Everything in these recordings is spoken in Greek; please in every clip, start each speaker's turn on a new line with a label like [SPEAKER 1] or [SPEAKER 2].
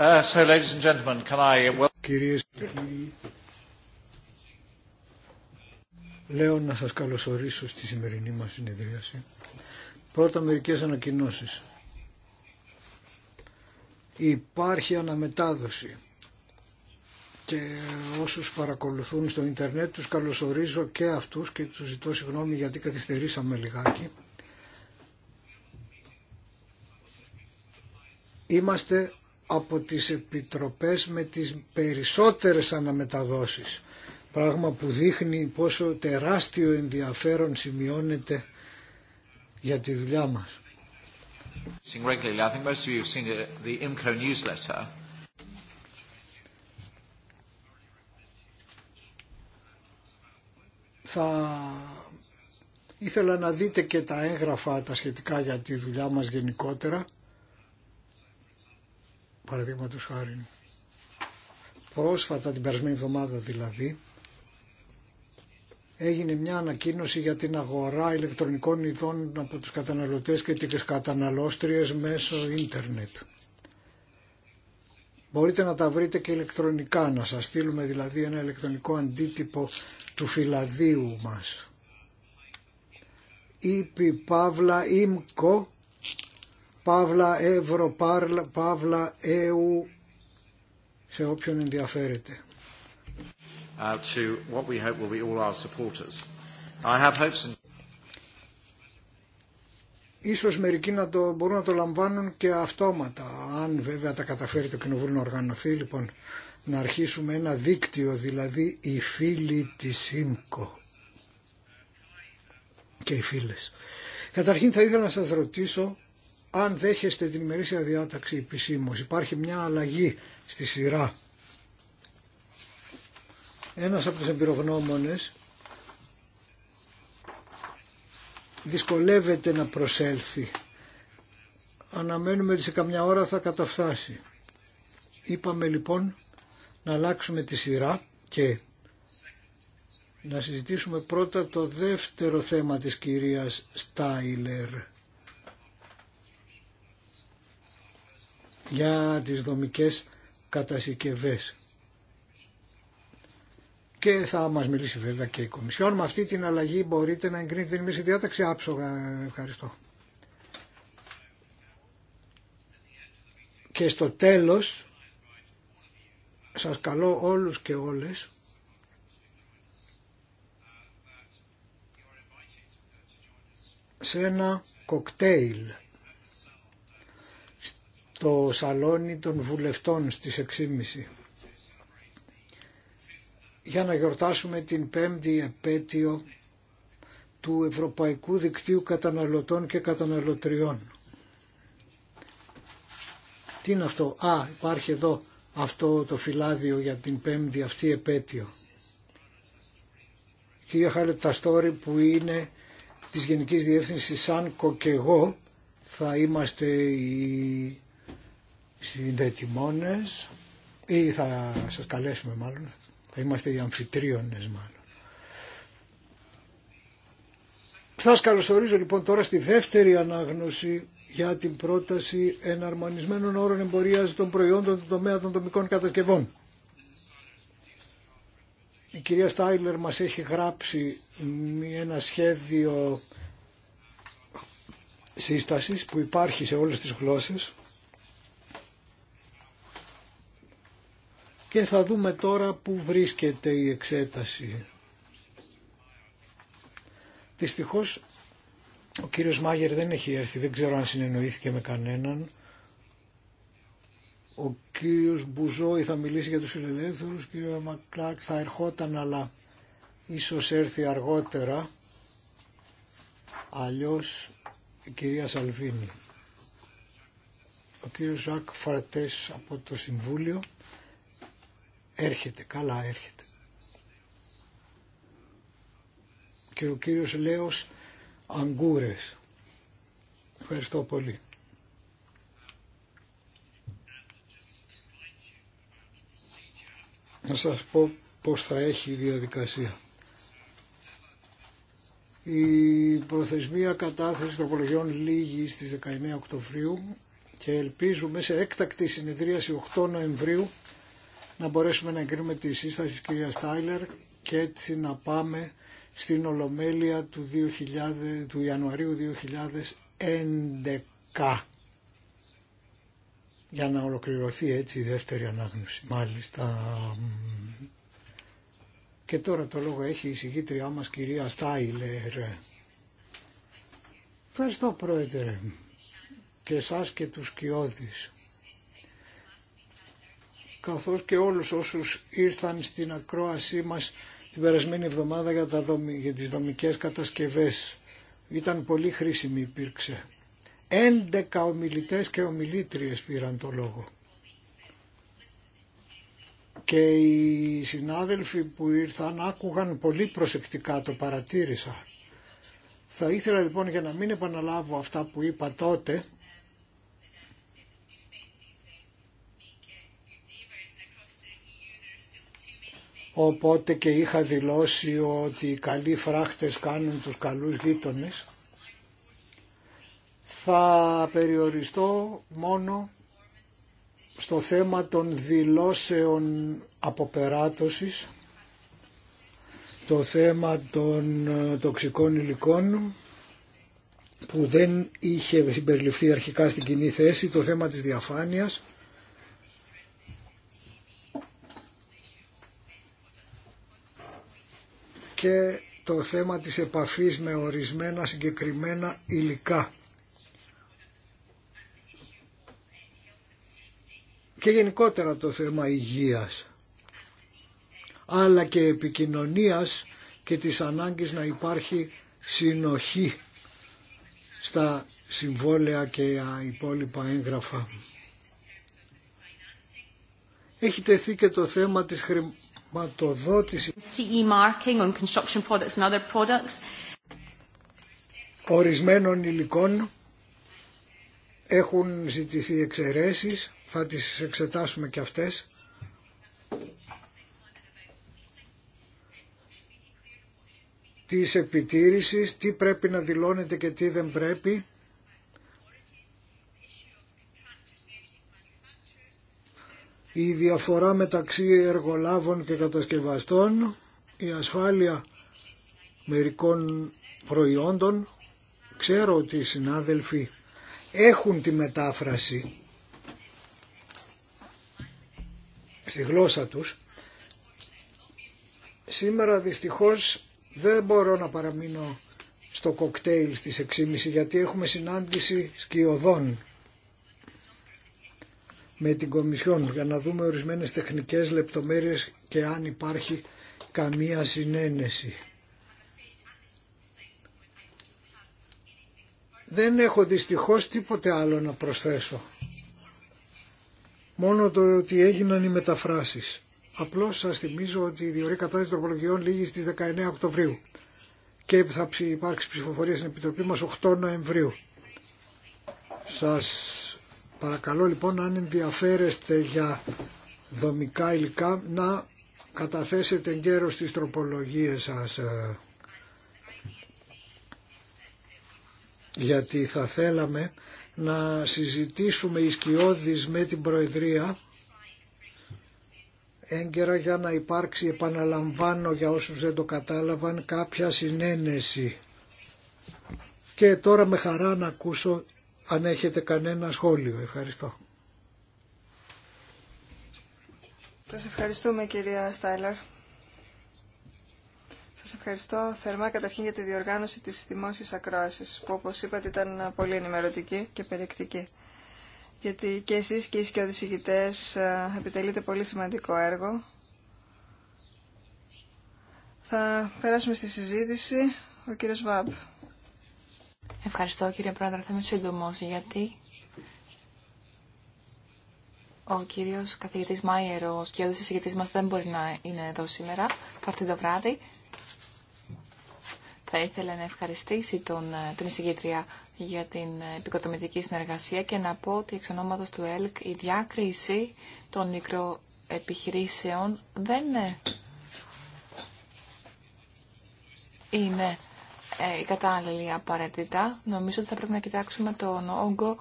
[SPEAKER 1] Uh, και κύριοι, λέω να σας καλωσορίσω στη σημερινή μας συνεδρίαση. Πρώτα μερικές ανακοινώσεις. Υπάρχει αναμετάδοση και όσους παρακολουθούν στο ίντερνετ τους καλωσορίζω και αυτούς και τους ζητώ συγγνώμη γιατί καθυστερήσαμε λιγάκι. Είμαστε από τις επιτροπές με τις περισσότερες αναμεταδόσεις. Πράγμα που δείχνει πόσο τεράστιο ενδιαφέρον σημειώνεται για τη δουλειά μας. Θα ήθελα να δείτε και τα έγγραφα τα σχετικά για τη δουλειά μας γενικότερα παραδείγματος χάρη. Πρόσφατα την περασμένη εβδομάδα δηλαδή έγινε μια ανακοίνωση για την αγορά ηλεκτρονικών ειδών από τους καταναλωτές και τις καταναλώστριες μέσω ίντερνετ. Μπορείτε να τα βρείτε και ηλεκτρονικά, να σας στείλουμε δηλαδή ένα ηλεκτρονικό αντίτυπο του φυλαδίου μας. Ήπι Παύλα Ήμκο Παύλα Ευρωπάρλ, Παύλα ΕΟΥ, σε όποιον ενδιαφέρεται. Ίσως μερικοί να το, μπορούν να το λαμβάνουν και αυτόματα, αν βέβαια τα καταφέρει το κοινοβούλιο να οργανωθεί, λοιπόν, να αρχίσουμε ένα δίκτυο, δηλαδή οι φίλοι της ΣΥΜΚΟ και οι φίλες. Καταρχήν θα ήθελα να σας ρωτήσω αν δέχεστε την ημερήσια διάταξη επισήμω, υπάρχει μια αλλαγή στη σειρά. Ένας από τους εμπειρογνώμονες δυσκολεύεται να προσέλθει. Αναμένουμε ότι σε καμιά ώρα θα καταφτάσει. Είπαμε λοιπόν να αλλάξουμε τη σειρά και να συζητήσουμε πρώτα το δεύτερο θέμα της κυρίας Στάιλερ για τις δομικές κατασκευές. Και θα μας μιλήσει βέβαια και η Κομισιόν. Με αυτή την αλλαγή μπορείτε να εγκρίνετε την μισή διάταξη άψογα. Ευχαριστώ. Και στο τέλος σας καλώ όλους και όλες σε ένα κοκτέιλ το σαλόνι των βουλευτών στις 6.30 για να γιορτάσουμε την πέμπτη επέτειο του Ευρωπαϊκού Δικτύου Καταναλωτών και Καταναλωτριών. Τι είναι αυτό. Α, υπάρχει εδώ αυτό το φυλάδιο για την πέμπτη αυτή επέτειο. τα Χαλεταστόρη που είναι της Γενικής Διεύθυνσης Σάνκο και εγώ θα είμαστε οι συνδετημόνες ή θα σας καλέσουμε μάλλον, θα είμαστε οι αμφιτρίωνες μάλλον. Σας καλωσορίζω λοιπόν τώρα στη δεύτερη ανάγνωση για την πρόταση εναρμονισμένων όρων εμπορίας των προϊόντων του τομέα των δομικών κατασκευών. Η κυρία Στάιλερ μας έχει γράψει ένα σχέδιο σύστασης που υπάρχει σε όλες τις γλώσσες και θα δούμε τώρα που βρίσκεται η εξέταση. Δυστυχώ, ο κύριος Μάγερ δεν έχει έρθει, δεν ξέρω αν συνεννοήθηκε με κανέναν. Ο κύριος Μπουζόη θα μιλήσει για τους φιλελεύθερους, ο κύριος Μακλάκ θα ερχόταν αλλά ίσως έρθει αργότερα, αλλιώς η κυρία Σαλβίνη. Ο κύριος Ζακ Φαρτές από το Συμβούλιο Έρχεται, καλά έρχεται. Και ο κύριος Λέος Αγκούρες. Ευχαριστώ πολύ. Να σας πω πώς θα έχει η διαδικασία. Η προθεσμία κατάθεση των κολογιών λήγει στις 19 Οκτωβρίου και ελπίζουμε σε έκτακτη συνεδρίαση 8 Νοεμβρίου να μπορέσουμε να εγκρίνουμε τη σύσταση της κυρίας Τάιλερ και έτσι να πάμε στην Ολομέλεια του, 2000, του Ιανουαρίου 2011 για να ολοκληρωθεί έτσι η δεύτερη ανάγνωση. Μάλιστα. Και τώρα το λόγο έχει η συγγήτριά μας κυρία Στάιλερ. Ευχαριστώ πρόεδρε και εσάς και τους κοιόδης καθώς και όλους όσους ήρθαν στην ακρόασή μας την περασμένη εβδομάδα για, τα δομ... για τις δομικές κατασκευές. Ήταν πολύ χρήσιμη υπήρξε. Έντεκα ομιλητές και ομιλήτριες πήραν το λόγο. Και οι συνάδελφοι που ήρθαν άκουγαν πολύ προσεκτικά, το παρατήρησα. Θα ήθελα λοιπόν για να μην επαναλάβω αυτά που είπα τότε, οπότε και είχα δηλώσει ότι οι καλοί φράχτες κάνουν τους καλούς γείτονες. Θα περιοριστώ μόνο στο θέμα των δηλώσεων αποπεράτωσης, το θέμα των ε, τοξικών υλικών που δεν είχε συμπεριληφθεί αρχικά στην κοινή θέση, το θέμα της διαφάνειας και το θέμα της επαφής με ορισμένα συγκεκριμένα υλικά. Και γενικότερα το θέμα υγείας, αλλά και επικοινωνίας και της ανάγκης να υπάρχει συνοχή στα συμβόλαια και υπόλοιπα έγγραφα. Έχει τεθεί και το θέμα της χρηματοδότηση e ορισμένων υλικών έχουν ζητηθεί εξαιρέσεις, θα τις εξετάσουμε και αυτές. Τις επιτήρησης, τι πρέπει να δηλώνεται και τι δεν πρέπει η διαφορά μεταξύ εργολάβων και κατασκευαστών, η ασφάλεια μερικών προϊόντων. Ξέρω ότι οι συνάδελφοι έχουν τη μετάφραση στη γλώσσα τους. Σήμερα δυστυχώς δεν μπορώ να παραμείνω στο κοκτέιλ στις 6.30 γιατί έχουμε συνάντηση σκιωδών με την Κομισιόν για να δούμε ορισμένες τεχνικές λεπτομέρειες και αν υπάρχει καμία συνένεση. Δεν έχω δυστυχώς τίποτε άλλο να προσθέσω. Μόνο το ότι έγιναν οι μεταφράσεις. Απλώς σας θυμίζω ότι η διορία κατάσταση τροπολογιών λήγει στις 19 Οκτωβρίου και θα υπάρξει ψηφοφορία στην Επιτροπή μας 8 Νοεμβρίου. Σας Παρακαλώ λοιπόν αν ενδιαφέρεστε για δομικά υλικά να καταθέσετε γέρο στις τροπολογίες σας ε, γιατί θα θέλαμε να συζητήσουμε ισκιώδης με την Προεδρία έγκαιρα για να υπάρξει επαναλαμβάνω για όσους δεν το κατάλαβαν κάποια συνένεση και τώρα με χαρά να ακούσω αν έχετε κανένα σχόλιο. Ευχαριστώ.
[SPEAKER 2] Σας ευχαριστούμε κυρία Στάιλερ. Σας ευχαριστώ θερμά καταρχήν για τη διοργάνωση της δημόσιας ακρόασης που όπως είπατε ήταν πολύ ενημερωτική και περιεκτική. Γιατί και εσείς και οι σκιοδησηγητές ε, επιτελείτε πολύ σημαντικό έργο. Θα περάσουμε στη συζήτηση.
[SPEAKER 3] Ο κύριος Βάμπ. Ευχαριστώ κύριε Πρόεδρε. Θα είμαι σύντομο γιατί ο κύριος καθηγητής Μάιερ, ο σκιώδη εισηγητής μας δεν μπορεί να είναι εδώ σήμερα. Θα έρθει το βράδυ. Θα ήθελα να ευχαριστήσει τον, ε, την εισηγήτρια για την ε, επικοτομητική συνεργασία και να πω ότι εξ ονόματο του ΕΛΚ η διάκριση των μικροεπιχειρήσεων δεν ε, είναι ε, η κατάλληλη απαραίτητα. Νομίζω ότι θα πρέπει να κοιτάξουμε τον όγκο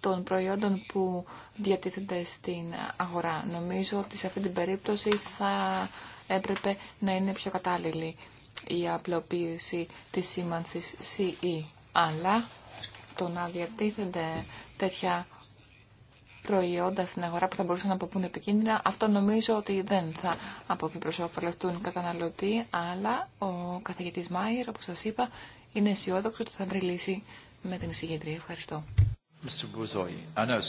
[SPEAKER 3] των προϊόντων που διατίθενται στην αγορά. Νομίζω ότι σε αυτή την περίπτωση θα έπρεπε να είναι πιο κατάλληλη η απλοποίηση της σήμανσης CE. Αλλά το να διατίθενται τέτοια προϊόντα στην αγορά που θα μπορούσαν να αποπούν επικίνδυνα, αυτό νομίζω ότι δεν θα αποβεί οι καταναλωτοί, αλλά ο καθηγητής Μάιερ, όπως σας είπα, είναι αισιόδοξο ότι θα βρει λύση με την συγκεντρία. Ευχαριστώ. Ah,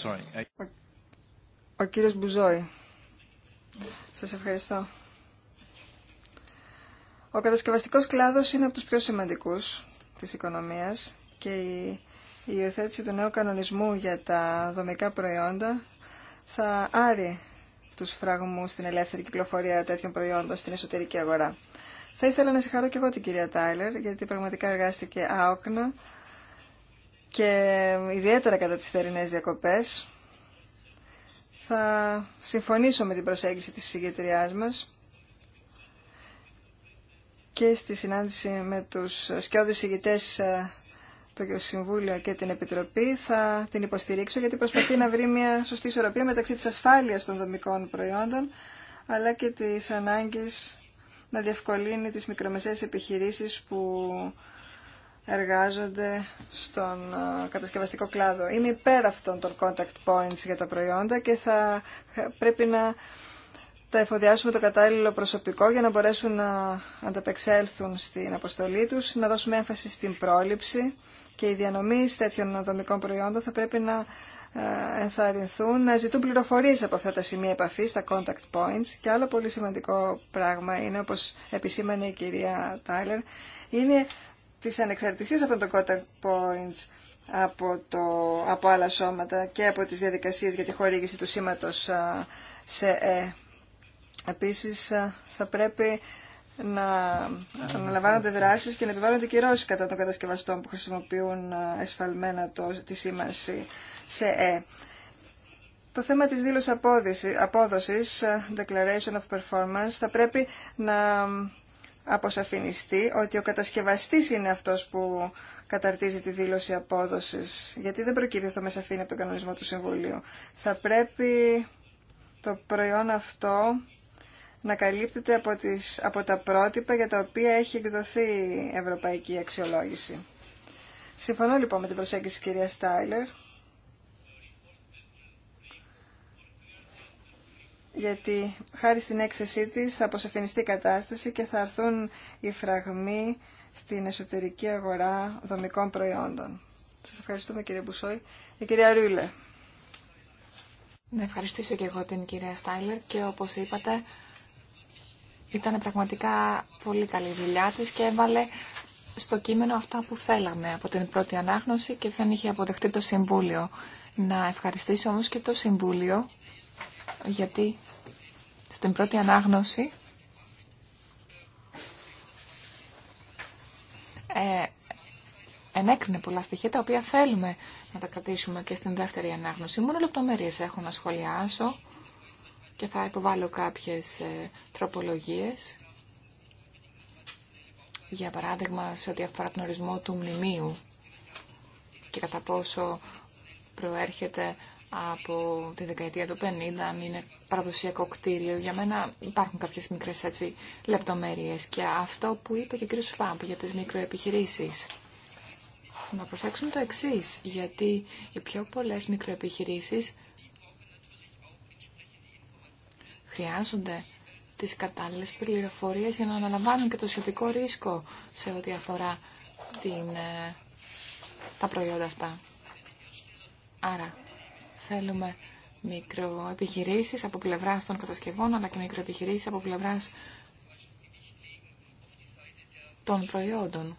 [SPEAKER 3] ο κύριος Μπουζόη.
[SPEAKER 2] Σας ευχαριστώ. Ο κατασκευαστικός κλάδος είναι από τους πιο σημαντικούς της οικονομίας και η η υιοθέτηση του νέου κανονισμού για τα δομικά προϊόντα θα άρει τους φραγμούς στην ελεύθερη κυκλοφορία τέτοιων προϊόντων στην εσωτερική αγορά. Θα ήθελα να συγχαρώ και εγώ την κυρία Τάιλερ, γιατί πραγματικά εργάστηκε άοκνα και ιδιαίτερα κατά τις θερινές διακοπές. Θα συμφωνήσω με την προσέγγιση της συγκεκριάς μας και στη συνάντηση με τους σκιώδεις ηγητές το Συμβούλιο και την Επιτροπή θα την υποστηρίξω γιατί προσπαθεί να βρει μια σωστή ισορροπία μεταξύ της ασφάλειας των δομικών προϊόντων αλλά και της ανάγκης να διευκολύνει τις μικρομεσαίες επιχειρήσεις που εργάζονται στον ε, κατασκευαστικό κλάδο. Είμαι υπέρ αυτών των contact points για τα προϊόντα και θα ε, πρέπει να τα εφοδιάσουμε το κατάλληλο προσωπικό για να μπορέσουν να ανταπεξέλθουν στην αποστολή τους, να δώσουμε έμφαση στην πρόληψη και οι διανομή τέτοιων δομικών προϊόντων θα πρέπει να ε, ενθαρρυνθούν να ζητούν πληροφορίες από αυτά τα σημεία επαφής, τα contact points και άλλο πολύ σημαντικό πράγμα είναι, όπως επισήμανε η κυρία Τάιλερ, είναι της ανεξαρτησίας αυτών των contact points από, το, από άλλα σώματα και από τις διαδικασίες για τη χορήγηση του σήματος ε, σε ε. Επίσης ε, θα πρέπει να αναλαμβάνονται δράσεις και να επιβάλλονται κυρώσεις κατά των κατασκευαστών που χρησιμοποιούν ε, εσφαλμένα το, τη σήμανση σε «ε». Το θέμα της δήλωσης απόδοσης, ε, Declaration of Performance, θα πρέπει να αποσαφινιστεί ότι ο κατασκευαστής είναι αυτός που καταρτίζει τη δήλωση απόδοσης, γιατί δεν προκύπτει αυτό με σαφήνεια από τον κανονισμό του Συμβουλίου. Θα πρέπει το προϊόν αυτό να καλύπτεται από, τις, από τα πρότυπα για τα οποία έχει εκδοθεί η ευρωπαϊκή αξιολόγηση. Συμφωνώ λοιπόν με την προσέγγιση κυρία κυρία Στάιλερ, γιατί χάρη στην έκθεσή της θα αποσαφινιστεί η κατάσταση και θα αρθούν οι φραγμοί στην εσωτερική αγορά δομικών προϊόντων. Σας ευχαριστούμε κύριε Μπουσόη. Η
[SPEAKER 3] κυρία Ρούλε. Να ευχαριστήσω και εγώ την κυρία Στάιλερ και όπως είπατε ήταν πραγματικά πολύ καλή δουλειά της και έβαλε στο κείμενο αυτά που θέλαμε από την πρώτη ανάγνωση και δεν είχε αποδεχτεί το Συμβούλιο. Να ευχαριστήσω όμως και το Συμβούλιο γιατί στην πρώτη ανάγνωση ε, ενέκρινε πολλά στοιχεία τα οποία θέλουμε να τα κρατήσουμε και στην δεύτερη ανάγνωση. Μόνο λεπτομέρειες έχω να σχολιάσω και θα υποβάλω κάποιες ε, τροπολογίες. Για παράδειγμα, σε ό,τι αφορά τον ορισμό του μνημείου και κατά πόσο προέρχεται από τη δεκαετία του 50, αν είναι παραδοσιακό κτίριο. Για μένα υπάρχουν κάποιες μικρές έτσι, λεπτομέρειες και αυτό που είπε και ο κ. Σφάμπ για τις μικροεπιχειρήσεις. Να προσέξουμε το εξής, γιατί οι πιο πολλές μικροεπιχειρήσεις χρειάζονται τις κατάλληλες πληροφορίες για να αναλαμβάνουν και το σχετικό ρίσκο σε ό,τι αφορά την, ε, τα προϊόντα αυτά. Άρα, θέλουμε μικροεπιχειρήσεις από πλευράς των κατασκευών, αλλά και μικροεπιχειρήσεις από πλευράς των προϊόντων.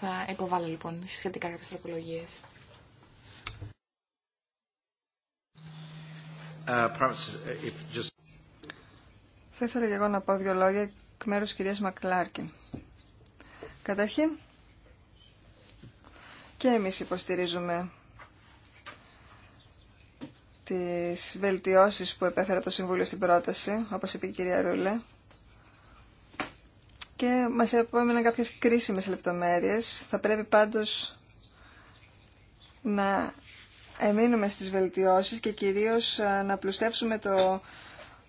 [SPEAKER 3] Θα υποβάλω λοιπόν σχετικά κάποιες τροπολογίες.
[SPEAKER 1] Uh, uh,
[SPEAKER 3] Θα ήθελα και εγώ να πω δύο
[SPEAKER 2] λόγια εκ μέρους κυρίας Μακλάρκιν. Καταρχήν, και εμείς υποστηρίζουμε τις βελτιώσεις που επέφερε το Συμβούλιο στην πρόταση, όπως είπε η κυρία Ρούλε. Και μας επόμεναν κάποιες κρίσιμες λεπτομέρειες. Θα πρέπει πάντως να εμείνουμε στις βελτιώσεις και κυρίως ε, να πλουστεύσουμε το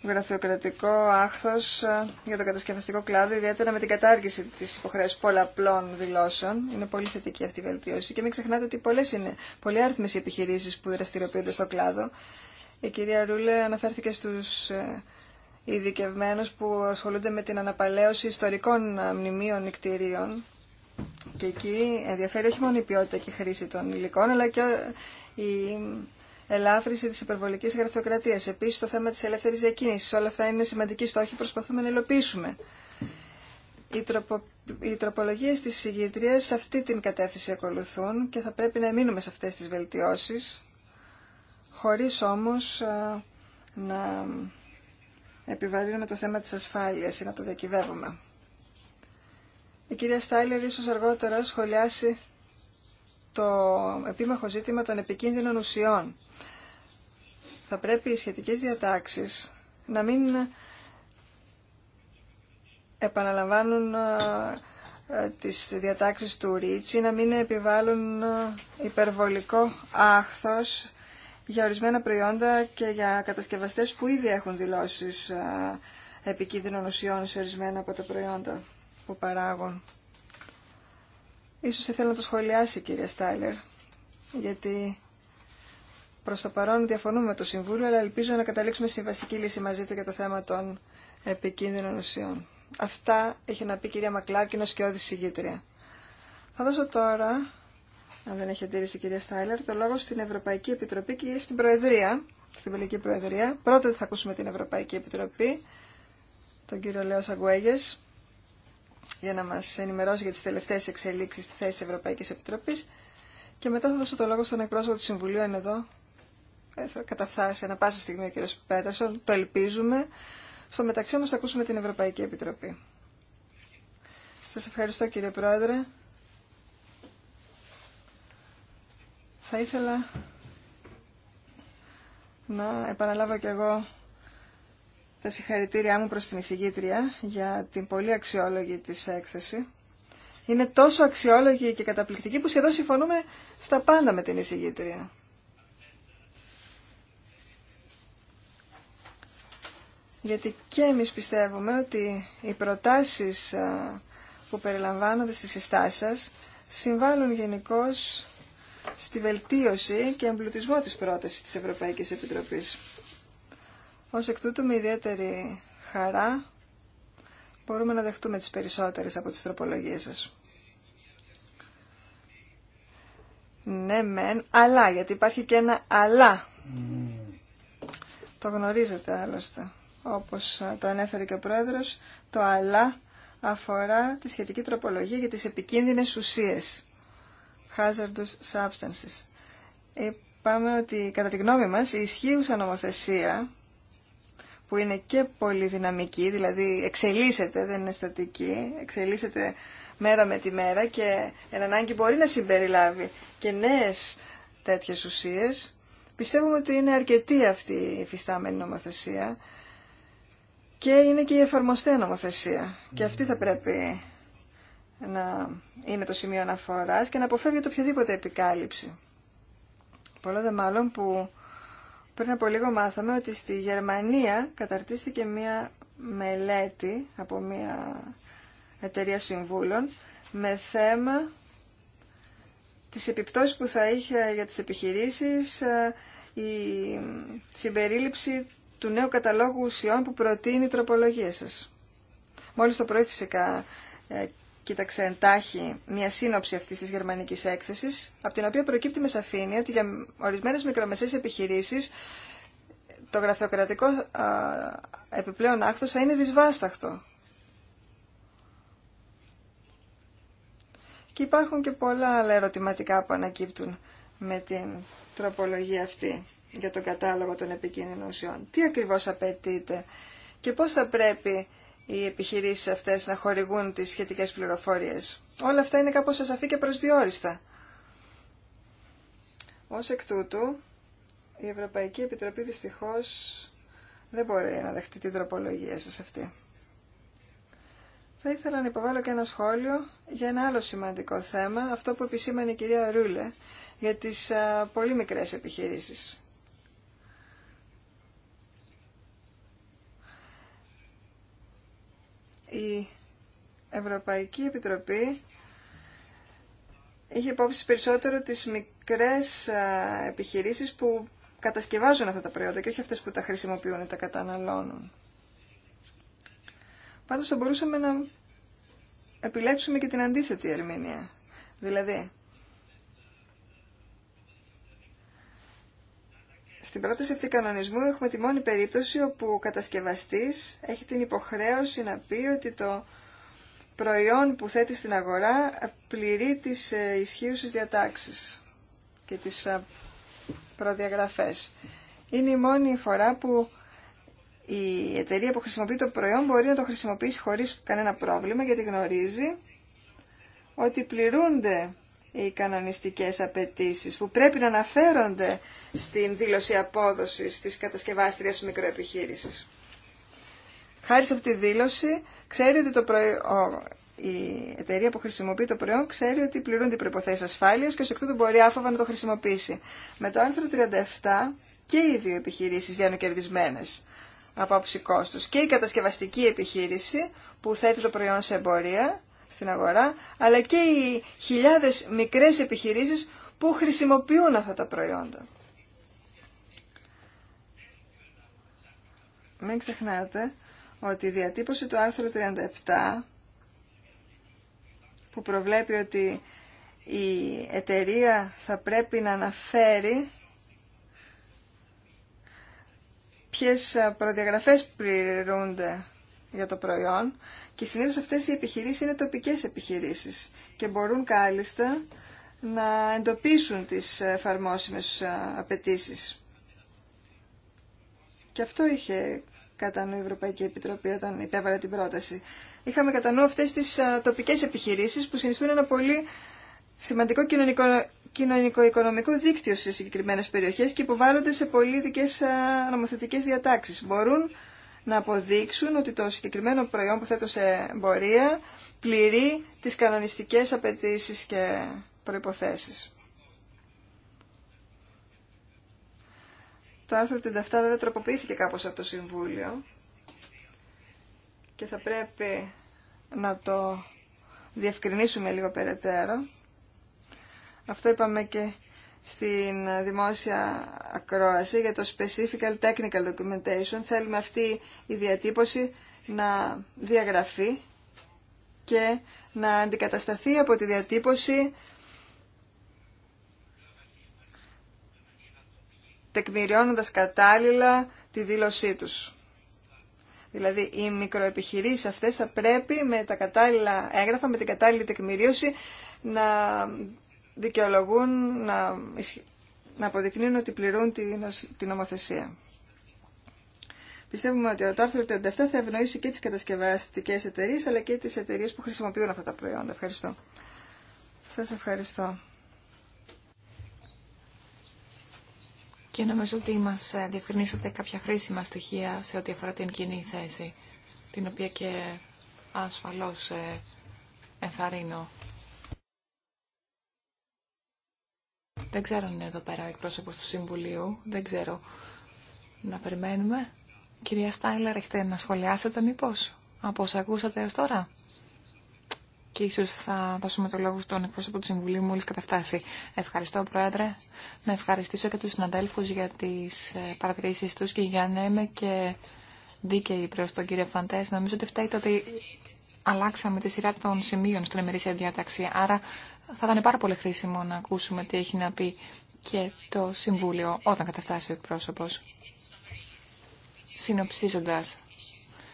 [SPEAKER 2] γραφειοκρατικό άχθος ε, για το κατασκευαστικό κλάδο, ιδιαίτερα με την κατάργηση της υποχρέωσης πολλαπλών δηλώσεων. Είναι πολύ θετική αυτή η βελτίωση και μην ξεχνάτε ότι πολλές είναι πολλοί άριθμες οι επιχειρήσεις που δραστηριοποιούνται στο κλάδο. Η κυρία Ρούλε αναφέρθηκε στους ε, ειδικευμένου που ασχολούνται με την αναπαλαίωση ιστορικών μνημείων νικτηρίων και εκεί ενδιαφέρει όχι μόνο η ποιότητα και η χρήση των υλικών αλλά και η ελάφρυνση της υπερβολικής γραφειοκρατίας. Επίσης το θέμα της ελεύθερη διακίνηση. Όλα αυτά είναι σημαντικοί στόχοι, προσπαθούμε να υλοποιήσουμε. Οι, τροπο, οι τροπολογίες της σε αυτή την κατεύθυνση ακολουθούν και θα πρέπει να μείνουμε σε αυτές τις βελτιώσεις, χωρίς όμως να επιβαρύνουμε το θέμα της ασφάλειας ή να το διακυβεύουμε. Η κυρία Στάιλερ ίσως αργότερα σχολιάσει το επίμαχο ζήτημα των επικίνδυνων ουσιών. Θα πρέπει οι σχετικές διατάξεις να μην επαναλαμβάνουν ε, τις διατάξεις του Ρίτσι, να μην επιβάλλουν ε, υπερβολικό άχθος για ορισμένα προϊόντα και για κατασκευαστές που ήδη έχουν δηλώσεις ε, επικίνδυνων ουσιών σε ορισμένα από τα προϊόντα που παράγουν. Ίσως ήθελα να το σχολιάσει η κυρία Στάιλερ, γιατί προς το παρόν διαφωνούμε με το Συμβούλιο, αλλά ελπίζω να καταλήξουμε συμβαστική λύση μαζί του για το θέμα των επικίνδυνων ουσιών. Αυτά έχει να πει η κυρία Μακλάρκιν και και γήτρια. Θα δώσω τώρα, αν δεν έχει αντίρρηση η κυρία Στάιλερ, το λόγο στην Ευρωπαϊκή Επιτροπή και στην Προεδρία, στην Βελική Προεδρία. Πρώτα θα ακούσουμε την Ευρωπαϊκή Επιτροπή, τον κύριο Λέο Αγκουέγες, για να μας ενημερώσει για τις τελευταίες εξελίξεις στη θέση της Ευρωπαϊκής Επιτροπής και μετά θα δώσω το λόγο στον εκπρόσωπο του Συμβουλίου, αν εδώ ε, θα καταφθάσει ένα πάσα στιγμή ο κ. Πέτρασον το ελπίζουμε. Στο μεταξύ όμως θα ακούσουμε την Ευρωπαϊκή Επιτροπή. Σας ευχαριστώ κύριε Πρόεδρε. Θα ήθελα να επαναλάβω κι εγώ τα συγχαρητήριά μου προς την εισηγήτρια για την πολύ αξιόλογη της έκθεση. Είναι τόσο αξιόλογη και καταπληκτική που σχεδόν συμφωνούμε στα πάντα με την εισηγήτρια. Γιατί και εμείς πιστεύουμε ότι οι προτάσεις που περιλαμβάνονται στις συστάσεις σας συμβάλλουν γενικώ στη βελτίωση και εμπλουτισμό της πρότασης της Ευρωπαϊκής Επιτροπής. Ως εκ τούτου με ιδιαίτερη χαρά μπορούμε να δεχτούμε τις περισσότερες από τις τροπολογίες σας. Ναι μεν, αλλά, γιατί υπάρχει και ένα αλλά. Το γνωρίζετε άλλωστε. Όπως το ανέφερε και ο Πρόεδρος, το αλλά αφορά τη σχετική τροπολογία για τις επικίνδυνες ουσίες. Hazardous substances. Είπαμε ότι κατά τη γνώμη μας η ισχύουσα νομοθεσία που είναι και πολύ δυναμική, δηλαδή εξελίσσεται, δεν είναι στατική, εξελίσσεται μέρα με τη μέρα και εν ανάγκη μπορεί να συμπεριλάβει και νέες τέτοιες ουσίες. Πιστεύουμε ότι είναι αρκετή αυτή η φυστάμενη νομοθεσία και είναι και η εφαρμοστέα νομοθεσία. Και αυτή θα πρέπει να είναι το σημείο αναφοράς και να το οποιαδήποτε επικάλυψη. Πολλά δε μάλλον που πριν από λίγο μάθαμε ότι στη Γερμανία καταρτίστηκε μία μελέτη από μία εταιρεία συμβούλων με θέμα τις επιπτώσεις που θα είχε για τις επιχειρήσεις ε, η συμπερίληψη του νέου καταλόγου ουσιών που προτείνει η τροπολογία σας. Μόλις το πρωί φυσικά ε, κοίταξε εντάχει μια σύνοψη αυτή τη γερμανική έκθεση, από την οποία προκύπτει με σαφήνεια ότι για ορισμένε μικρομεσαίε επιχειρήσει το γραφειοκρατικό επιπλέον άκθος θα είναι δυσβάσταχτο. Και υπάρχουν και πολλά άλλα ερωτηματικά που ανακύπτουν με την τροπολογία αυτή για τον κατάλογο των επικίνδυνων ουσιών. Τι ακριβώς απαιτείται και πώς θα πρέπει οι επιχειρήσει αυτές να χορηγούν τις σχετικές πληροφορίες. Όλα αυτά είναι κάπως ασαφή και προσδιορίστα. Ω εκ τούτου, η Ευρωπαϊκή Επιτροπή δυστυχώς δεν μπορεί να δεχτεί την τροπολογία σας αυτή. Θα ήθελα να υποβάλω και ένα σχόλιο για ένα άλλο σημαντικό θέμα, αυτό που επισήμανε η κυρία Ρούλε, για τις πολύ μικρές επιχειρήσεις. Η Ευρωπαϊκή Επιτροπή είχε υπόψη περισσότερο τις μικρές επιχειρήσεις που κατασκευάζουν αυτά τα προϊόντα και όχι αυτές που τα χρησιμοποιούν τα καταναλώνουν. Πάντως θα μπορούσαμε να επιλέξουμε και την αντίθετη ερμηνεία. Δηλαδή, Στην πρόταση αυτή κανονισμού έχουμε τη μόνη περίπτωση όπου ο κατασκευαστής έχει την υποχρέωση να πει ότι το προϊόν που θέτει στην αγορά πληρεί τις ε, ισχύουσες διατάξεις και τις ε, προδιαγραφές. Είναι η μόνη φορά που η εταιρεία που χρησιμοποιεί το προϊόν μπορεί να το χρησιμοποιήσει χωρίς κανένα πρόβλημα γιατί γνωρίζει ότι πληρούνται οι κανονιστικές απαιτήσεις που πρέπει να αναφέρονται στην δήλωση απόδοσης της κατασκευάστριας μικροεπιχείρησης. Χάρη σε αυτή τη δήλωση, ξέρει ότι το η εταιρεία που χρησιμοποιεί το προϊόν ξέρει ότι πληρούνται οι προϋποθέσεις ασφάλειας και ως εκ τούτου μπορεί άφοβα να το χρησιμοποιήσει. Με το άρθρο 37 και οι δύο επιχειρήσεις βγαίνουν κερδισμένε από άψη κόστους. Και η κατασκευαστική επιχείρηση που θέτει το προϊόν σε εμπορία στην αγορά, αλλά και οι χιλιάδες μικρές επιχειρήσεις που χρησιμοποιούν αυτά τα προϊόντα. Μην ξεχνάτε ότι η διατύπωση του άρθρου 37 που προβλέπει ότι η εταιρεία θα πρέπει να αναφέρει ποιες προδιαγραφές πληρούνται για το προϊόν και συνήθως αυτές οι επιχειρήσεις είναι τοπικές επιχειρήσεις και μπορούν κάλλιστα να εντοπίσουν τις εφαρμόσιμες απαιτήσει. Και αυτό είχε κατά νου η Ευρωπαϊκή Επιτροπή όταν υπέβαλε την πρόταση. Είχαμε κατά νου αυτές τις τοπικές επιχειρήσεις που συνιστούν ένα πολύ σημαντικό κοινωνικο-οικονομικό δίκτυο σε συγκεκριμένες περιοχές και υποβάλλονται σε πολύ νομοθετικές διατάξεις. Μπορούν να αποδείξουν ότι το συγκεκριμένο προϊόν που θέτω σε εμπορία πληρεί τις κανονιστικές απαιτήσεις και προϋποθέσεις. Το άρθρο 37 βέβαια τροποποιήθηκε κάπως από το Συμβούλιο και θα πρέπει να το διευκρινίσουμε λίγο περαιτέρω. Αυτό είπαμε και στην δημόσια ακρόαση για το Specifical Technical Documentation. Θέλουμε αυτή η διατύπωση να διαγραφεί και να αντικατασταθεί από τη διατύπωση τεκμηριώνοντας κατάλληλα τη δήλωσή τους. Δηλαδή οι μικροεπιχειρήσεις αυτές θα πρέπει με τα κατάλληλα έγγραφα, με την κατάλληλη τεκμηρίωση να δικαιολογούν να, να αποδεικνύουν ότι πληρούν την νομοθεσία. Πιστεύουμε ότι το άρθρο 37 θα ευνοήσει και τι κατασκευαστικέ εταιρείε, αλλά και τις εταιρείε που χρησιμοποιούν αυτά τα προϊόντα. Ευχαριστώ. Σας ευχαριστώ.
[SPEAKER 3] Και νομίζω ότι μας ε, διευκρινίσατε κάποια χρήσιμα στοιχεία σε ό,τι αφορά την κοινή θέση, την οποία και ασφαλώς ε, ενθαρρύνω Δεν ξέρω αν είναι εδώ πέρα ο εκπρόσωπος του Συμβουλίου. Δεν ξέρω. Να περιμένουμε. Κυρία Στάιλερ, έχετε να σχολιάσετε μήπως από όσα ακούσατε έως τώρα. Και ίσως θα δώσουμε το λόγο στον εκπρόσωπο του Συμβουλίου μόλις καταφτάσει. Ευχαριστώ, Πρόεδρε. Να ευχαριστήσω και τους συναδέλφους για τις ε, παρατηρήσεις τους και για να είμαι και δίκαιη προς τον κύριο Φαντές. Νομίζω ότι φταίει το ότι αλλάξαμε τη σειρά των σημείων στην εμερήσια διάταξη. Άρα θα ήταν πάρα πολύ χρήσιμο να ακούσουμε τι έχει να πει και το Συμβούλιο όταν καταφτάσει ο εκπρόσωπος. Συνοψίζοντας,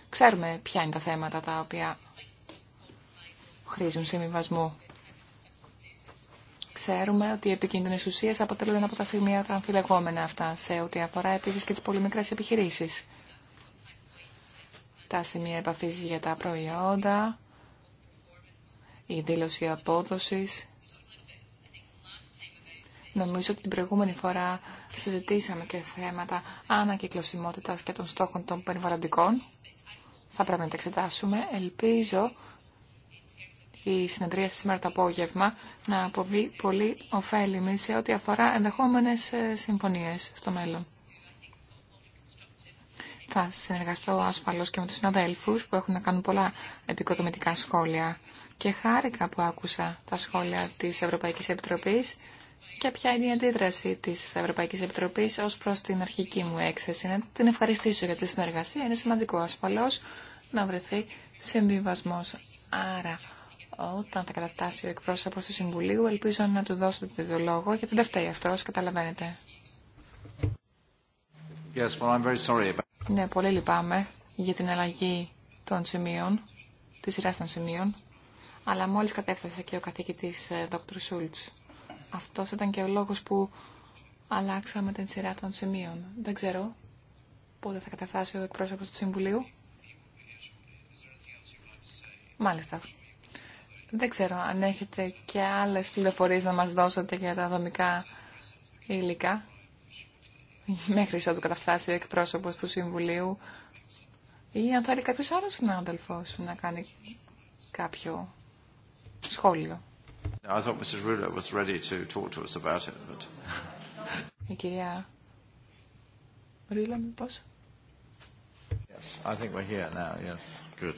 [SPEAKER 3] ξέρουμε ποια είναι τα θέματα τα οποία χρήζουν συμβιβασμού. Ξέρουμε ότι οι επικίνδυνε ουσίε αποτελούν ένα από τα σημεία τα αμφιλεγόμενα αυτά σε ό,τι αφορά επίση και τι πολύ μικρέ επιχειρήσει τα σημεία επαφής για τα προϊόντα, η δήλωση απόδοσης. Νομίζω ότι την προηγούμενη φορά συζητήσαμε και θέματα ανακυκλωσιμότητας και των στόχων των περιβαλλοντικών. Θα πρέπει να τα εξετάσουμε. Ελπίζω η συνεδρία σήμερα το απόγευμα να αποβεί πολύ ωφέλιμη σε ό,τι αφορά ενδεχόμενες ε, συμφωνίες στο μέλλον. Θα συνεργαστώ ασφαλώ και με του συναδέλφου, που έχουν να κάνουν πολλά επικοδομητικά σχόλια και χάρηκα που άκουσα τα σχόλια τη Ευρωπαϊκή Επιτροπή και ποια είναι η αντίδραση τη Ευρωπαϊκή Επιτροπή ω προ την αρχική μου έκθεση. Να την ευχαριστήσω για τη συνεργασία. Είναι σημαντικό ασφαλώ να βρεθεί συμβιβασμό. Άρα, όταν θα κατατάσσει ο εκπρόσωπο του Συμβουλίου, ελπίζω να του δώσετε το λόγο, γιατί δεν φταίει αυτό, καταλαβαίνετε. Yes, well, I'm very sorry ναι, πολύ λυπάμαι για την αλλαγή των σημείων, τη σειρά των σημείων, αλλά μόλις κατέφτασε και ο καθηγητής ε, Δ. Σούλτς. Αυτός ήταν και ο λόγος που αλλάξαμε την σειρά των σημείων. Δεν ξέρω πότε θα καταφτάσει ο εκπρόσωπος του Συμβουλίου. Μάλιστα. Δεν ξέρω αν έχετε και άλλες πληροφορίες να μας δώσετε για τα δομικά υλικά μέχρι ότου καταφτάσει ο εκπρόσωπος του Συμβουλίου ή αν θέλει κάποιος άλλος συνάδελφος να κάνει κάποιο σχόλιο. Η αν θελει κάποιο αλλος συνάδελφο Ρίλα, μήπως. Yes, I think we're here now. Yes, good.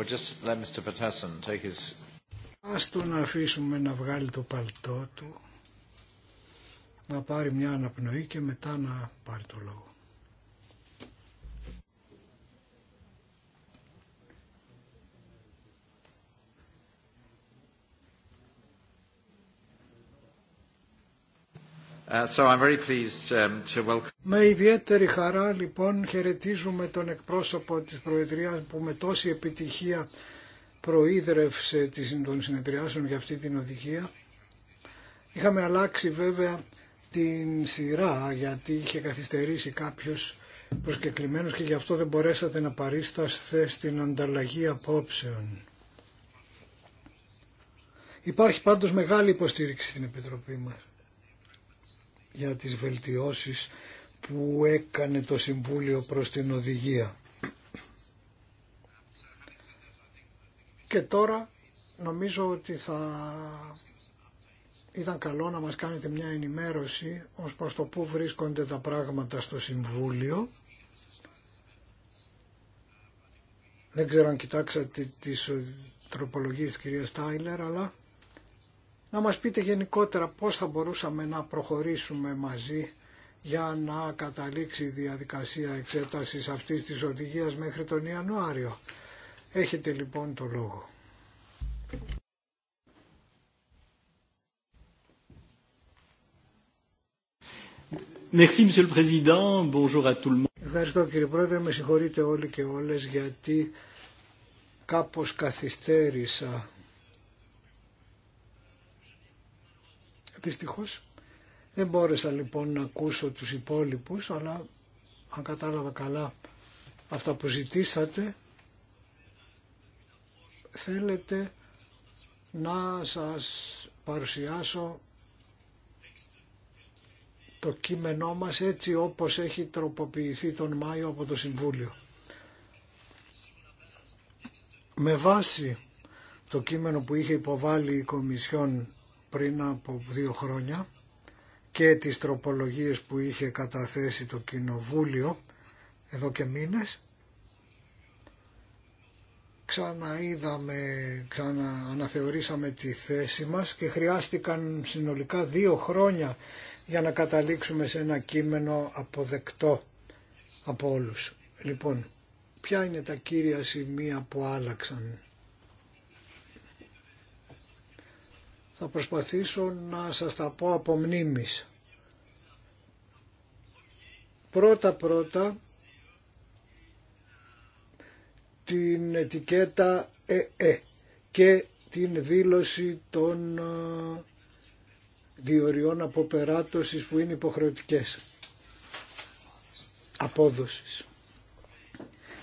[SPEAKER 1] Α Ας τον αφήσουμε να βγάλει το παλτό του, να πάρει μια αναπνοή και μετά να πάρει το λόγο.
[SPEAKER 3] Uh, um,
[SPEAKER 1] με ιδιαίτερη χαρά λοιπόν χαιρετίζουμε τον εκπρόσωπο της Προεδρίας που με τόση επιτυχία προείδρευσε των συνεδριάσεων για αυτή την οδηγία. Είχαμε αλλάξει βέβαια την σειρά γιατί είχε καθυστερήσει κάποιος προσκεκλημένος και γι' αυτό δεν μπορέσατε να παρίσταστε στην ανταλλαγή απόψεων. Υπάρχει πάντως μεγάλη υποστήριξη στην Επιτροπή μας για τις βελτιώσεις που έκανε το Συμβούλιο προς την οδηγία. Και τώρα νομίζω ότι θα ήταν καλό να μας κάνετε μια ενημέρωση ως προς το πού βρίσκονται τα πράγματα στο Συμβούλιο. Δεν ξέρω αν κοιτάξατε τις τροπολογίες της κυρίας Τάιλερ, αλλά να μας πείτε γενικότερα πώς θα μπορούσαμε να προχωρήσουμε μαζί για να καταλήξει η διαδικασία εξέτασης αυτής της οδηγίας μέχρι τον Ιανουάριο. Έχετε λοιπόν το λόγο. Merci, Monsieur le Président. Bonjour à tout le monde. Ευχαριστώ κύριε Πρόεδρε, με συγχωρείτε όλοι και όλες γιατί κάπως καθυστέρησα Δυστυχώς δεν μπόρεσα λοιπόν να ακούσω τους υπόλοιπους, αλλά αν κατάλαβα καλά αυτά που ζητήσατε, θέλετε να σας παρουσιάσω το κείμενό μας έτσι όπως έχει τροποποιηθεί τον Μάιο από το Συμβούλιο. Με βάση το κείμενο που είχε υποβάλει η Κομισιόν πριν από δύο χρόνια και τις τροπολογίες που είχε καταθέσει το Κοινοβούλιο εδώ και μήνες ξαναείδαμε, ξανααναθεωρήσαμε τη θέση μας και χρειάστηκαν συνολικά δύο χρόνια για να καταλήξουμε σε ένα κείμενο αποδεκτό από όλους. Λοιπόν, ποια είναι τα κύρια σημεία που άλλαξαν. Θα προσπαθήσω να σας τα πω από μνήμης. Πρώτα πρώτα την ετικέτα ΕΕ και την δήλωση των ε, διοριών αποπεράτωσης που είναι υποχρεωτικές απόδοσης.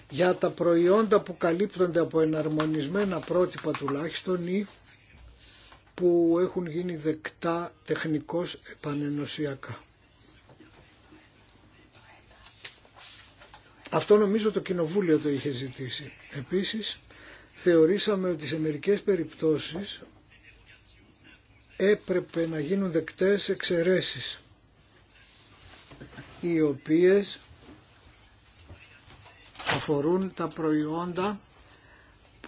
[SPEAKER 1] Για τα προϊόντα που καλύπτονται από εναρμονισμένα πρότυπα τουλάχιστον ή που έχουν γίνει δεκτά τεχνικώς επανενωσιακά. Αυτό νομίζω το Κοινοβούλιο το είχε ζητήσει. Επίσης, θεωρήσαμε ότι σε μερικές περιπτώσεις έπρεπε να γίνουν δεκτές εξαιρέσεις, οι οποίες αφορούν τα προϊόντα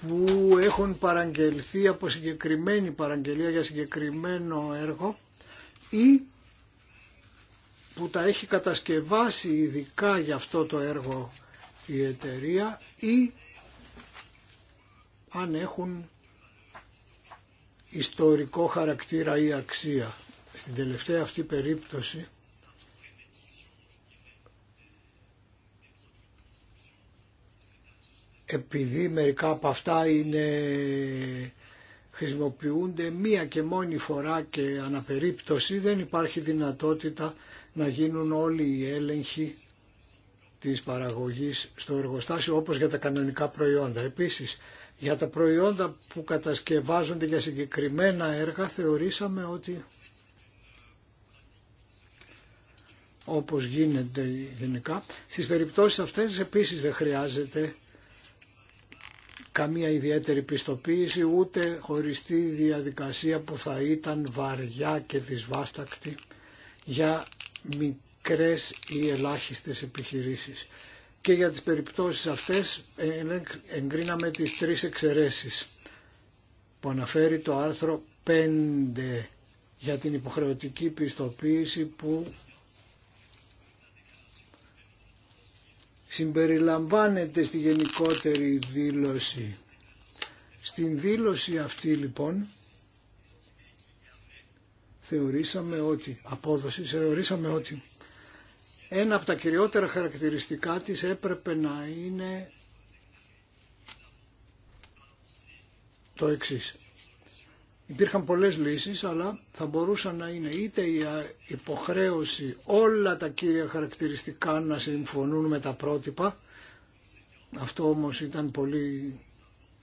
[SPEAKER 1] που έχουν παραγγελθεί από συγκεκριμένη παραγγελία για συγκεκριμένο έργο ή που τα έχει κατασκευάσει ειδικά για αυτό το έργο η εταιρεία ή αν έχουν ιστορικό χαρακτήρα ή αξία. Στην τελευταία αυτή περίπτωση επειδή μερικά από αυτά είναι, χρησιμοποιούνται μία και μόνη φορά και αναπερίπτωση δεν υπάρχει δυνατότητα να γίνουν όλοι οι έλεγχοι της παραγωγής στο εργοστάσιο όπως για τα κανονικά προϊόντα. Επίσης για τα προϊόντα που κατασκευάζονται για συγκεκριμένα έργα θεωρήσαμε ότι όπως γίνεται γενικά στις περιπτώσεις αυτές επίσης δεν χρειάζεται καμία ιδιαίτερη πιστοποίηση ούτε χωριστή διαδικασία που θα ήταν βαριά και δυσβάστακτη για μικρές ή ελάχιστες επιχειρήσεις. Και για τις περιπτώσεις αυτές ε, εγκρίναμε τις τρεις εξαιρέσεις που αναφέρει το άρθρο 5 για την υποχρεωτική πιστοποίηση που συμπεριλαμβάνεται στη γενικότερη δήλωση. Στην δήλωση αυτή λοιπόν θεωρήσαμε ότι, απόδοση, θεωρήσαμε ότι ένα από τα κυριότερα χαρακτηριστικά της έπρεπε να είναι το εξής. Υπήρχαν πολλές λύσεις, αλλά θα μπορούσαν να είναι είτε η υποχρέωση όλα τα κύρια χαρακτηριστικά να συμφωνούν με τα πρότυπα, αυτό όμως ήταν πολύ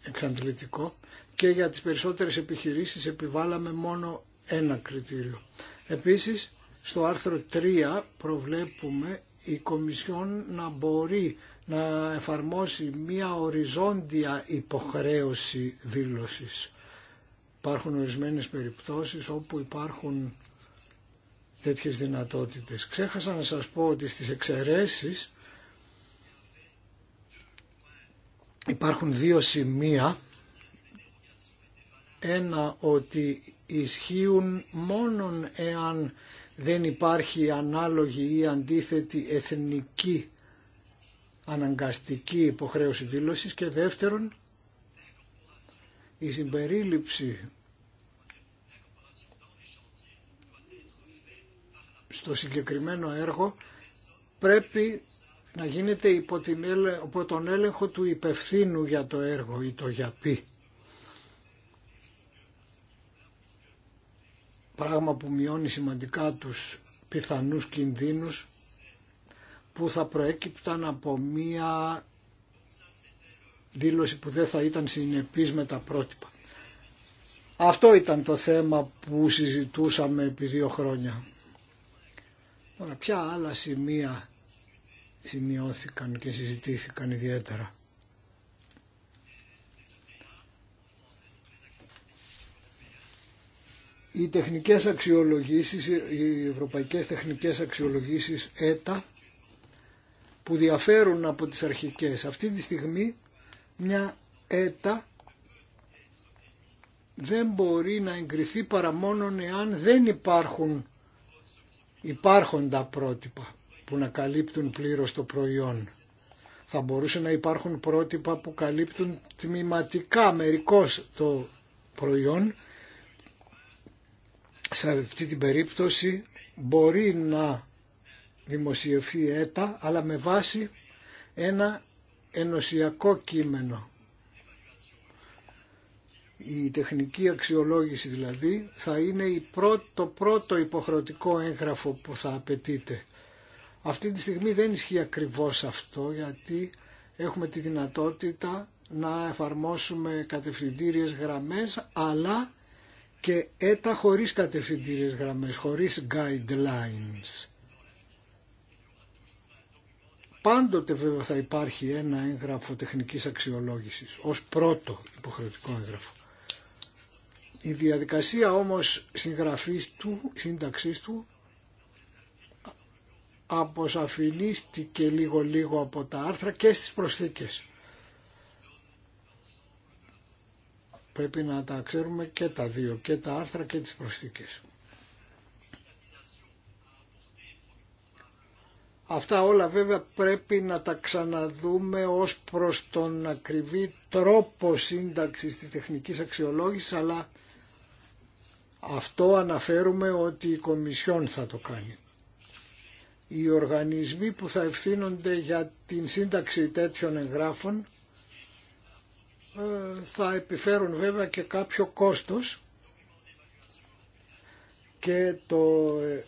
[SPEAKER 1] εξαντλητικό, και για τις περισσότερες επιχειρήσεις επιβάλαμε μόνο ένα κριτήριο. Επίσης, στο άρθρο 3 προβλέπουμε η Κομισιόν να μπορεί να εφαρμόσει μία οριζόντια υποχρέωση δήλωσης Υπάρχουν ορισμένες περιπτώσεις όπου υπάρχουν τέτοιες δυνατότητες. Ξέχασα να σας πω ότι στις εξαιρεσει υπάρχουν δύο σημεία. Ένα ότι ισχύουν μόνον εάν δεν υπάρχει ανάλογη ή αντίθετη εθνική αναγκαστική υποχρέωση δήλωσης και δεύτερον η συμπερίληψη στο συγκεκριμένο έργο πρέπει να γίνεται υπό, τον έλεγχο του υπευθύνου για το έργο ή το γιαπί. Πράγμα που μειώνει σημαντικά τους πιθανούς κινδύνους που θα προέκυπταν από μία δήλωση που δεν θα ήταν συνεπής με τα πρότυπα. Αυτό ήταν το θέμα που συζητούσαμε επί δύο χρόνια. Τώρα ποια άλλα σημεία σημειώθηκαν και συζητήθηκαν ιδιαίτερα. Οι τεχνικές αξιολογήσεις, οι ευρωπαϊκές τεχνικές αξιολογήσεις ΕΤΑ που διαφέρουν από τις αρχικές. Αυτή τη στιγμή μια ΕΤΑ δεν μπορεί να εγκριθεί παρά μόνον εάν δεν υπάρχουν Υπάρχουν τα πρότυπα που να καλύπτουν πλήρως το προϊόν. Θα μπορούσε να υπάρχουν πρότυπα που καλύπτουν τμηματικά μερικώς το προϊόν. Σε αυτή την περίπτωση μπορεί να δημοσιευθεί έτα αλλά με βάση ένα ενωσιακό κείμενο η τεχνική αξιολόγηση δηλαδή θα είναι η πρώτο, το πρώτο υποχρεωτικό έγγραφο που θα απαιτείται. Αυτή τη στιγμή δεν ισχύει ακριβώς αυτό γιατί έχουμε τη δυνατότητα να εφαρμόσουμε κατευθυντήριες γραμμές αλλά και έτα χωρίς κατευθυντήριες γραμμές, χωρίς guidelines. Πάντοτε βέβαια θα υπάρχει ένα έγγραφο τεχνικής αξιολόγησης ως πρώτο υποχρεωτικό έγγραφο. Η διαδικασία όμως συγγραφής του, σύνταξής του, αποσαφηνίστηκε λίγο-λίγο από τα άρθρα και στις προσθήκες. Πρέπει να τα ξέρουμε και τα δύο, και τα άρθρα και τις προσθήκες. Αυτά όλα βέβαια πρέπει να τα ξαναδούμε ως προς τον ακριβή τρόπο σύνταξης της τεχνικής αξιολόγησης, αλλά αυτό αναφέρουμε ότι η Κομισιόν θα το κάνει. Οι οργανισμοί που θα ευθύνονται για την σύνταξη τέτοιων εγγράφων ε, θα επιφέρουν βέβαια και κάποιο κόστος και το ε,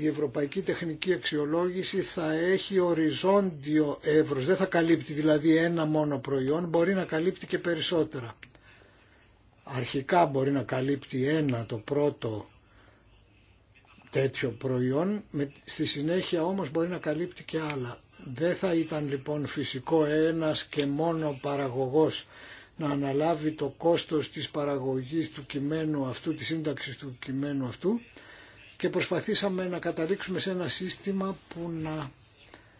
[SPEAKER 1] η Ευρωπαϊκή Τεχνική Αξιολόγηση θα έχει οριζόντιο εύρος, δεν θα καλύπτει δηλαδή ένα μόνο προϊόν, μπορεί να καλύπτει και περισσότερα. Αρχικά μπορεί να καλύπτει ένα το πρώτο τέτοιο προϊόν, στη συνέχεια όμως μπορεί να καλύπτει και άλλα. Δεν θα ήταν λοιπόν φυσικό ένας και μόνο παραγωγός να αναλάβει το κόστος της παραγωγής του κειμένου αυτού, της σύνταξης του κειμένου αυτού, και προσπαθήσαμε να καταλήξουμε σε ένα σύστημα που να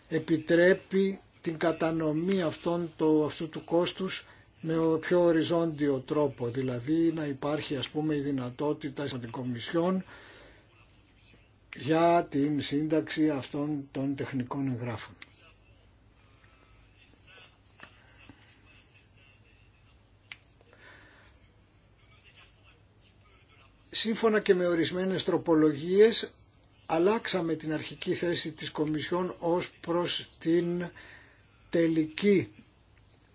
[SPEAKER 1] επιτρέπει την κατανομή αυτών το, αυτού του κόστους με πιο οριζόντιο τρόπο, δηλαδή να υπάρχει ας πούμε η δυνατότητα των κομισιών για την σύνταξη αυτών των τεχνικών εγγράφων. σύμφωνα και με ορισμένες τροπολογίες αλλάξαμε την αρχική θέση της Κομισιόν ως προς την τελική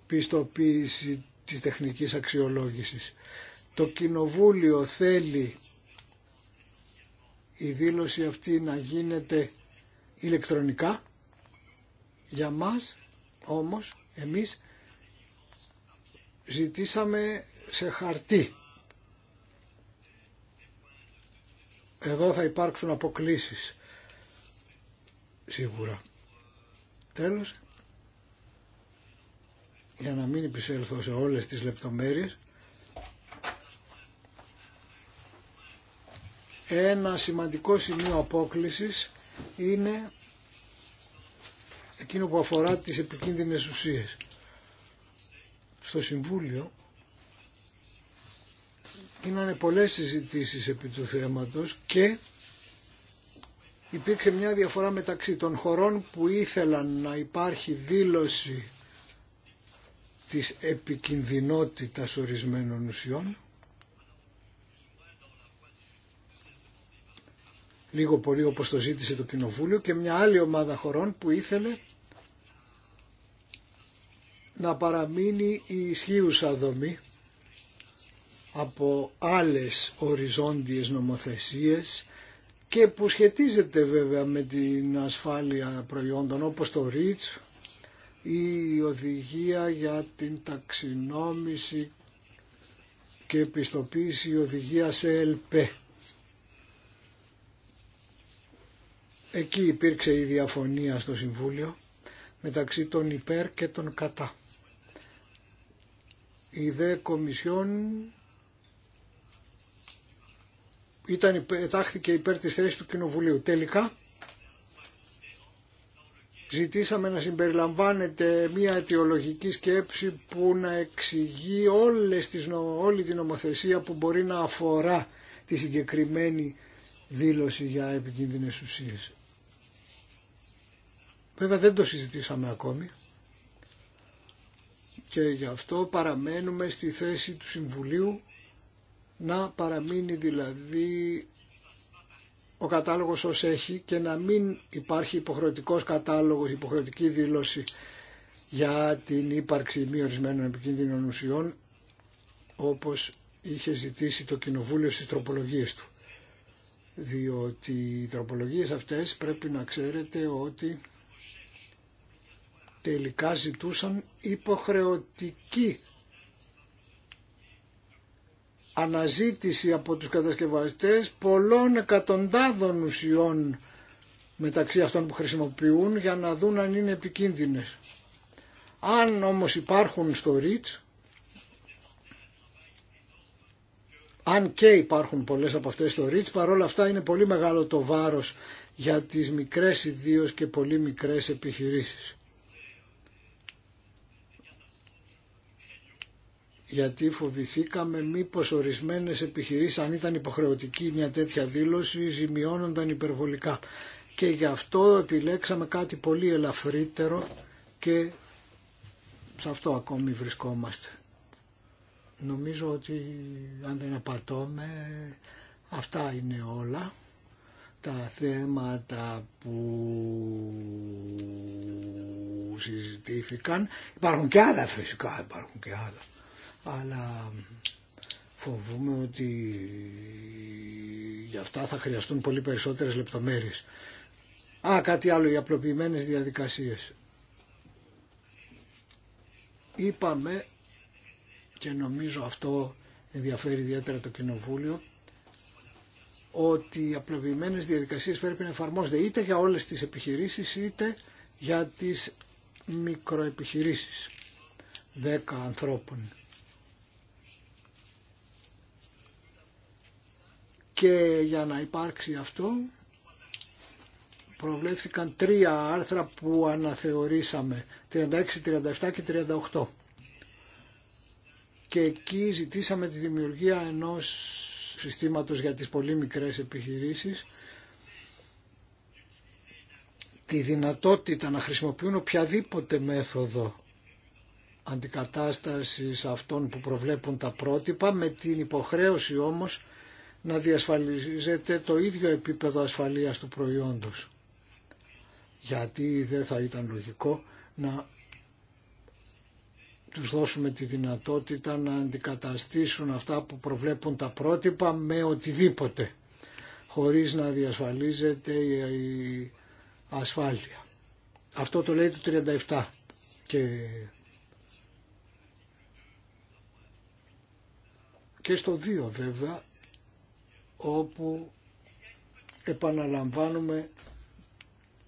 [SPEAKER 1] πιστοποίηση της τεχνικής αξιολόγησης. Το Κοινοβούλιο θέλει η δήλωση αυτή να γίνεται ηλεκτρονικά. Για μας όμως εμείς ζητήσαμε σε χαρτί Εδώ θα υπάρξουν αποκλήσεις σίγουρα. Τέλος, για να μην επισέλθω σε όλες τις λεπτομέρειες, ένα σημαντικό σημείο απόκλησης είναι εκείνο που αφορά τις επικίνδυνες ουσίες. Στο Συμβούλιο Γίνανε πολλές συζητήσεις επί του θέματος και υπήρξε μια διαφορά μεταξύ των χωρών που ήθελαν να υπάρχει δήλωση της επικινδυνότητας ορισμένων ουσιών λίγο πολύ όπως το ζήτησε το Κοινοβούλιο και μια άλλη ομάδα χωρών που ήθελε να παραμείνει η ισχύουσα δομή από άλλες οριζόντιες νομοθεσίες και που σχετίζεται βέβαια με την ασφάλεια προϊόντων όπως το REACH ή η οδηγία για την ταξινόμηση και επιστοποίηση η οδηγία σε ΕΛΠΕ. Εκεί υπήρξε η διαφωνία στο Συμβούλιο μεταξύ των υπέρ και των κατά. Η ΔΕ ήταν, τάχθηκε υπέρ της θέσης του Κοινοβουλίου. Τελικά ζητήσαμε να συμπεριλαμβάνεται μια αιτιολογική σκέψη που να εξηγεί όλες τις, όλη την νομοθεσία που μπορεί να αφορά τη συγκεκριμένη δήλωση για επικίνδυνες ουσίες. Βέβαια δεν το συζητήσαμε ακόμη και γι' αυτό παραμένουμε στη θέση του Συμβουλίου να παραμείνει δηλαδή ο κατάλογος ως έχει και να μην υπάρχει υποχρεωτικός κατάλογος, υποχρεωτική δήλωση για την ύπαρξη μη ορισμένων επικίνδυνων ουσιών όπως είχε ζητήσει το Κοινοβούλιο στις τροπολογίες του. Διότι οι τροπολογίες αυτές πρέπει να ξέρετε ότι τελικά ζητούσαν υποχρεωτική αναζήτηση από τους κατασκευαστές πολλών εκατοντάδων ουσιών μεταξύ αυτών που χρησιμοποιούν για να δουν αν είναι επικίνδυνες. Αν όμως υπάρχουν στο REACH, αν και υπάρχουν πολλές από αυτές στο REACH, παρόλα αυτά είναι πολύ μεγάλο το βάρος για τις μικρές ιδίως και πολύ μικρές επιχειρήσεις. γιατί φοβηθήκαμε μήπως ορισμένες επιχειρήσεις αν ήταν υποχρεωτική μια τέτοια δήλωση ζημιώνονταν υπερβολικά και γι' αυτό επιλέξαμε κάτι πολύ ελαφρύτερο και σε αυτό ακόμη βρισκόμαστε. Νομίζω ότι αν δεν απατώμε αυτά είναι όλα τα θέματα που συζητήθηκαν. Υπάρχουν και άλλα φυσικά, υπάρχουν και άλλα αλλά φοβούμε ότι για αυτά θα χρειαστούν πολύ περισσότερες λεπτομέρειες. Α, κάτι άλλο, οι απλοποιημένες διαδικασίες. Είπαμε, και νομίζω αυτό ενδιαφέρει ιδιαίτερα το Κοινοβούλιο, ότι οι απλοποιημένες διαδικασίες πρέπει να εφαρμόζονται είτε για όλες τις επιχειρήσεις είτε για τις μικροεπιχειρήσεις. 10 ανθρώπων Και για να υπάρξει αυτό προβλέφθηκαν τρία άρθρα που αναθεωρήσαμε, 36, 37 και 38. Και εκεί ζητήσαμε τη δημιουργία ενός συστήματος για τις πολύ μικρές επιχειρήσεις, τη δυνατότητα να χρησιμοποιούν οποιαδήποτε μέθοδο αντικατάστασης αυτών που προβλέπουν τα πρότυπα, με την υποχρέωση όμως να διασφαλίζεται το ίδιο επίπεδο ασφαλείας του προϊόντος. Γιατί δεν θα ήταν λογικό να τους δώσουμε τη δυνατότητα να αντικαταστήσουν αυτά που προβλέπουν τα πρότυπα με οτιδήποτε, χωρίς να διασφαλίζεται η ασφάλεια. Αυτό το λέει το 37 και, και στο 2 βέβαια όπου επαναλαμβάνουμε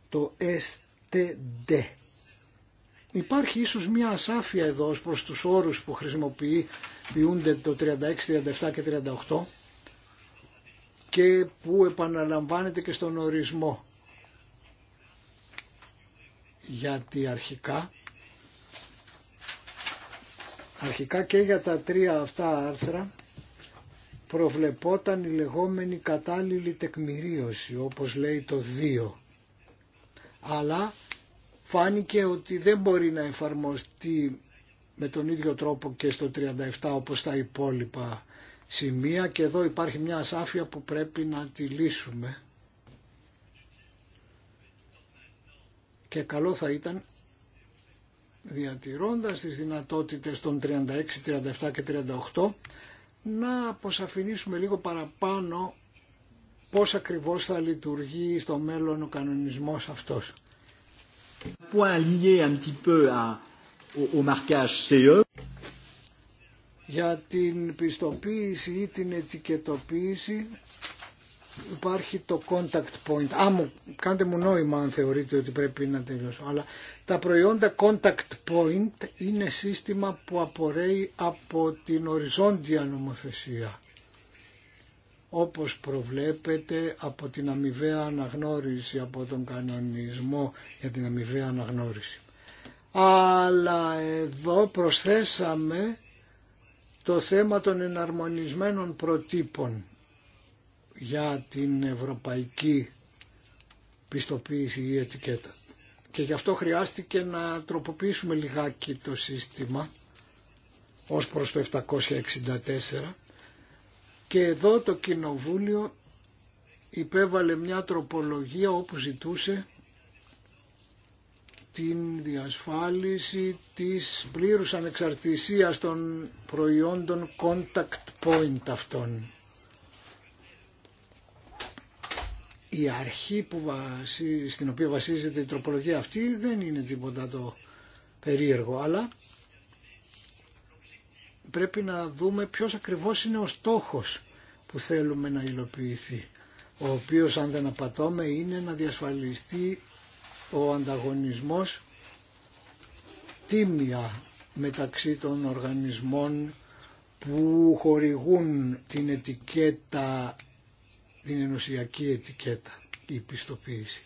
[SPEAKER 1] το STD. Υπάρχει ίσως μια ασάφεια εδώ ως προς τους όρους που χρησιμοποιούνται το 36, 37 και 38 και που επαναλαμβάνεται και στον ορισμό. Γιατί αρχικά, αρχικά και για τα τρία αυτά άρθρα προβλεπόταν η λεγόμενη κατάλληλη τεκμηρίωση, όπως λέει το 2. Αλλά φάνηκε ότι δεν μπορεί να εφαρμοστεί με τον ίδιο τρόπο και στο 37 όπως τα υπόλοιπα σημεία και εδώ υπάρχει μια ασάφεια που πρέπει να τη λύσουμε. Και καλό θα ήταν διατηρώντας τις δυνατότητες των 36, 37 και 38 να αποσαφηνίσουμε λίγο παραπάνω πώς ακριβώς θα λειτουργεί στο μέλλον ο κανονισμός αυτός. E. Για την πιστοποίηση ή την ετικετοποίηση υπάρχει το contact point. Α, κάντε μου νόημα αν θεωρείτε ότι πρέπει να τελειώσω. Αλλά τα προϊόντα contact point είναι σύστημα που απορρέει από την οριζόντια νομοθεσία. Όπως προβλέπεται από την αμοιβαία αναγνώριση, από τον κανονισμό για την αμοιβαία αναγνώριση. Αλλά εδώ προσθέσαμε το θέμα των εναρμονισμένων προτύπων για την ευρωπαϊκή πιστοποίηση ή ετικέτα. Και γι' αυτό χρειάστηκε να τροποποιήσουμε λιγάκι το σύστημα ως προς το 764 και εδώ το Κοινοβούλιο υπέβαλε μια τροπολογία όπου ζητούσε την διασφάλιση της πλήρους ανεξαρτησίας των προϊόντων contact point αυτών. η αρχή που στην οποία βασίζεται η τροπολογία αυτή δεν είναι τίποτα το περίεργο, αλλά πρέπει να δούμε ποιος ακριβώς είναι ο στόχος που θέλουμε να υλοποιηθεί, ο οποίος αν δεν απατώμε είναι να διασφαλιστεί ο ανταγωνισμός τίμια μεταξύ των οργανισμών που χορηγούν την ετικέτα την ενωσιακή ετικέτα, η πιστοποίηση.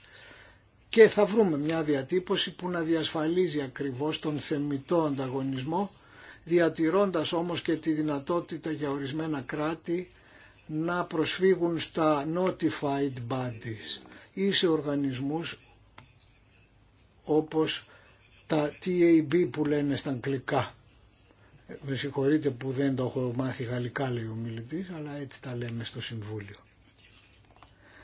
[SPEAKER 1] Και θα βρούμε μια διατύπωση που να διασφαλίζει ακριβώς τον θεμητό ανταγωνισμό, διατηρώντας όμως και τη δυνατότητα για ορισμένα κράτη να προσφύγουν στα notified bodies ή σε οργανισμούς όπως τα TAB που λένε στα αγγλικά. Με συγχωρείτε που δεν το έχω μάθει γαλλικά λέει ο μιλητής, αλλά έτσι τα λέμε στο Συμβούλιο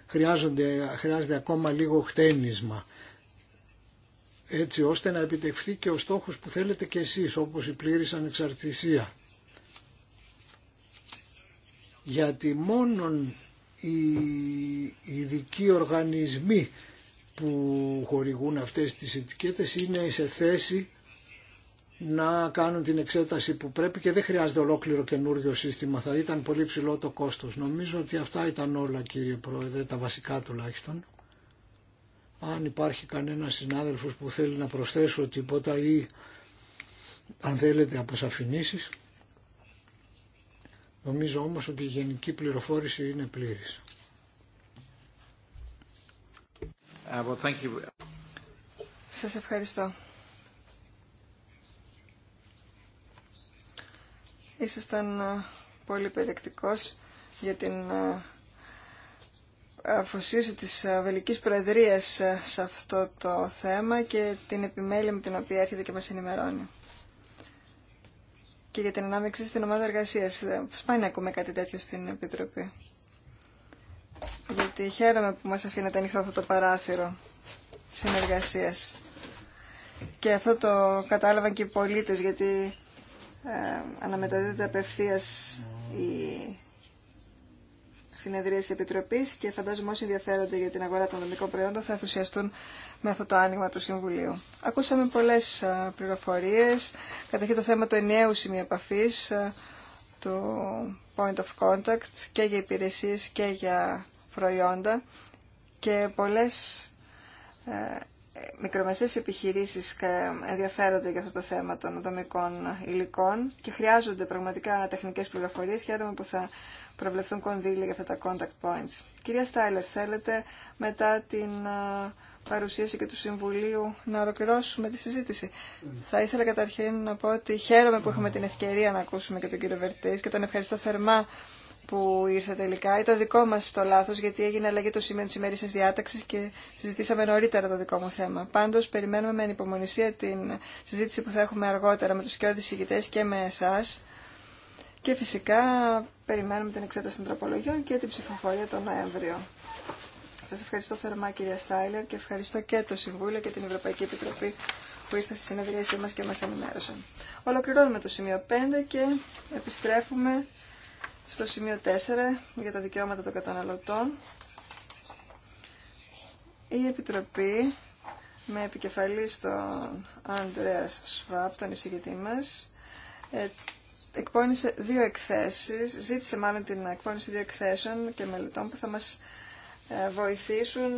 [SPEAKER 1] χρειάζονται, χρειάζεται ακόμα λίγο χτένισμα έτσι ώστε να επιτευχθεί και ο στόχος που θέλετε και εσείς όπως η πλήρης ανεξαρτησία γιατί μόνον οι ειδικοί οργανισμοί που χορηγούν αυτές τις ετικέτες είναι σε θέση να κάνουν την εξέταση που πρέπει και δεν χρειάζεται ολόκληρο καινούριο σύστημα. Θα ήταν πολύ ψηλό το κόστος. Νομίζω ότι αυτά ήταν όλα κύριε Πρόεδρε, τα βασικά τουλάχιστον. Αν υπάρχει κανένα συνάδελφος που θέλει να προσθέσω τίποτα ή αν θέλετε αποσαφηνήσεις. Νομίζω όμως ότι η γενική πληροφόρηση είναι πλήρης. Ε, Σας ευχαριστώ.
[SPEAKER 2] Ήσασταν ε, πολύ περιεκτικός για την ε, αφοσίωση της ε, Βελικής Προεδρίας σε αυτό το θέμα και την επιμέλεια με την οποία έρχεται και μας ενημερώνει. Και για την ανάμειξη στην ομάδα εργασίας. Σπάνια ακούμε κάτι τέτοιο στην Επιτροπή. Γιατί χαίρομαι που μας αφήνεται ανοιχτό αυτό το παράθυρο συνεργασίας. Και αυτό το κατάλαβαν και οι πολίτες, γιατί ε, αναμεταδίδεται απευθείας η συνεδρία της Επιτροπής και φαντάζομαι όσοι ενδιαφέρονται για την αγορά των δομικών προϊόντων θα ενθουσιαστούν με αυτό το άνοιγμα του Συμβουλίου. Ακούσαμε πολλές ε, πληροφορίες, καταρχήν το θέμα του ενιαίου σημείου επαφή ε, του point of contact και για υπηρεσίες και για προϊόντα και πολλές μικρομεσαίες επιχειρήσεις ενδιαφέρονται για αυτό το θέμα των δομικών υλικών και χρειάζονται πραγματικά τεχνικές πληροφορίες. Χαίρομαι που θα προβλεφθούν κονδύλια για αυτά τα contact points. Κυρία Στάιλερ, θέλετε μετά την παρουσίαση και του Συμβουλίου να ολοκληρώσουμε τη συζήτηση. Θα ήθελα καταρχήν να πω ότι χαίρομαι που έχουμε την ευκαιρία να ακούσουμε και τον κύριο Βερτής και τον ευχαριστώ θερμά που ήρθε τελικά. Ήταν δικό μα το λάθο, γιατί έγινε αλλαγή το σημείο τη ημερήσια διάταξη και συζητήσαμε νωρίτερα το δικό μου θέμα. Πάντω, περιμένουμε με ανυπομονησία την συζήτηση που θα έχουμε αργότερα με του κοιόδη ηγητέ και με εσά. Και φυσικά, περιμένουμε την εξέταση των τροπολογιών και την ψηφοφορία τον Νοέμβριο. Σα ευχαριστώ θερμά, κυρία Στάιλερ, και ευχαριστώ και το Συμβούλιο και την Ευρωπαϊκή Επιτροπή που ήρθε στη συνεδρίασή μας και μας ενημέρωσαν. Ολοκληρώνουμε το σημείο 5 και επιστρέφουμε στο σημείο 4 για τα δικαιώματα των καταναλωτών. Η Επιτροπή με επικεφαλή τον Ανδρέας Σβάπ, τον εισηγητή μας, ε, εκπώνησε δύο εκθέσεις, ζήτησε μάλλον την εκπώνηση δύο εκθέσεων και μελετών που θα μας ε, βοηθήσουν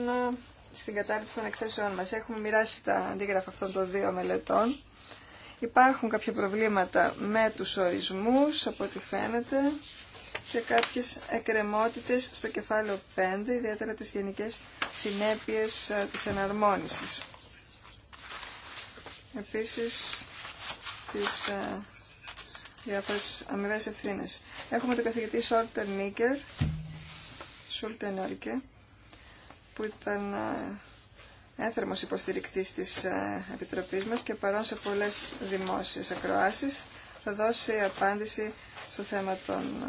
[SPEAKER 2] στην κατάρτιση των εκθέσεών μας. Έχουμε μοιράσει τα αντίγραφα αυτών των δύο μελετών. Υπάρχουν κάποια προβλήματα με τους ορισμούς, από ό,τι φαίνεται και κάποιες εκκρεμότητες στο κεφάλαιο 5, ιδιαίτερα τις γενικές συνέπειες της εναρμόνισης. Επίσης, τις διάφορες αμοιβές ευθύνες. Έχουμε τον καθηγητή Σόλτερ Νίκερ, Σόλτερ που ήταν έθερμος υποστηρικτής της Επιτροπής μας και παρόν σε πολλές δημόσιες ακροάσεις θα δώσει απάντηση στο θέμα των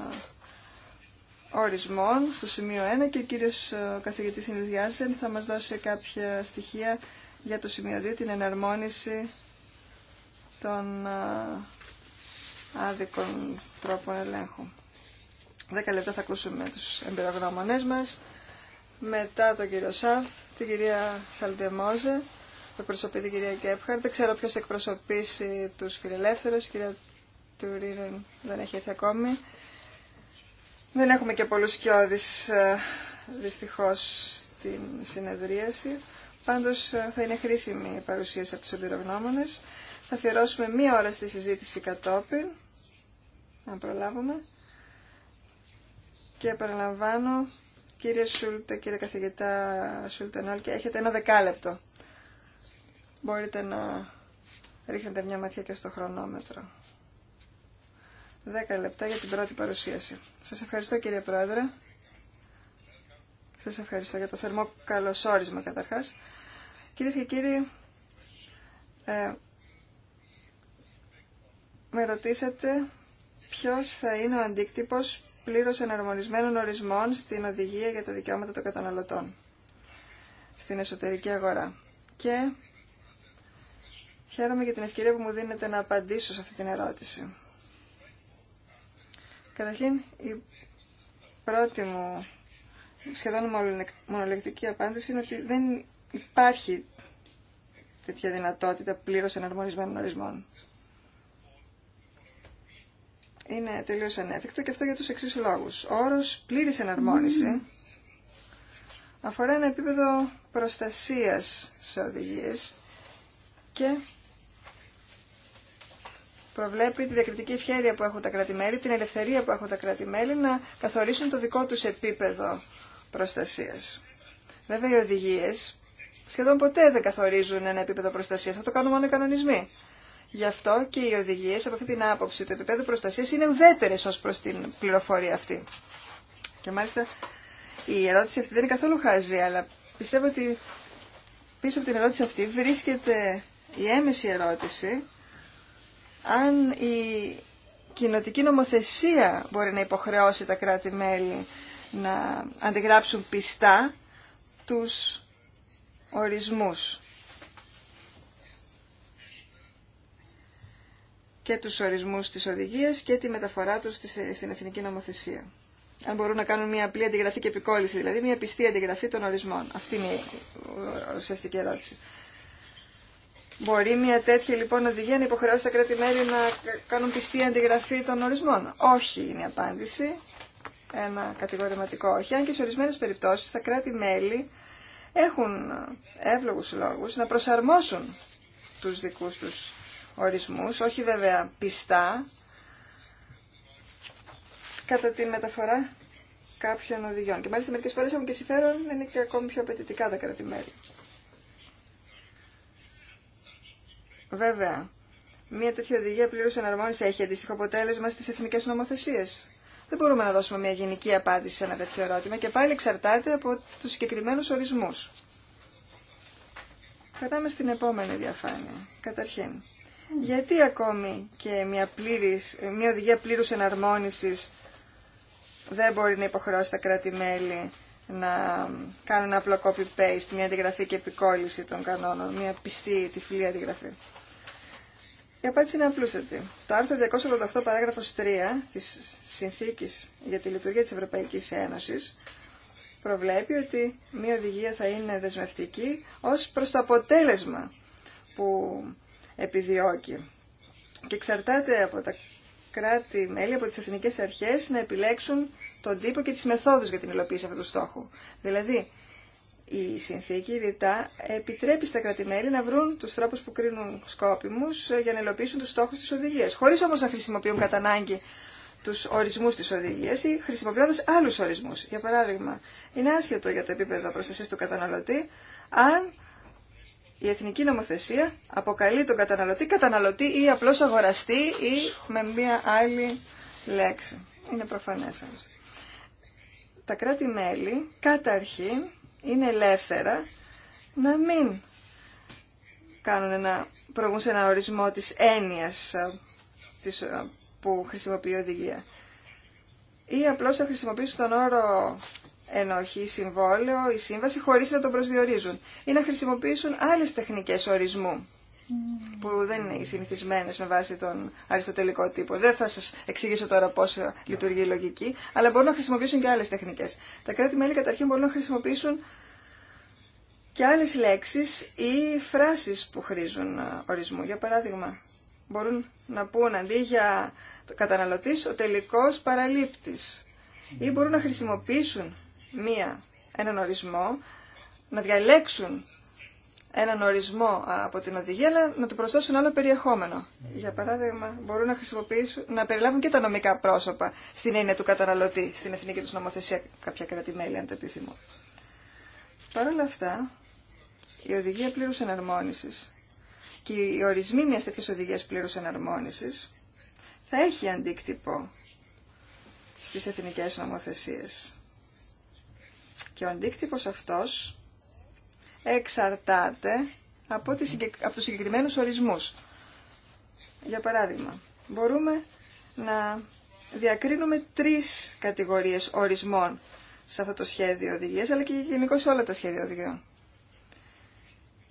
[SPEAKER 2] ορισμών στο σημείο 1 και ο κύριος ε, καθηγητής Γιάνσεν θα μας δώσει κάποια στοιχεία για το σημείο 2, την εναρμόνιση των ε, άδικων τρόπων ελέγχου. 10 λεπτά θα ακούσουμε τους εμπειρογνώμονές μας. Μετά τον κύριο Σαφ, την κυρία Σαλντεμόζε, εκπροσωπεί την κυρία Κέπχαρ. Δεν ξέρω ποιος εκπροσωπήσει τους φιλελεύθερους. Η κυρία Τουρίνεν δεν έχει έρθει ακόμη. Δεν έχουμε και πολλούς σκιώδεις ε, δυστυχώς στην συνεδρίαση. Πάντως ε, θα είναι χρήσιμη η παρουσίαση από τους εμπειρογνώμονες. Θα αφιερώσουμε μία ώρα στη συζήτηση κατόπιν, αν προλάβουμε. Και επαναλαμβάνω, κύριε Σούλτε, κύριε καθηγητά Σούλτενόλ, και έχετε ένα δεκάλεπτο. Μπορείτε να ρίχνετε μια ματιά και στο χρονόμετρο. 10 λεπτά για την πρώτη παρουσίαση. Σας ευχαριστώ κύριε Πρόεδρε. Σας ευχαριστώ για το θερμό καλωσόρισμα καταρχάς. Κυρίες και κύριοι, ε, με ρωτήσατε ποιος θα είναι ο αντίκτυπος πλήρως εναρμονισμένων ορισμών στην οδηγία για τα δικαιώματα των καταναλωτών στην εσωτερική αγορά. Και χαίρομαι για την ευκαιρία που μου δίνετε να απαντήσω σε αυτή την ερώτηση. Καταρχήν, η πρώτη μου σχεδόν μονολεκτική απάντηση είναι ότι δεν υπάρχει τέτοια δυνατότητα πλήρως εναρμονισμένων ορισμών. Είναι τελείως ανέφικτο και αυτό για τους εξής λόγους. Ο όρος πλήρης εναρμόνιση αφορά ένα επίπεδο προστασίας σε οδηγίες και προβλέπει τη διακριτική ευχέρεια που έχουν τα κρατη την ελευθερία που έχουν τα κρατη να καθορίσουν το δικό τους επίπεδο προστασίας. Βέβαια, οι οδηγίες σχεδόν ποτέ δεν καθορίζουν ένα επίπεδο προστασίας. Αυτό το κάνουν μόνο οι κανονισμοί. Γι' αυτό και οι οδηγίες από αυτή την άποψη του επίπεδου προστασίας είναι ουδέτερες ως προς την πληροφορία αυτή. Και μάλιστα η ερώτηση αυτή δεν είναι καθόλου χαζή, αλλά πιστεύω ότι πίσω από την ερώτηση αυτή βρίσκεται η έμεση ερώτηση αν η κοινοτική νομοθεσία μπορεί να υποχρεώσει τα κράτη-μέλη να αντιγράψουν πιστά τους ορισμούς και τους ορισμούς της οδηγίας και τη μεταφορά τους στην εθνική νομοθεσία. Αν μπορούν να κάνουν μια απλή αντιγραφή και επικόλυση, δηλαδή μια πιστή αντιγραφή των ορισμών. Αυτή είναι η ουσιαστική ερώτηση. Μπορεί μια τέτοια λοιπόν οδηγία να υποχρεώσει τα κράτη-μέλη να κάνουν πιστή αντιγραφή των ορισμών. Όχι είναι η απάντηση. Ένα κατηγορηματικό όχι. Αν και σε ορισμένε περιπτώσει τα κράτη-μέλη έχουν εύλογου λόγου να προσαρμόσουν του δικού του ορισμού, όχι βέβαια πιστά, κατά τη μεταφορά κάποιων οδηγιών. Και μάλιστα μερικέ φορέ έχουν και συμφέρον είναι και ακόμη πιο απαιτητικά τα κράτη-μέλη. Βέβαια, μια τέτοια οδηγία πλήρω εναρμόνιση έχει αντίστοιχο αποτέλεσμα στι εθνικέ νομοθεσίε. Δεν μπορούμε να δώσουμε μια γενική απάντηση σε ένα τέτοιο ερώτημα και πάλι εξαρτάται από του συγκεκριμένου ορισμού. Περνάμε στην επόμενη διαφάνεια. Καταρχήν, γιατί ακόμη και μια, πλήρης, μια οδηγία πλήρους εναρμόνιση δεν μπορεί να υποχρεώσει τα κράτη-μέλη να κάνουν απλό copy-paste, μια αντιγραφή και επικόλυση των κανόνων, μια πιστή τυφλή αντιγραφή. Η απάντηση είναι απλούστατη. Το άρθρο 288 παράγραφος 3 της Συνθήκης για τη Λειτουργία της Ευρωπαϊκής Ένωσης προβλέπει ότι μια οδηγία θα είναι δεσμευτική ως προς το αποτέλεσμα που επιδιώκει και εξαρτάται από τα κράτη-μέλη, από τις εθνικές αρχές να επιλέξουν τον τύπο και τις μεθόδους για την υλοποίηση αυτού του στόχου. Δηλαδή, η συνθήκη ρητά επιτρέπει στα κρατημέλη να βρουν τους τρόπους που κρίνουν σκόπιμους ε, για να υλοποιήσουν του στόχου της οδηγίας, χωρίς όμως να χρησιμοποιούν κατά ανάγκη τους ορισμούς της οδηγίας ή χρησιμοποιώντας άλλους ορισμούς. Για παράδειγμα, είναι άσχετο για το επίπεδο προστασίας του καταναλωτή αν η εθνική νομοθεσία αποκαλεί τον καταναλωτή καταναλωτή ή απλώς αγοραστή ή με μία άλλη λέξη. Είναι προφανές όμως. Τα κράτη-μέλη καταρχήν είναι ελεύθερα να μην κάνουν ένα, προβούν σε ένα ορισμό της έννοιας ε, της, ε, που χρησιμοποιεί η οδηγία. Ή απλώς να χρησιμοποιήσουν τον όρο ενοχή, συμβόλαιο ή σύμβαση χωρίς να τον προσδιορίζουν. Ή να χρησιμοποιήσουν άλλες τεχνικές ορισμού που δεν είναι οι συνηθισμένες με βάση τον αριστοτελικό τύπο. Δεν θα σας εξηγήσω τώρα πώς λειτουργεί η λογική, αλλά μπορούν να χρησιμοποιήσουν και άλλες τεχνικές. Τα κράτη-μέλη καταρχήν μπορούν να χρησιμοποιήσουν και άλλες λέξεις ή φράσεις που χρήζουν ε, ορισμού. Για παράδειγμα, μπορούν να πούν αντί για καταναλωτής ο τελικός παραλήπτης ή μπορούν να χρησιμοποιήσουν μία, έναν ορισμό, να διαλέξουν έναν ορισμό από την οδηγία, αλλά να του προσθέσουν άλλο περιεχόμενο. Για παράδειγμα, μπορούν να, χρησιμοποιήσουν, να περιλάβουν και τα νομικά πρόσωπα στην έννοια του καταναλωτή, στην εθνική του νομοθεσία, κάποια κρατημέλη, αν το επιθυμούν. Παρ' όλα αυτά, η οδηγία πλήρου εναρμόνιση και οι ορισμοί μια τέτοια οδηγία πλήρου εναρμόνιση θα έχει αντίκτυπο στι εθνικέ νομοθεσίε. Και ο αντίκτυπος αυτός εξαρτάται από, τις, από τους συγκεκριμένους ορισμούς. Για παράδειγμα, μπορούμε να διακρίνουμε τρεις κατηγορίες ορισμών σε αυτό το σχέδιο οδηγίας, αλλά και γενικώ σε όλα τα σχέδια οδηγιών.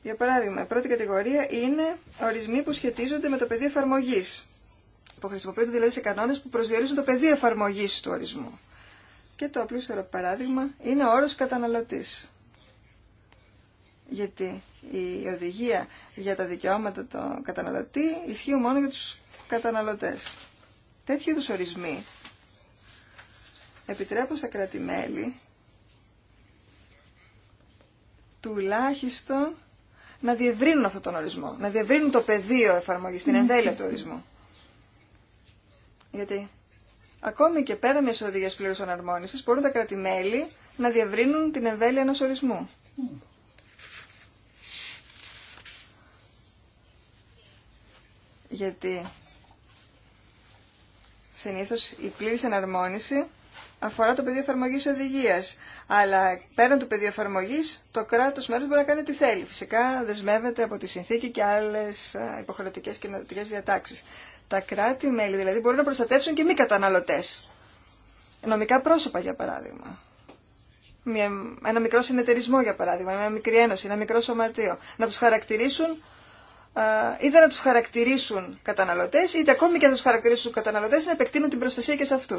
[SPEAKER 2] Για παράδειγμα, η πρώτη κατηγορία είναι ορισμοί που σχετίζονται με το πεδίο εφαρμογή. Που χρησιμοποιούνται δηλαδή σε κανόνε που προσδιορίζουν το πεδίο εφαρμογή του ορισμού. Και το απλούστερο παράδειγμα είναι ο όρο καταναλωτή γιατί η οδηγία για τα δικαιώματα των καταναλωτή ισχύει μόνο για τους καταναλωτές. Τέτοιου είδους ορισμοί επιτρέπουν στα κράτη-μέλη τουλάχιστον να διευρύνουν αυτόν τον ορισμό, να διευρύνουν το πεδίο εφαρμογής, την εμβέλεια του ορισμού. Γιατί ακόμη και πέρα μιας οδηγίας πλήρους αναρμόνησης μπορούν τα κρατη να διευρύνουν την εμβέλεια ενός ορισμού. γιατί συνήθως η πλήρης εναρμόνιση αφορά το πεδίο εφαρμογή οδηγία. Αλλά πέραν του πεδίου εφαρμογή, το κράτος μέλο μπορεί να κάνει ό,τι θέλει. Φυσικά δεσμεύεται από τη συνθήκη και άλλε υποχρεωτικές και νοητικέ διατάξει. Τα κράτη-μέλη δηλαδή μπορούν να προστατεύσουν και μη καταναλωτές. Νομικά πρόσωπα, για παράδειγμα. ένα μικρό συνεταιρισμό, για παράδειγμα. Μια μικρή ένωση, ένα μικρό σωματείο. Να του χαρακτηρίσουν είτε να του χαρακτηρίσουν καταναλωτέ, είτε ακόμη και να του χαρακτηρίσουν καταναλωτές, να επεκτείνουν την προστασία και σε αυτού.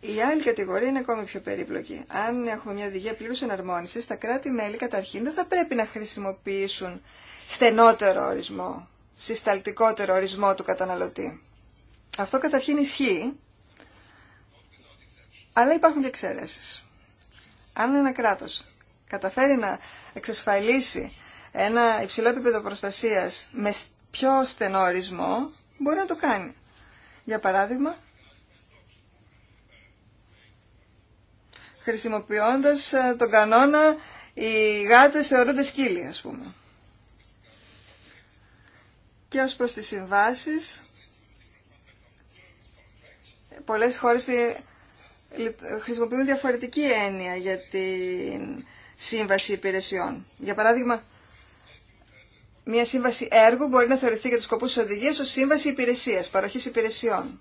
[SPEAKER 2] Η άλλη κατηγορία είναι ακόμη πιο περίπλοκη. Αν έχουμε μια οδηγία πλήρου εναρμόνιση, τα κράτη-μέλη καταρχήν δεν θα πρέπει να χρησιμοποιήσουν στενότερο ορισμό, συσταλτικότερο ορισμό του καταναλωτή. Αυτό καταρχήν ισχύει, αλλά υπάρχουν και εξαιρέσει. Αν ένα κράτο καταφέρει να εξασφαλίσει ένα υψηλό επίπεδο προστασίας με πιο στενό ορισμό μπορεί να το κάνει. Για παράδειγμα, χρησιμοποιώντας ε, τον κανόνα οι γάτε θεωρούνται σκύλοι, ας πούμε. Και ως προς τις συμβάσεις, πολλές χώρες χρησιμοποιούν διαφορετική έννοια για την σύμβαση υπηρεσιών. Για παράδειγμα, μια σύμβαση έργου μπορεί να θεωρηθεί για τους σκοπούς της οδηγίας ως σύμβαση υπηρεσίας, παροχής υπηρεσιών.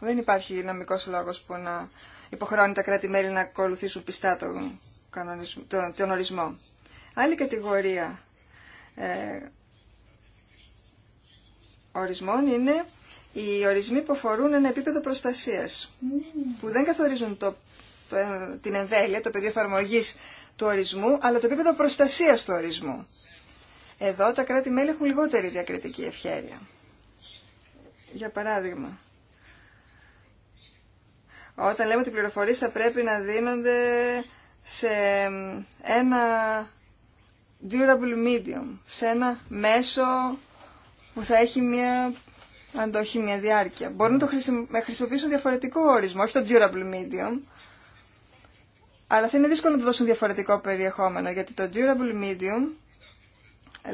[SPEAKER 2] Δεν υπάρχει νομικός λόγος που να υποχρεώνει τα κράτη-μέλη να ακολουθήσουν πιστά τον, τον, ορισμό. Άλλη κατηγορία ε, ορισμών είναι οι ορισμοί που αφορούν ένα επίπεδο προστασίας, mm. που δεν καθορίζουν το, την εμβέλεια, το πεδίο εφαρμογή του ορισμού, αλλά το επίπεδο προστασία του ορισμού. Εδώ τα κράτη-μέλη έχουν λιγότερη διακριτική ευχέρεια. Για παράδειγμα, όταν λέμε ότι οι πληροφορίες θα πρέπει να δίνονται σε ένα durable medium, σε ένα μέσο που θα έχει μια αντοχή, μια διάρκεια. Μπορούν να το χρησιμοποιήσουν διαφορετικό ορισμό, όχι το durable medium, αλλά θα είναι δύσκολο να του δώσουν διαφορετικό περιεχόμενο, γιατί το durable medium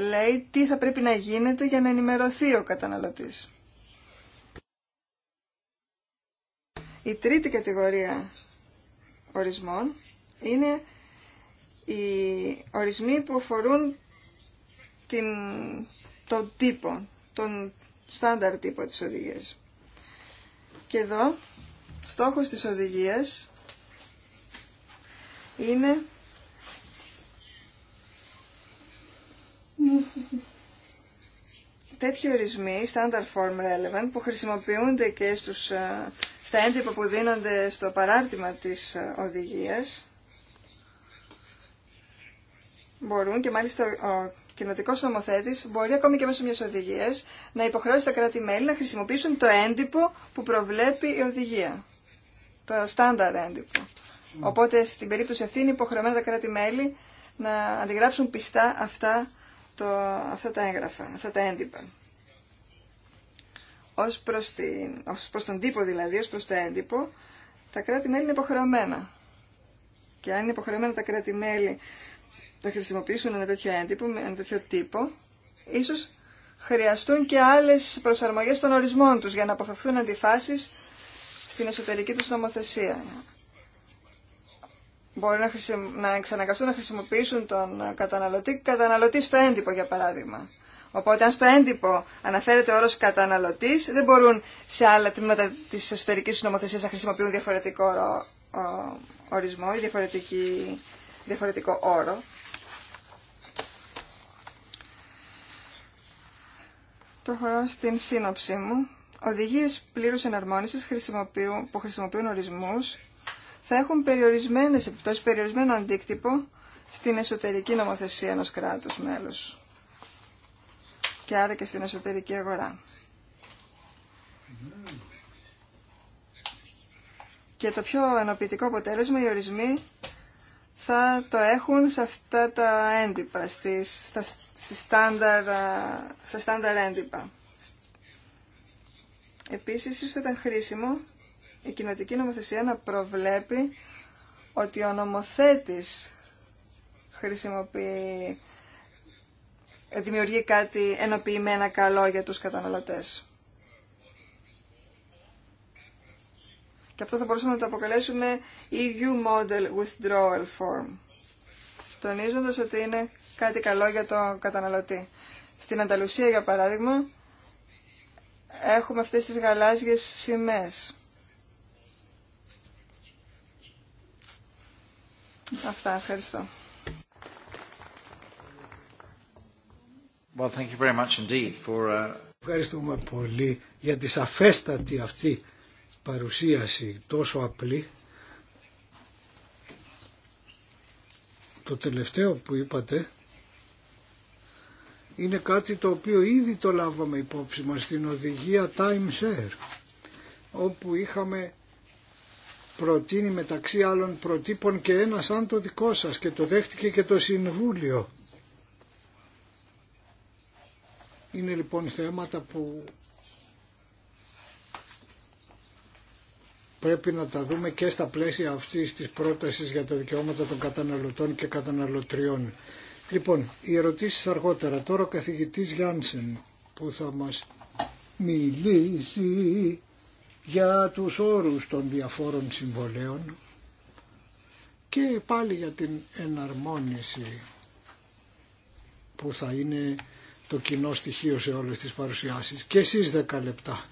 [SPEAKER 2] λέει τι θα πρέπει να γίνεται για να ενημερωθεί ο καταναλωτής. Η τρίτη κατηγορία ορισμών είναι οι ορισμοί που αφορούν την, τον τύπο, τον στάνταρ τύπο της οδηγίας. Και εδώ, στόχος της οδηγίας είναι τέτοιοι ορισμοί, standard form relevant, που χρησιμοποιούνται και στους, ε, στα έντυπα που δίνονται στο παράρτημα της ε, οδηγίας, μπορούν και μάλιστα ο κοινοτικός νομοθέτης μπορεί ακόμη και μέσω μιας οδηγίας να υποχρεώσει τα κράτη-μέλη να χρησιμοποιήσουν το έντυπο που προβλέπει η οδηγία. Το στάνταρ έντυπο. Mm. Οπότε στην περίπτωση αυτή είναι υποχρεωμένα τα κράτη-μέλη να αντιγράψουν πιστά αυτά, το, αυτά τα έγγραφα, αυτά τα έντυπα. Ως προς, την, ως προς τον τύπο δηλαδή, ως προς το έντυπο, τα κράτη-μέλη είναι υποχρεωμένα. Και αν είναι υποχρεωμένα τα κράτη-μέλη να χρησιμοποιήσουν ένα τέτοιο έντυπο, ένα τέτοιο τύπο, ίσως χρειαστούν και άλλες προσαρμογές των ορισμών τους για να αποφευθούν αντιφάσεις στην εσωτερική τους νομοθεσία μπορεί να, να εξαναγκαστούν να χρησιμοποιήσουν τον καταναλωτή, καταναλωτή στο έντυπο για παράδειγμα. Οπότε αν στο έντυπο αναφέρεται ο όρος καταναλωτής, δεν μπορούν σε άλλα τμήματα της εσωτερικής νομοθεσίας να χρησιμοποιούν διαφορετικό ορισμό ή διαφορετική... διαφορετικό όρο. Προχωρώ στην σύνοψή μου. Οδηγίες πλήρους εναρμόνισης που χρησιμοποιούν ορισμούς θα έχουν περιορισμένες επιπτώσεις, περιορισμένο αντίκτυπο στην εσωτερική νομοθεσία ενός κράτους μέλους και άρα και στην εσωτερική αγορά. Και το πιο ενοποιητικό αποτέλεσμα οι ορισμοί θα το έχουν σε αυτά τα έντυπα, στις, στα, στάνταρ, στα στάνταρ έντυπα. Επίσης, ίσως ήταν χρήσιμο η κοινοτική νομοθεσία να προβλέπει ότι ο νομοθέτης χρησιμοποιεί, δημιουργεί κάτι ενοποιημένα καλό για τους καταναλωτές. Και αυτό θα μπορούσαμε να το αποκαλέσουμε EU Model Withdrawal Form, τονίζοντας ότι είναι κάτι καλό για τον καταναλωτή. Στην Ανταλουσία, για παράδειγμα, έχουμε αυτές τις γαλάζιες σημαίες Αυτά, ευχαριστώ.
[SPEAKER 1] Well, thank you very uh, Ευχαριστούμε πολύ για τη σαφέστατη αυτή παρουσίαση τόσο απλή. Το τελευταίο που είπατε είναι κάτι το οποίο ήδη το λάβαμε υπόψη μας στην οδηγία Time Share όπου είχαμε προτείνει μεταξύ άλλων προτύπων και ένα σαν το δικό σας και το δέχτηκε και το Συμβούλιο. Είναι λοιπόν θέματα που πρέπει να τα δούμε και στα πλαίσια αυτής της πρότασης για τα δικαιώματα των καταναλωτών και καταναλωτριών. Λοιπόν, οι ερωτήσεις αργότερα. Τώρα ο καθηγητής Γιάνσεν που θα μας μιλήσει για τους όρους των διαφόρων συμβολέων και πάλι για την εναρμόνιση που θα είναι το κοινό στοιχείο σε όλες τις παρουσιάσεις. Και εσείς δέκα λεπτά.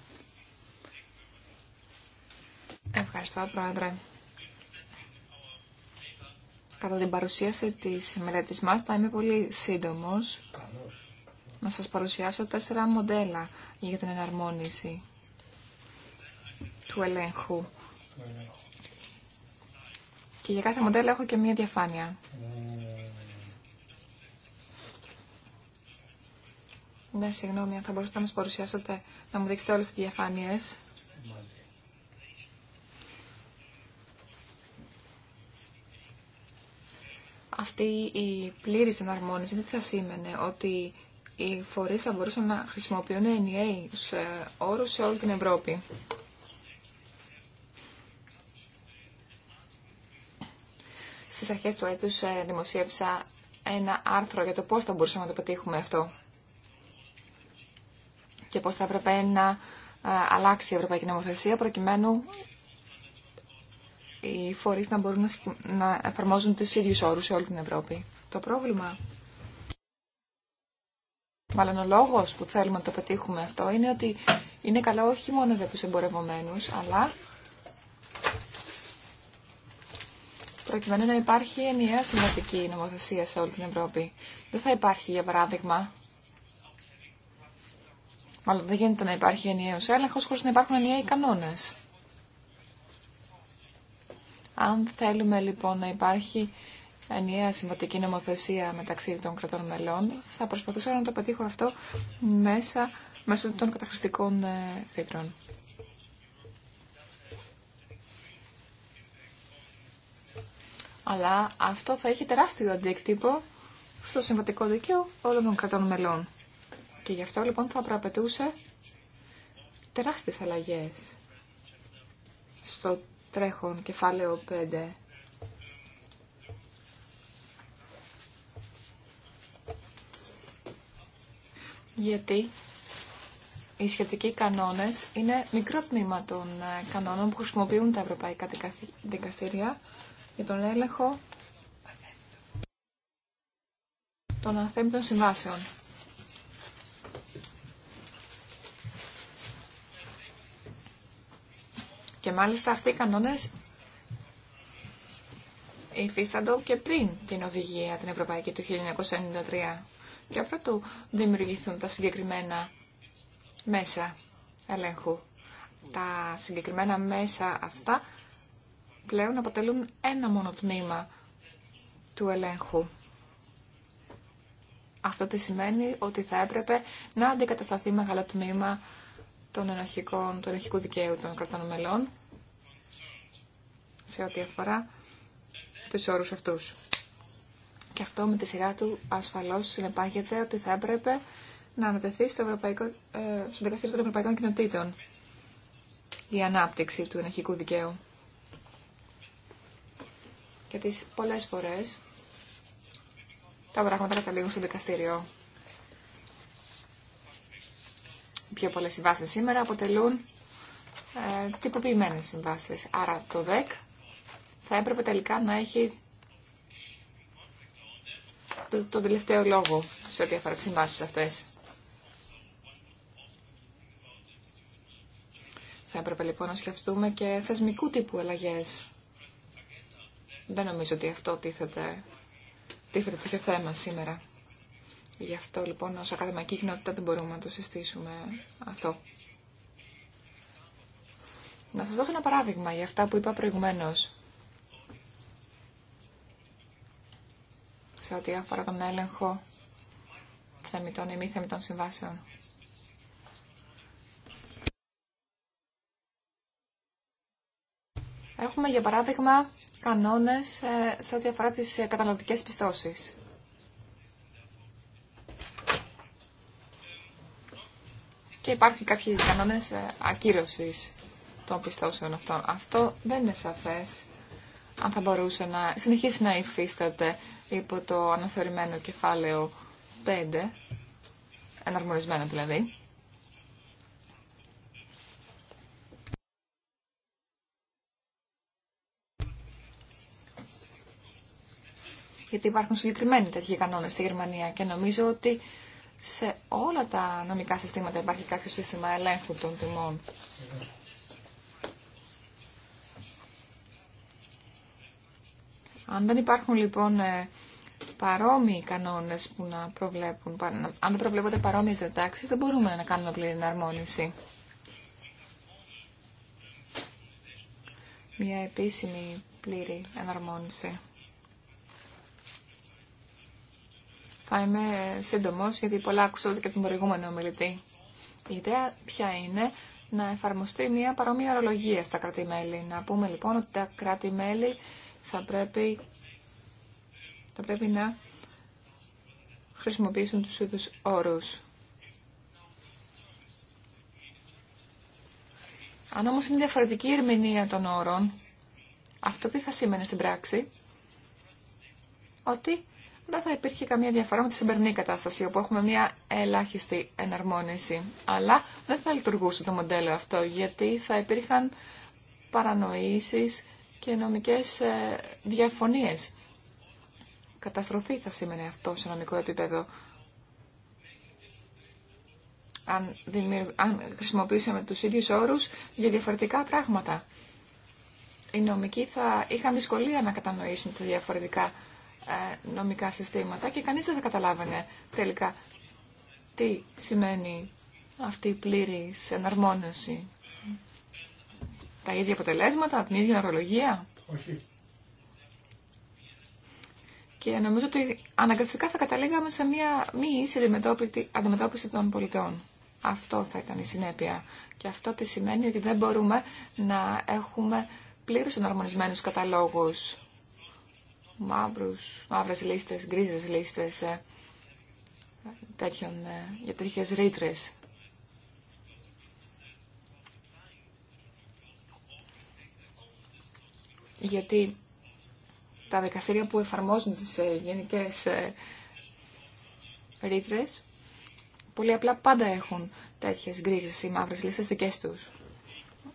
[SPEAKER 1] Ευχαριστώ Πρόεδρε.
[SPEAKER 3] Κατά την παρουσίαση της μελέτης μας θα είμαι πολύ σύντομος να σας παρουσιάσω τέσσερα μοντέλα για την εναρμόνιση του ελέγχου. Και για κάθε μοντέλο έχω και μία διαφάνεια. Ναι, συγγνώμη, θα μπορούσατε να μας παρουσιάσετε, να μου δείξετε όλες τις διαφάνειες. Αυτή η πλήρης εναρμόνιση δεν θα σήμαινε ότι οι φορείς θα μπορούσαν να χρησιμοποιούν σε όρους σε όλη την Ευρώπη. Στις αρχές του έτους ε, δημοσίευσα ένα άρθρο για το πώς θα μπορούσαμε να το πετύχουμε αυτό και πώς θα έπρεπε να ε, αλλάξει η Ευρωπαϊκή Νομοθεσία προκειμένου οι φορείς να μπορούν να εφαρμόζουν τους ίδιους όρους σε όλη την Ευρώπη. Το πρόβλημα, μάλλον ο λόγος που θέλουμε να το πετύχουμε αυτό, είναι ότι είναι καλό όχι μόνο για τους εμπορευομένους, αλλά προκειμένου να υπάρχει ενιαία συμβατική νομοθεσία σε όλη την Ευρώπη. Δεν θα υπάρχει, για παράδειγμα, μάλλον δεν γίνεται να υπάρχει ενιαίος έλεγχο χωρίς να υπάρχουν ενιαίοι κανόνες. Αν θέλουμε λοιπόν να υπάρχει ενιαία συμβατική νομοθεσία μεταξύ των κρατών μελών, θα προσπαθήσω να το πετύχω αυτό μέσα μέσω των καταχρηστικών ε, ρήτρων. αλλά αυτό θα έχει τεράστιο αντίκτυπο στο συμβατικό δίκαιο όλων των κρατών μελών. Και γι' αυτό λοιπόν θα προαπαιτούσε τεράστιες αλλαγές στο τρέχον κεφάλαιο 5. Γιατί οι σχετικοί κανόνες είναι μικρό τμήμα των κανόνων που χρησιμοποιούν τα ευρωπαϊκά δικαστήρια για τον έλεγχο των αθέμπτων συμβάσεων. Και μάλιστα αυτοί οι κανόνες υφίσταντο και πριν την οδηγία την Ευρωπαϊκή του 1993 και πρώτου δημιουργηθούν τα συγκεκριμένα μέσα ελέγχου. Τα συγκεκριμένα μέσα αυτά πλέον αποτελούν ένα μόνο τμήμα του ελέγχου. Αυτό τι σημαίνει ότι θα έπρεπε να αντικατασταθεί μεγάλο τμήμα των ενοχικών, του ενοχικού δικαίου των κρατών μελών σε ό,τι αφορά τους όρους αυτούς. Και αυτό με τη σειρά του ασφαλώς συνεπάγεται ότι θα έπρεπε να ανατεθεί στο, Ευρωπαϊκό, ε, στο Δικαστήριο των Ευρωπαϊκών Κοινοτήτων η ανάπτυξη του ενοχικού δικαίου. Γιατί πολλές φορές τα πράγματα καταλήγουν στο δικαστήριο. Πιο πολλές συμβάσεις σήμερα αποτελούν ε, τυποποιημένες συμβάσεις. Άρα το ΔΕΚ θα έπρεπε τελικά να έχει τον τελευταίο λόγο σε ό,τι αφορά τις συμβάσεις αυτές. Θα έπρεπε λοιπόν να σκεφτούμε και θεσμικού τύπου αλλαγές δεν νομίζω ότι αυτό τίθεται, τίθεται τέτοιο θέμα σήμερα. Γι' αυτό λοιπόν ως ακαδημαϊκή κοινότητα δεν μπορούμε να το συστήσουμε αυτό. Να σας δώσω ένα παράδειγμα για αυτά που είπα προηγουμένως. Σε ό,τι αφορά τον έλεγχο θεμητών ή μη θεμητών συμβάσεων. Έχουμε για παράδειγμα κανόνες ε, σε ό,τι αφορά τις ε, καταναλωτικές πιστώσεις. Και υπάρχουν κάποιοι κανόνες ε, ακύρωσης των πιστώσεων αυτών. Αυτό δεν είναι σαφές αν θα μπορούσε να συνεχίσει να υφίσταται υπό το αναθεωρημένο κεφάλαιο 5, εναρμονισμένο δηλαδή. γιατί υπάρχουν συγκεκριμένοι τέτοιοι κανόνε στη Γερμανία και νομίζω ότι σε όλα τα νομικά συστήματα υπάρχει κάποιο σύστημα ελέγχου των τιμών. Αν δεν υπάρχουν λοιπόν ε, παρόμοιοι κανόνε που να προβλέπουν, αν δεν προβλέπονται παρόμοιες διατάξει, δεν μπορούμε να κάνουμε πλήρη εναρμόνιση. Μια επίσημη πλήρη εναρμόνιση. Θα είμαι σύντομο γιατί πολλά ακούσατε και τον προηγούμενο ομιλητή. Η ιδέα ποια είναι να εφαρμοστεί μια παρόμοια ορολογία στα κράτη-μέλη. Να πούμε λοιπόν ότι τα κράτη-μέλη θα πρέπει, θα πρέπει να χρησιμοποιήσουν τους ίδιους όρους. Αν όμως είναι διαφορετική η ερμηνεία των όρων, αυτό τι θα σημαίνει στην πράξη, ότι δεν θα υπήρχε καμία διαφορά με τη σημερινή κατάσταση, όπου έχουμε μια ελάχιστη εναρμόνιση. Αλλά δεν θα λειτουργούσε το μοντέλο αυτό, γιατί θα υπήρχαν παρανοήσεις και νομικές ε, διαφωνίες. Καταστροφή θα σήμαινε αυτό σε νομικό επίπεδο. Αν, αν χρησιμοποιήσαμε τους ίδιους όρους για διαφορετικά πράγματα. Οι νομικοί θα είχαν δυσκολία να κατανοήσουν τα διαφορετικά ε, νομικά συστήματα και κανείς δεν θα καταλάβαινε τελικά τι σημαίνει αυτή η πλήρης εναρμόνωση. Τα ίδια αποτελέσματα, την ίδια ορολογία. Όχι. Και νομίζω ότι αναγκαστικά θα καταλήγαμε σε μια μη ίση αντιμετώπιση των πολιτών. Αυτό θα ήταν η συνέπεια. Και αυτό τι σημαίνει ότι δεν μπορούμε να έχουμε πλήρως εναρμονισμένους καταλόγους μαύρους, μαύρες λίστες, γκρίζες λίστες ε, τέτοιων, ε, για τέτοιες ρήτρε. Γιατί τα δικαστήρια που εφαρμόζουν τις ε, γενικές ρήτρε, πολύ απλά πάντα έχουν τέτοιες γκρίζες ή μαύρες λίστες δικές τους.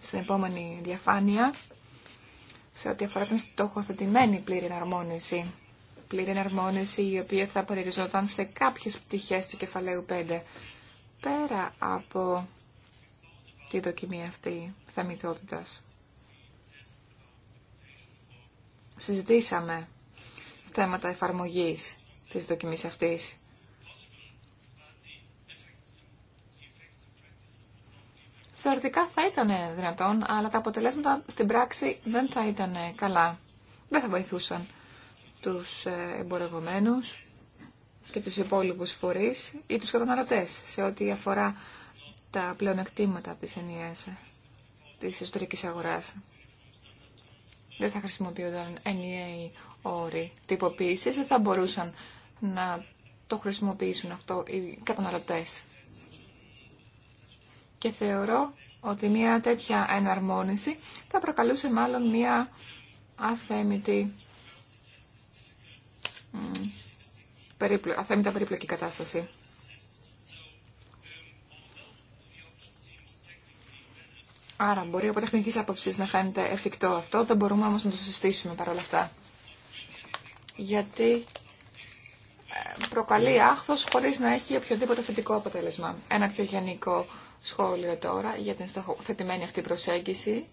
[SPEAKER 3] Στην επόμενη διαφάνεια σε ό,τι αφορά την στοχοθετημένη πλήρη εναρμόνιση. Πλήρη εναρμόνιση η οποία θα περιοριζόταν σε κάποιες πτυχές του κεφαλαίου 5. Πέρα από τη δοκιμή αυτή θεμητότητας. Συζητήσαμε θέματα εφαρμογής της δοκιμής αυτής θεωρητικά θα ήταν δυνατόν, αλλά τα αποτελέσματα στην πράξη δεν θα ήταν καλά. Δεν θα βοηθούσαν τους ε, εμπορευομένους και τους υπόλοιπους φορείς ή τους καταναλωτές σε ό,τι αφορά τα πλεονεκτήματα της ενιαίας της ιστορικής αγοράς. Δεν θα χρησιμοποιούνταν ενιαίοι όροι τυποποίησης, δεν θα μπορούσαν να το χρησιμοποιήσουν αυτό οι καταναλωτές. Και θεωρώ ότι μια τέτοια εναρμόνιση θα προκαλούσε μάλλον μια αθέμητη αθέμητα περίπλοκη κατάσταση. Άρα μπορεί από τεχνική άποψη να φαίνεται εφικτό αυτό, δεν μπορούμε όμως να το συστήσουμε παρόλα αυτά. Γιατί ε, προκαλεί άχθος χωρίς να έχει οποιοδήποτε θετικό αποτέλεσμα. Ένα πιο γενικό σχόλιο τώρα για την στοχοθετημένη αυτή προσέγγιση.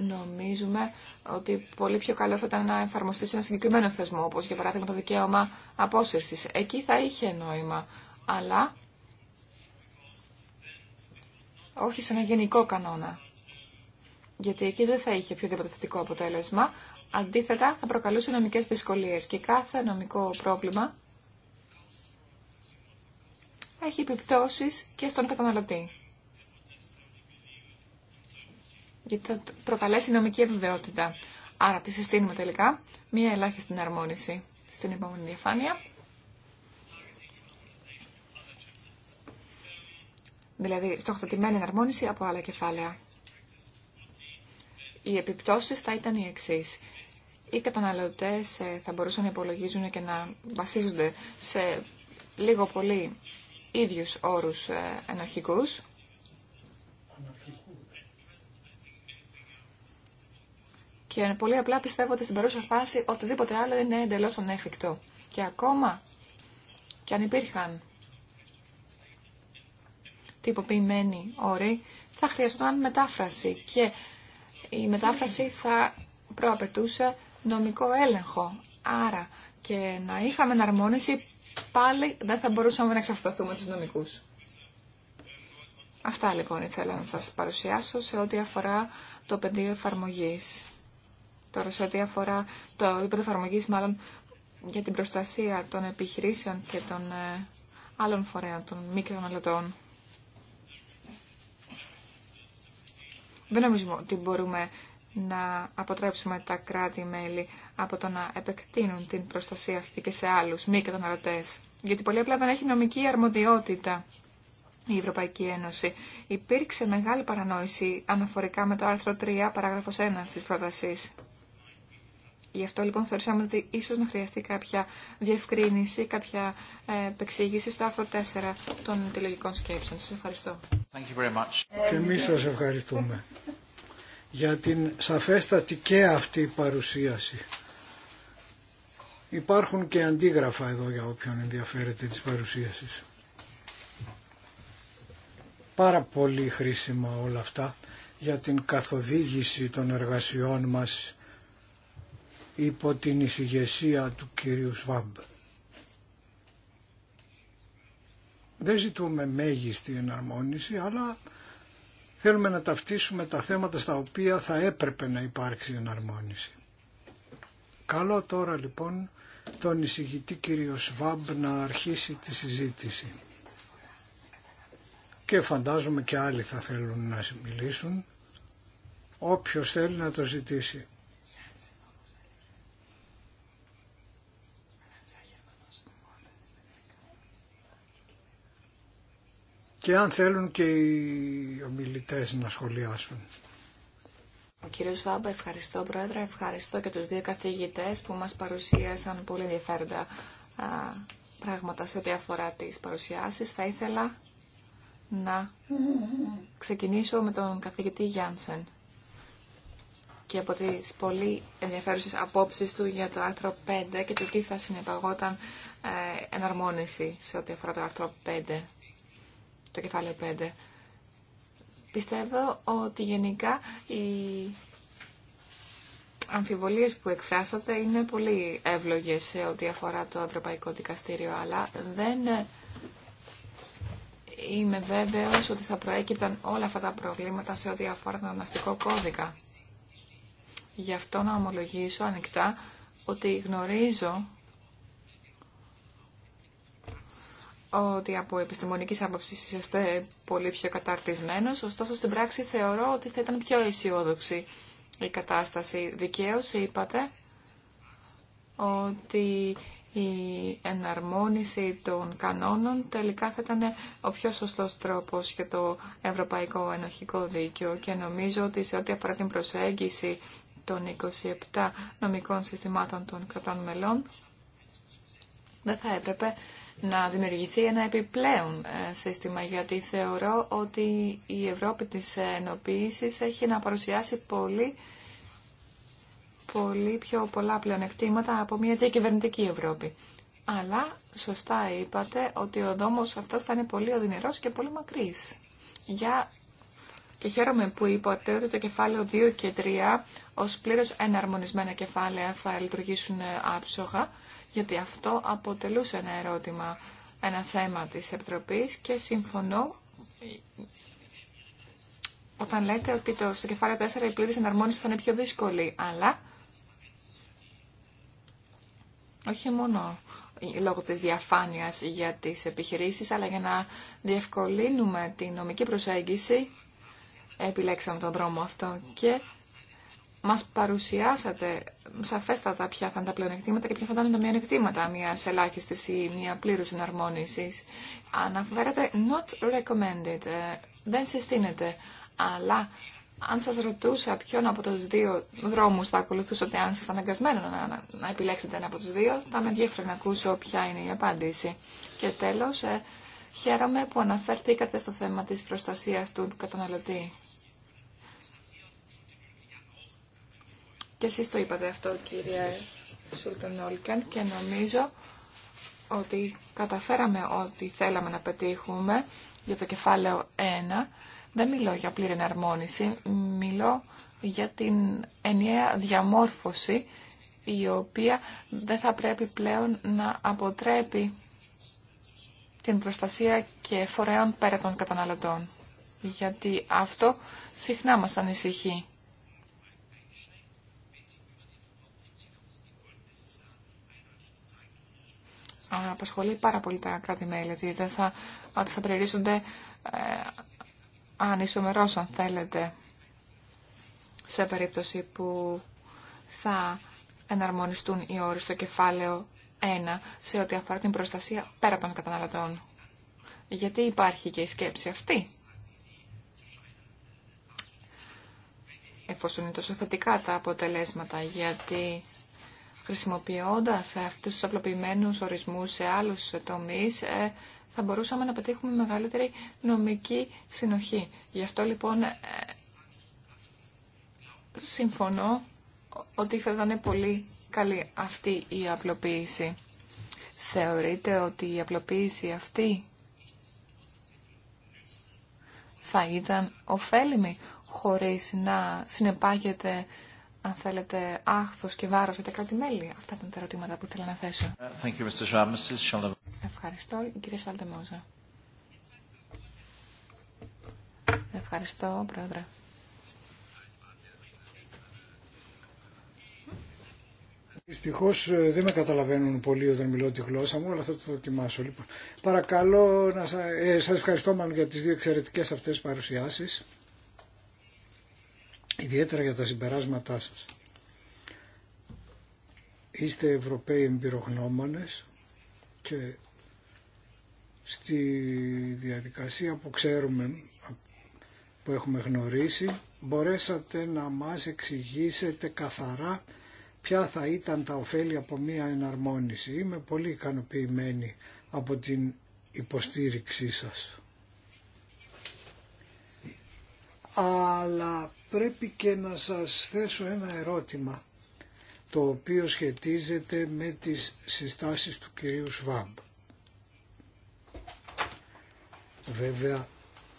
[SPEAKER 3] Νομίζουμε ότι πολύ πιο καλό θα ήταν να εφαρμοστεί σε ένα συγκεκριμένο θεσμό, όπως για παράδειγμα το δικαίωμα απόσυρσης. Εκεί θα είχε νόημα, αλλά όχι σε ένα γενικό κανόνα. Γιατί εκεί δεν θα είχε πιο θετικό αποτέλεσμα. Αντίθετα, θα προκαλούσε νομικές δυσκολίες και κάθε νομικό πρόβλημα έχει επιπτώσεις και στον καταναλωτή. Γιατί θα προκαλέσει νομική επιβεβαιότητα. Άρα τη συστήνουμε τελικά, μία ελάχιστη εναρμόνιση στην επόμενη διαφάνεια. Δηλαδή, στοχτατημένη εναρμόνιση από άλλα κεφάλαια. Οι επιπτώσεις θα ήταν οι εξής οι καταναλωτές ε, θα μπορούσαν να υπολογίζουν και να βασίζονται σε λίγο πολύ ίδιους όρους ε, ενοχικούς. Και πολύ απλά πιστεύω ότι στην παρούσα φάση οτιδήποτε άλλο είναι εντελώς ανέφικτο. Και ακόμα και αν υπήρχαν τυποποιημένοι όροι, θα χρειαζόταν μετάφραση και η μετάφραση θα προαπαιτούσε νομικό έλεγχο. Άρα και να είχαμε εναρμόνιση πάλι δεν θα μπορούσαμε να εξαφταθούμε τους νομικούς. Αυτά λοιπόν ήθελα να σας παρουσιάσω σε ό,τι αφορά το πεδίο εφαρμογή. Τώρα σε ό,τι αφορά το επίπεδο εφαρμογή μάλλον για την προστασία των επιχειρήσεων και των ε, άλλων φορέων, των μη καταναλωτών. Δεν νομίζουμε ότι μπορούμε να αποτρέψουμε τα κράτη-μέλη από το να επεκτείνουν την προστασία αυτή και σε άλλους μη καταναλωτέ. Γιατί πολύ απλά δεν έχει νομική αρμοδιότητα η Ευρωπαϊκή Ένωση. Υπήρξε μεγάλη παρανόηση αναφορικά με το άρθρο 3, παράγραφο 1 τη πρότασης. Γι' αυτό λοιπόν θεωρήσαμε ότι ίσως να χρειαστεί κάποια διευκρίνηση, κάποια ε, επεξήγηση στο άρθρο 4 των τελογικών σκέψεων. Σας ευχαριστώ. Thank you
[SPEAKER 1] Και εμείς σας ευχαριστούμε για την σαφέστατη και αυτή παρουσίαση. Υπάρχουν και αντίγραφα εδώ για όποιον ενδιαφέρεται της παρουσίασης. Πάρα πολύ χρήσιμα όλα αυτά για την καθοδήγηση των εργασιών μας υπό την ησυγεσία του κυρίου Σβάμπ. Δεν ζητούμε μέγιστη εναρμόνιση, αλλά θέλουμε να ταυτίσουμε τα θέματα στα οποία θα έπρεπε να υπάρξει εναρμόνιση. Καλό τώρα λοιπόν τον εισηγητή κύριο Σβάμπ να αρχίσει τη συζήτηση. Και φαντάζομαι και άλλοι θα θέλουν να μιλήσουν. Όποιος θέλει να το ζητήσει. Και αν θέλουν και οι ομιλητές να σχολιάσουν.
[SPEAKER 3] Ο κύριος Βάμπα, ευχαριστώ Πρόεδρε, ευχαριστώ και τους δύο καθηγητές που μας παρουσίασαν πολύ ενδιαφέροντα πράγματα σε ό,τι αφορά τις παρουσιάσεις. Θα ήθελα να ξεκινήσω με τον καθηγητή Γιάνσεν και από τις πολύ ενδιαφέρουσες απόψεις του για το άρθρο 5 και το τι θα συνεπαγόταν ε, εναρμόνιση σε ό,τι αφορά το άρθρο 5, το κεφάλαιο 5. Πιστεύω ότι γενικά οι αμφιβολίες που εκφράσατε είναι πολύ εύλογες σε ό,τι αφορά το Ευρωπαϊκό Δικαστήριο, αλλά δεν είμαι βέβαιος ότι θα προέκυπταν όλα αυτά τα προβλήματα σε ό,τι αφορά τον αναστικό κώδικα. Γι' αυτό να ομολογήσω ανοιχτά ότι γνωρίζω ότι από επιστημονική αποψή είστε πολύ πιο καταρτισμένος, ωστόσο στην πράξη θεωρώ ότι θα ήταν πιο αισιόδοξη η κατάσταση. Δικαίως είπατε ότι η εναρμόνιση των κανόνων τελικά θα ήταν ο πιο σωστός τρόπος για το Ευρωπαϊκό Ενοχικό Δίκαιο και νομίζω ότι σε ό,τι αφορά την προσέγγιση των 27 νομικών συστημάτων των κρατών μελών δεν θα έπρεπε να δημιουργηθεί ένα επιπλέον ε, σύστημα, γιατί θεωρώ ότι η Ευρώπη της ενοποίησης έχει να παρουσιάσει πολύ, πολύ πιο πολλά πλεονεκτήματα από μια διακυβερνητική Ευρώπη. Αλλά σωστά είπατε ότι ο δόμος αυτός θα είναι πολύ οδυνηρός και πολύ μακρύς για και χαίρομαι που είπατε ότι το κεφάλαιο 2 και 3 ως πλήρως εναρμονισμένα κεφάλαια θα λειτουργήσουν άψογα, γιατί αυτό αποτελούσε ένα ερώτημα, ένα θέμα της Επιτροπής και συμφωνώ όταν λέτε ότι το, στο κεφάλαιο 4 η πλήρης εναρμόνιση θα είναι πιο δύσκολη, αλλά όχι μόνο λόγω της διαφάνειας για τις επιχειρήσεις, αλλά για να διευκολύνουμε την νομική προσέγγιση επιλέξαμε τον δρόμο αυτό και μας παρουσιάσατε σαφέστατα ποια θα είναι τα πλεονεκτήματα και ποια θα ήταν τα μειονεκτήματα μια ελάχιστη ή μια πλήρου εναρμόνιση. Αναφέρατε not recommended, ε, δεν συστήνεται, αλλά αν σας ρωτούσα ποιον από τους δύο δρόμους θα ακολουθούσατε αν σας αναγκασμένο να, να, να επιλέξετε ένα από τους δύο, θα με ενδιαφέρει να ακούσω ποια είναι η απάντηση. Και τέλος, ε, Χαίρομαι που αναφέρθηκατε στο θέμα της προστασίας του καταναλωτή. Και εσείς το είπατε αυτό, κύριε Όλκεν, και νομίζω ότι καταφέραμε ό,τι θέλαμε να πετύχουμε για το κεφάλαιο 1. Δεν μιλώ για πλήρη εναρμόνιση, μιλώ για την ενιαία διαμόρφωση η οποία δεν θα πρέπει πλέον να αποτρέπει την προστασία και φορέων πέρα των καταναλωτών. Γιατί αυτό συχνά μας ανησυχεί. Απασχολεί πάρα πολύ τα κράτη-μέλη, ότι θα, ότι θα περιορίζονται ε, αν θέλετε, σε περίπτωση που θα εναρμονιστούν οι όροι στο κεφάλαιο ένα σε ό,τι αφορά την προστασία πέρα των καταναλωτών. Γιατί υπάρχει και η σκέψη αυτή. Εφόσον είναι τόσο θετικά τα αποτελέσματα, γιατί χρησιμοποιώντας αυτούς τους απλοποιημένους ορισμούς σε άλλους τομείς, ε, θα μπορούσαμε να πετύχουμε μεγαλύτερη νομική συνοχή. Γι' αυτό λοιπόν ε, συμφωνώ ότι θα ήταν πολύ καλή αυτή η απλοποίηση. Θεωρείτε ότι η απλοποίηση αυτή θα ήταν ωφέλιμη χωρίς να συνεπάγεται αν θέλετε, άχθος και βάρος για τα κράτη-μέλη. Αυτά ήταν τα ερωτήματα που ήθελα να θέσω. Ευχαριστώ, κύριε Σαλτεμόζα. Ευχαριστώ, Πρόεδρε.
[SPEAKER 1] Δυστυχώ ε, δεν με καταλαβαίνουν πολύ όταν μιλώ τη γλώσσα μου, αλλά θα το δοκιμάσω. Λοιπόν, παρακαλώ να σα ε, σας ευχαριστώ μάλλον για τι δύο εξαιρετικέ αυτέ παρουσιάσει. ιδιαίτερα για τα συμπεράσματά σα. Είστε Ευρωπαίοι εμπειρογνώμονες και στη διαδικασία που ξέρουμε, που έχουμε γνωρίσει, μπορέσατε να μας εξηγήσετε καθαρά ποια θα ήταν τα ωφέλη από μία εναρμόνιση. Είμαι πολύ ικανοποιημένη από την υποστήριξή σας. Αλλά πρέπει και να σας θέσω ένα ερώτημα το οποίο σχετίζεται με τις συστάσεις του κυρίου Σβάμπ. Βέβαια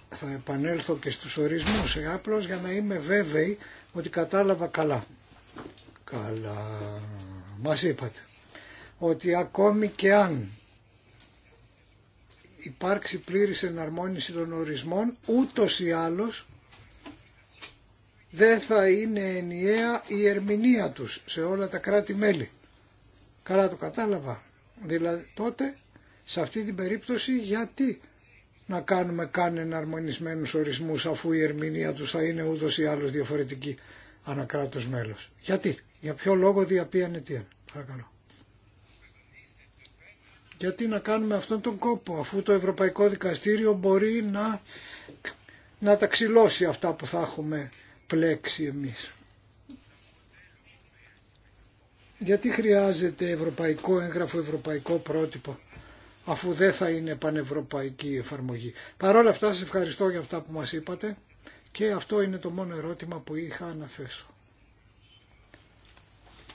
[SPEAKER 1] θα επανέλθω και στους ορισμούς, ε, απλώς για να είμαι βέβαιη ότι κατάλαβα καλά. Καλά, μας είπατε ότι ακόμη και αν υπάρξει πλήρης εναρμόνιση των ορισμών, ούτως ή άλλως δεν θα είναι ενιαία η ερμηνεία τους σε όλα τα κράτη-μέλη. Καλά το κατάλαβα. Δηλαδή τότε, σε αυτή την περίπτωση, γιατί να κάνουμε καν εναρμονισμένους ορισμούς αφού η ερμηνεία τους θα είναι ούτως ή άλλως διαφορετική ανακράτος μέλος. Γιατί. Για ποιο λόγο διαπίανε τι Παρακαλώ. Γιατί να κάνουμε αυτόν τον κόπο αφού το Ευρωπαϊκό Δικαστήριο μπορεί να, να τα ξυλώσει αυτά που θα έχουμε πλέξει εμείς. Γιατί χρειάζεται ευρωπαϊκό έγγραφο, ευρωπαϊκό πρότυπο αφού δεν θα είναι πανευρωπαϊκή εφαρμογή. Παρ' όλα αυτά σας ευχαριστώ για αυτά που μας είπατε και αυτό είναι το μόνο ερώτημα που είχα να θέσω.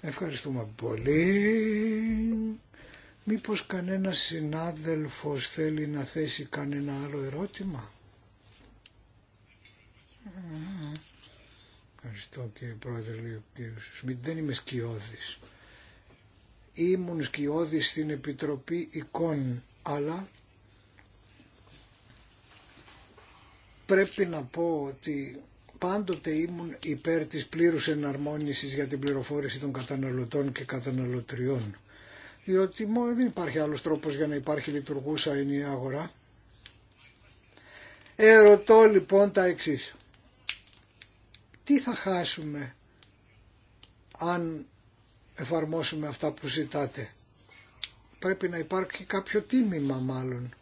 [SPEAKER 1] Ευχαριστούμε πολύ. Μήπως κανένα συνάδελφος θέλει να θέσει κανένα άλλο ερώτημα. Ευχαριστώ κύριε Πρόεδρε, λέει ο κύριος Σμιτ. Δεν είμαι σκιώδης. Ήμουν σκιώδης στην Επιτροπή Εικόν, αλλά πρέπει να πω ότι πάντοτε ήμουν υπέρ της πλήρους εναρμόνισης για την πληροφόρηση των καταναλωτών και καταναλωτριών. Διότι μόνο δεν υπάρχει άλλος τρόπος για να υπάρχει λειτουργούσα ενιαία αγορά. Ερωτώ λοιπόν τα εξή. Τι θα χάσουμε αν εφαρμόσουμε αυτά που ζητάτε. Πρέπει να υπάρχει κάποιο τίμημα μάλλον.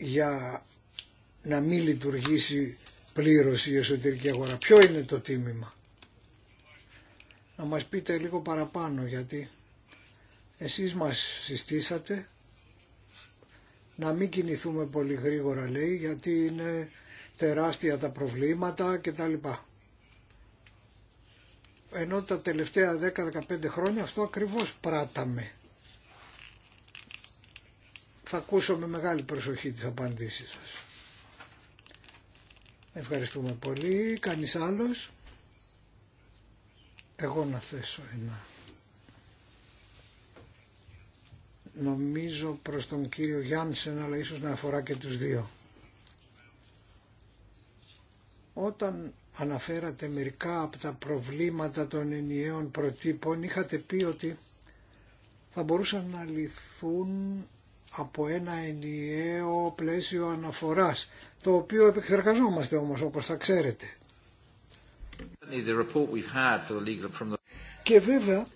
[SPEAKER 1] για να μην λειτουργήσει πλήρως η εσωτερική αγορά. Ποιο είναι το τίμημα. Να μας πείτε λίγο παραπάνω γιατί εσείς μας συστήσατε να μην κινηθούμε πολύ γρήγορα λέει γιατί είναι τεράστια τα προβλήματα κτλ. Ενώ τα τελευταία 10-15 χρόνια αυτό ακριβώς πράταμε. Θα ακούσω με μεγάλη προσοχή τις απαντήσεις σας. Ευχαριστούμε πολύ. Κανείς άλλος. Εγώ να θέσω ένα. Νομίζω προς τον κύριο Γιάννησεν, αλλά ίσως να αφορά και τους δύο. Όταν αναφέρατε μερικά από τα προβλήματα των ενιαίων προτύπων, είχατε πει ότι θα μπορούσαν να λυθούν από ένα ενιαίο πλαίσιο αναφοράς, το οποίο επεξεργαζόμαστε όμως όπως θα ξέρετε. Και βέβαια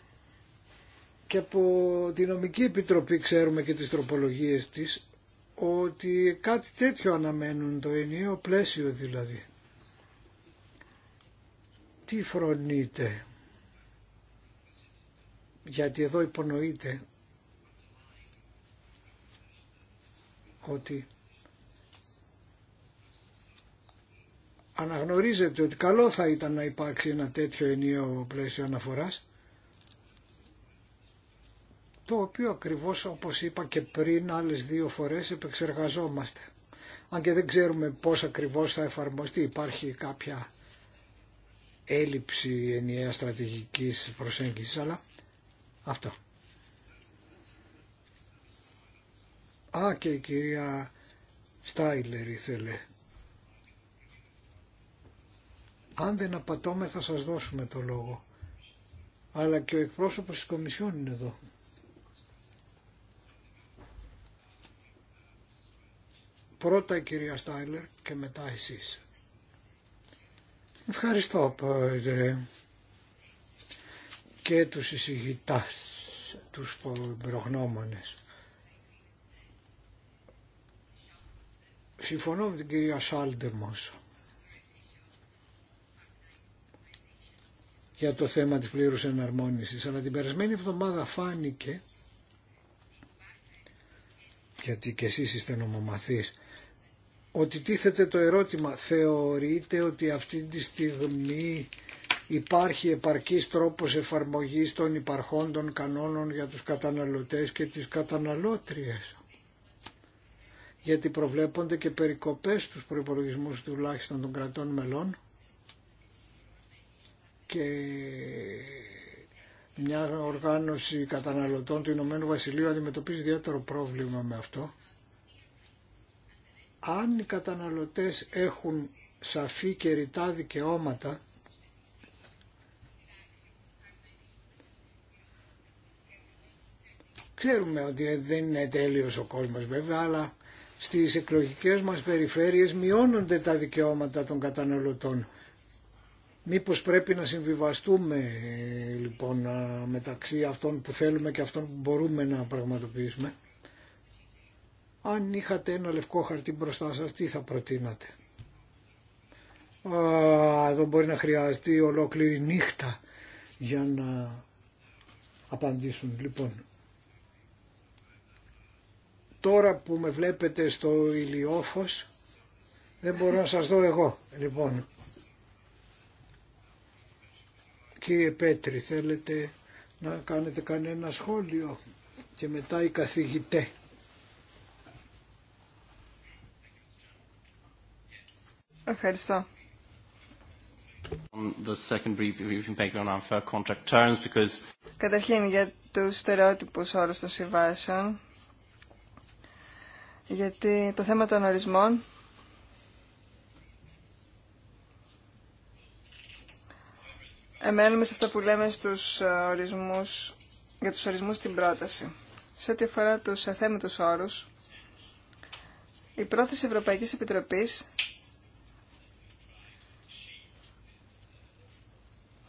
[SPEAKER 1] και από τη νομική επιτροπή ξέρουμε και τις τροπολογίες της ότι κάτι τέτοιο αναμένουν το ενιαίο πλαίσιο δηλαδή. Τι φρονείτε, γιατί εδώ υπονοείται ότι αναγνωρίζετε ότι καλό θα ήταν να υπάρξει ένα τέτοιο ενίο πλαίσιο αναφοράς το οποίο ακριβώς όπως είπα και πριν άλλες δύο φορές επεξεργαζόμαστε. Αν και δεν ξέρουμε πώς ακριβώς θα εφαρμοστεί, υπάρχει κάποια έλλειψη ενιαία στρατηγικής προσέγγισης, αλλά αυτό. Α, και η κυρία Στάιλερ ήθελε. Αν δεν απατώμε θα σας δώσουμε το λόγο. Αλλά και ο εκπρόσωπος της Κομισιόν είναι εδώ. Πρώτα η κυρία Στάιλερ και μετά εσείς. Ευχαριστώ πρόεδρε και τους εισηγητάς, τους προγνώμονες. Συμφωνώ με την κυρία Σάλντεμος για το θέμα της πλήρους εναρμόνισης, αλλά την περασμένη εβδομάδα φάνηκε, γιατί και εσείς είστε νομομαθείς, ότι τίθεται το ερώτημα, θεωρείτε ότι αυτή τη στιγμή υπάρχει επαρκής τρόπος εφαρμογής των υπαρχόντων κανόνων για τους καταναλωτές και τις καταναλώτριες γιατί προβλέπονται και περικοπές στους προϋπολογισμούς τουλάχιστον των κρατών μελών και μια οργάνωση καταναλωτών του Ηνωμένου Βασιλείου αντιμετωπίζει ιδιαίτερο πρόβλημα με αυτό. Αν οι καταναλωτές έχουν σαφή και ρητά δικαιώματα Ξέρουμε ότι δεν είναι τέλειος ο κόσμος βέβαια, αλλά στις εκλογικές μας περιφέρειες μειώνονται τα δικαιώματα των καταναλωτών. Μήπως πρέπει να συμβιβαστούμε λοιπόν μεταξύ αυτών που θέλουμε και αυτών που μπορούμε να πραγματοποιήσουμε. Αν είχατε ένα λευκό χαρτί μπροστά σας, τι θα προτείνατε. Α, εδώ μπορεί να χρειαστεί ολόκληρη νύχτα για να απαντήσουν. Λοιπόν, τώρα που με βλέπετε στο ηλιόφως δεν μπορώ να σας δω εγώ. Λοιπόν, κύριε Πέτρη θέλετε να κάνετε κανένα σχόλιο και μετά οι καθηγητέ.
[SPEAKER 2] Ευχαριστώ.
[SPEAKER 1] Um,
[SPEAKER 2] Καταρχήν για τους στερεότυπους όρους των συμβάσεων γιατί το θέμα των ορισμών εμένουμε σε αυτά που λέμε στους ε, ορισμούς, για τους ορισμούς στην πρόταση. Σε ό,τι αφορά τους αθέμητους όρους, η πρόθεση Ευρωπαϊκής Επιτροπής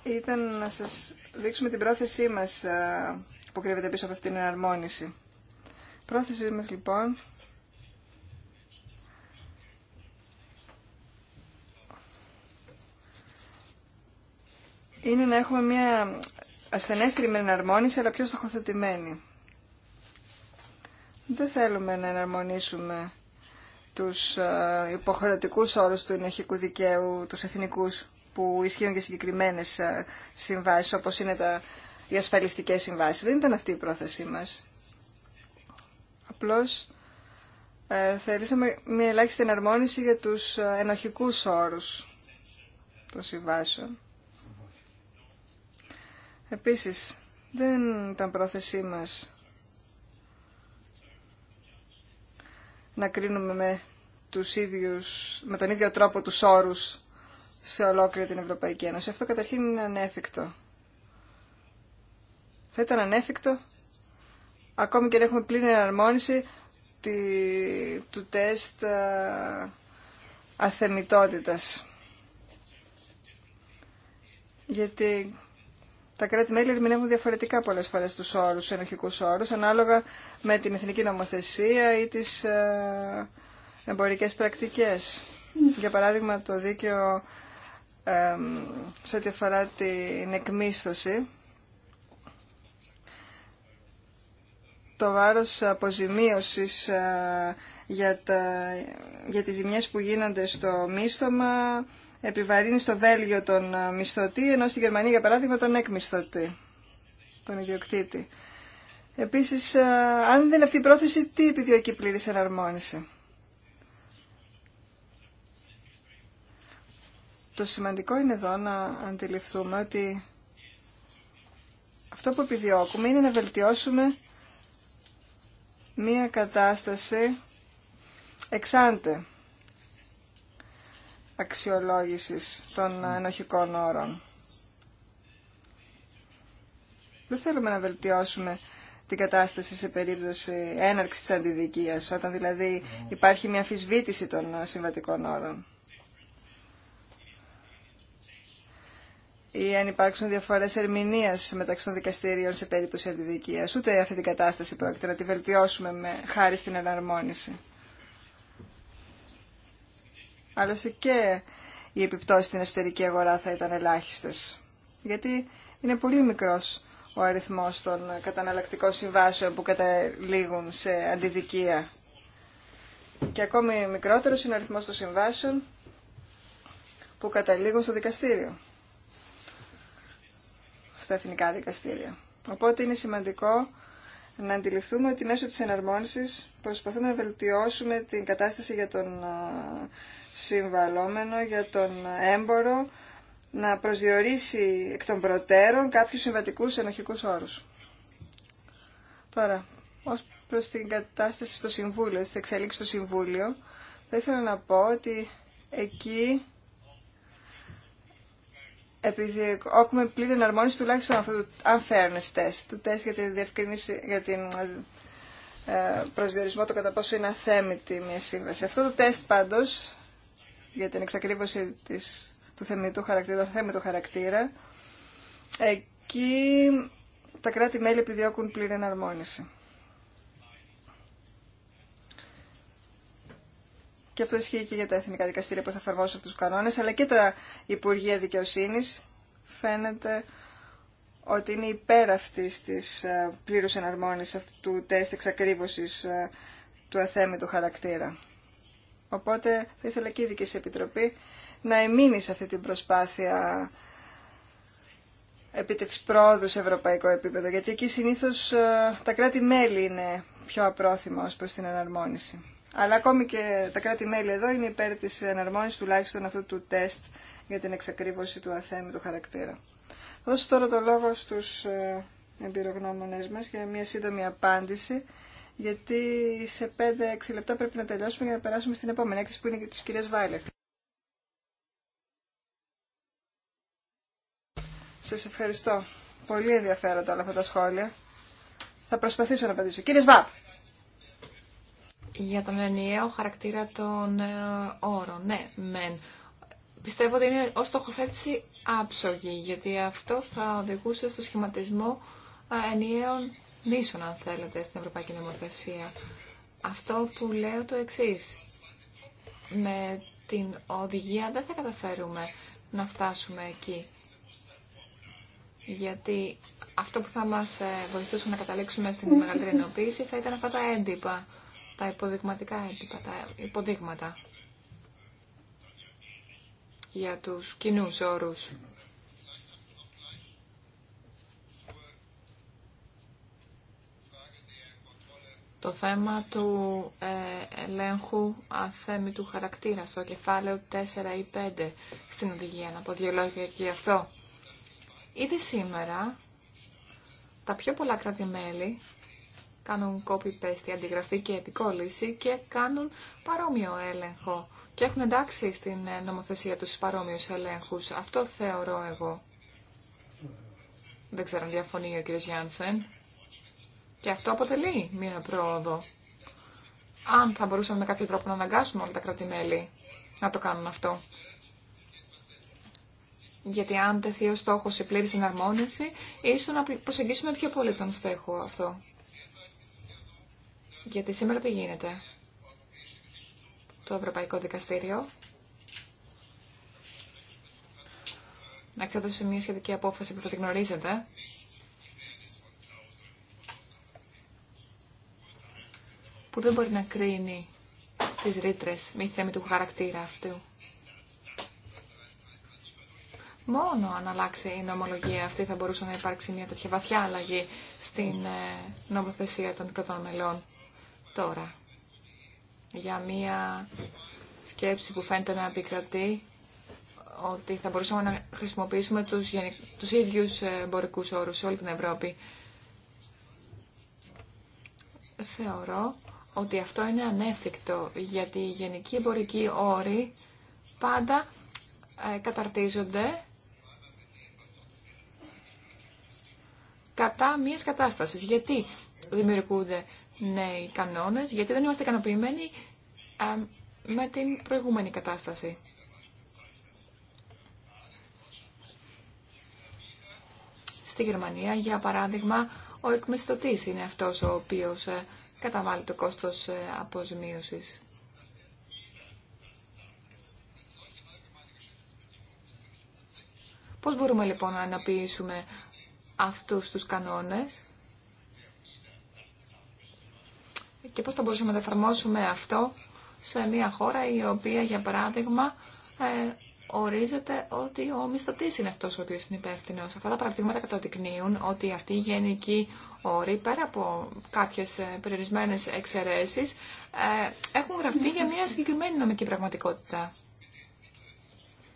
[SPEAKER 2] ήταν να σας δείξουμε την πρόθεσή μας ε, που κρύβεται πίσω από αυτήν την εναρμόνιση. πρόθεσή μας λοιπόν είναι να έχουμε μια ασθενέστερη με εναρμόνιση, αλλά πιο στοχοθετημένη. Δεν θέλουμε να εναρμονίσουμε τους ε, υποχρεωτικούς όρους του ενοχικού δικαίου, τους εθνικούς που ισχύουν για συγκεκριμένες ε, συμβάσεις, όπως είναι τα, οι ασφαλιστικές συμβάσεις. Δεν ήταν αυτή η πρόθεσή μας. Απλώς ε, θέλησαμε μια ελάχιστη εναρμόνιση για τους ενοχικούς όρους των συμβάσεων. Επίσης, δεν ήταν πρόθεσή μας να κρίνουμε με, τους ίδιους, με τον ίδιο τρόπο τους όρους σε ολόκληρη την Ευρωπαϊκή Ένωση. Αυτό καταρχήν είναι ανέφικτο. Θα ήταν ανέφικτο ακόμη και να έχουμε πλήρη εναρμόνιση τη, του τεστ α, αθεμητότητας. Γιατί τα κράτη-μέλη ερμηνεύουν διαφορετικά πολλές φορέ του όρου, του ενοχικούς ανάλογα με την εθνική νομοθεσία ή τις ε, εμπορικέ πρακτικές. Για παράδειγμα, το δίκαιο ε, σε ό,τι αφορά την εκμίσθωση, το βάρος αποζημίωσης ε, για, για τις ζημιές που γίνονται στο μίσθωμα, επιβαρύνει στο Βέλγιο τον ε, μισθωτή, ενώ στη Γερμανία, για παράδειγμα, τον εκμισθωτή, τον ιδιοκτήτη. Επίσης, ε, αν δεν είναι αυτή η πρόθεση, τι επιδιώκει πλήρη εναρμόνιση. Το σημαντικό είναι εδώ να αντιληφθούμε ότι αυτό που επιδιώκουμε είναι να βελτιώσουμε μία κατάσταση εξάντε αξιολόγησης των ε, ενοχικών όρων. Δεν θέλουμε να βελτιώσουμε την κατάσταση σε περίπτωση έναρξης της αντιδικίας, όταν δηλαδή υπάρχει μια αμφισβήτηση των ε, συμβατικών όρων. Ή αν υπάρξουν διαφορές ερμηνείας μεταξύ των δικαστηρίων σε περίπτωση αντιδικίας. Ούτε αυτή την κατάσταση πρόκειται να τη βελτιώσουμε με χάρη στην εναρμόνιση. Άλλωστε και οι επιπτώσεις στην εσωτερική αγορά θα ήταν ελάχιστες. Γιατί είναι πολύ μικρός ο αριθμός των καταναλλακτικών συμβάσεων που καταλήγουν σε αντιδικία. Και ακόμη μικρότερος είναι ο αριθμός των συμβάσεων που καταλήγουν στο δικαστήριο. Στα εθνικά δικαστήρια. Οπότε είναι σημαντικό να αντιληφθούμε ότι μέσω της εναρμόνισης προσπαθούμε να βελτιώσουμε την κατάσταση για τον ε, συμβαλόμενο για τον έμπορο να προσδιορίσει εκ των προτέρων κάποιους συμβατικούς ενοχικούς όρους. Τώρα, ως προς την κατάσταση στο Συμβούλιο, στις εξελίξεις στο Συμβούλιο, θα ήθελα να πω ότι εκεί επειδή έχουμε πλήρη εναρμόνιση τουλάχιστον αυτού του unfairness test, του τεστ για την διευκρινήση, για την ε, προσδιορισμό το κατά πόσο είναι αθέμητη μια σύμβαση. Αυτό το τεστ πάντως για την εξακρίβωση της, του θεμητού χαρακτήρα, του χαρακτήρα, εκεί τα κράτη-μέλη επιδιώκουν πλήρη εναρμόνιση. Και αυτό ισχύει και για τα εθνικά δικαστήρια που θα εφαρμόσουν τους κανόνες, αλλά και τα Υπουργεία Δικαιοσύνης φαίνεται ότι είναι υπέρ αυτής της ε, πλήρους εναρμόνισης αυτού του τεστ εξακρίβωσης ε, του αθέμητου χαρακτήρα. Οπότε θα ήθελα και η δική σε επιτροπή να εμείνει σε αυτή την προσπάθεια επίτευξη πρόοδου σε ευρωπαϊκό επίπεδο, γιατί εκεί συνήθω ε, τα κράτη-μέλη είναι πιο απρόθυμα ως προς την εναρμόνιση. Αλλά ακόμη και τα κράτη-μέλη εδώ είναι υπέρ τη εναρμόνιση τουλάχιστον αυτού του τεστ για την εξακρίβωση του αθέμητου χαρακτήρα. Θα δώσω τώρα το λόγο στου ε, εμπειρογνώμονε μα για μια σύντομη απάντηση γιατί σε 5-6 λεπτά πρέπει να τελειώσουμε για να περάσουμε στην επόμενη έκθεση που είναι για τους κυρίες Βάιλερ. Σας ευχαριστώ. Πολύ ενδιαφέροντα όλα αυτά τα σχόλια. Θα προσπαθήσω να απαντήσω. Κύριε Σβάπ.
[SPEAKER 3] Για τον ενιαίο χαρακτήρα των ε, όρων. Ναι, μεν. Πιστεύω ότι είναι ως τοχοθέτηση άψογη, γιατί αυτό θα οδηγούσε στο σχηματισμό ενιαίων νήσων, αν θέλετε, στην Ευρωπαϊκή Νομοθεσία. Αυτό που λέω το εξή. Με την οδηγία δεν θα καταφέρουμε να φτάσουμε εκεί. Γιατί αυτό που θα μας ε, βοηθούσε να καταλήξουμε στην μεγαλύτερη ενοποίηση θα ήταν αυτά τα έντυπα, τα υποδειγματικά έντυπα, τα υποδείγματα για τους κοινού όρους. το θέμα του ε, ελέγχου αθέμη του χαρακτήρα στο κεφάλαιο 4 ή 5 στην οδηγία. Να πω δύο λόγια γι' αυτό. Ήδη σήμερα τα πιο πολλά κράτη-μέλη κάνουν copy-paste, αντιγραφή και επικόλληση και κάνουν παρόμοιο έλεγχο και έχουν εντάξει στην ε, νομοθεσία τους παρόμοιους ελέγχους. Αυτό θεωρώ εγώ. Δεν ξέρω αν διαφωνεί ο κ. Γιάνσεν. Και αυτό αποτελεί μία πρόοδο. Αν θα μπορούσαμε με κάποιο τρόπο να αναγκάσουμε όλα τα κρατημέλη να το κάνουν αυτό. Γιατί αν τεθεί ο στόχο η πλήρη συναρμόνιση ίσω να προσεγγίσουμε πιο πολύ τον στέχο αυτό. Γιατί σήμερα τι γίνεται. Το Ευρωπαϊκό Δικαστήριο να εξέδωσε μια σχετική απόφαση που θα την γνωρίζετε που δεν μπορεί να κρίνει τις ρήτρες μη θέμη του χαρακτήρα αυτού. Μόνο αν αλλάξει η νομολογία αυτή θα μπορούσε να υπάρξει μια τέτοια βαθιά αλλαγή στην ε, νομοθεσία των κρατών μελών. Τώρα, για μια σκέψη που φαίνεται να επικρατεί ότι θα μπορούσαμε να χρησιμοποιήσουμε τους, τους ίδιους ε, εμπορικού όρους σε όλη την Ευρώπη. Θεωρώ ότι αυτό είναι ανέφικτο, γιατί οι γενικοί εμπορικοί όροι πάντα ε, καταρτίζονται κατά μιας κατάστασης. Γιατί δημιουργούνται νέοι κανόνες, γιατί δεν είμαστε ικανοποιημένοι ε, με την προηγούμενη κατάσταση. Στη Γερμανία, για παράδειγμα, ο εκμιστοτής είναι αυτός ο οποίος ε, καταβάλει το κόστος ε, αποζημίωσης. Πώς μπορούμε λοιπόν να αναποιήσουμε αυτούς τους κανόνες και πώς θα μπορούσαμε να εφαρμόσουμε αυτό σε μια χώρα η οποία για παράδειγμα ε, ορίζεται ότι ο μισθωτή είναι αυτό ο οποίο είναι υπεύθυνο. Αυτά τα παραδείγματα καταδεικνύουν ότι αυτή οι γενικοί όροι, πέρα από κάποιε περιορισμένε εξαιρέσει, ε, έχουν γραφτεί για μια συγκεκριμένη νομική πραγματικότητα.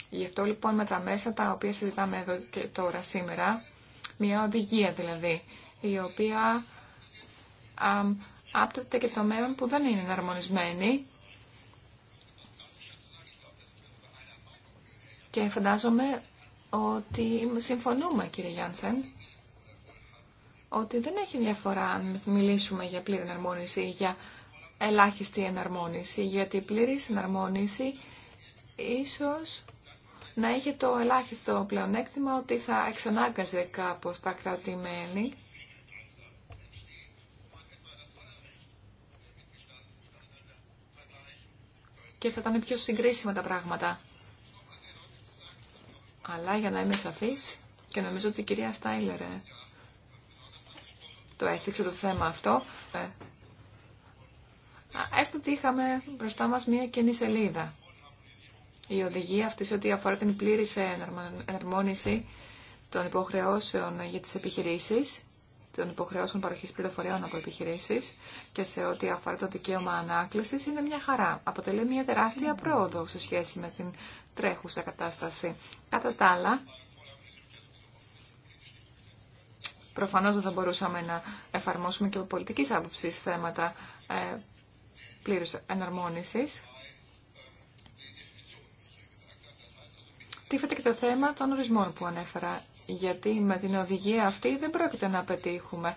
[SPEAKER 3] Γι' αυτό λοιπόν με τα μέσα τα οποία συζητάμε εδώ και τώρα σήμερα, μια οδηγία δηλαδή, η οποία άπτεται και μέλλον που δεν είναι εναρμονισμένοι Και φαντάζομαι ότι συμφωνούμε, κύριε Γιάνσεν, ότι δεν έχει διαφορά αν μιλήσουμε για πλήρη εναρμόνιση ή για ελάχιστη εναρμόνιση, γιατί η πλήρης εναρμόνιση ίσως να έχει το ελάχιστο πλεονέκτημα ότι θα εξανάγκαζε κάπως τα κρατημένη και θα ήταν πιο συγκρίσιμα τα πράγματα. Αλλά για να είμαι σαφής και νομίζω ότι η κυρία Στάιλερ ε, το έθιξε το θέμα αυτό, ε, έστω ότι είχαμε μπροστά μας μία κοινή σελίδα. Η οδηγία αυτή σε ό,τι αφορά την πλήρη εναρμόνιση των υποχρεώσεων για τις επιχειρήσεις των υποχρεώσεων παροχή πληροφοριών από επιχειρήσει και σε ό,τι αφορά το δικαίωμα ανάκληση είναι μια χαρά. Αποτελεί μια τεράστια πρόοδο σε σχέση με την τρέχουσα κατάσταση. Κατά τα άλλα, προφανώς δεν θα μπορούσαμε να εφαρμόσουμε και από πολιτική άποψη θέματα ε, πλήρου εναρμόνιση. Τίθεται και το θέμα των ορισμών που ανέφερα γιατί με την οδηγία αυτή δεν πρόκειται να πετύχουμε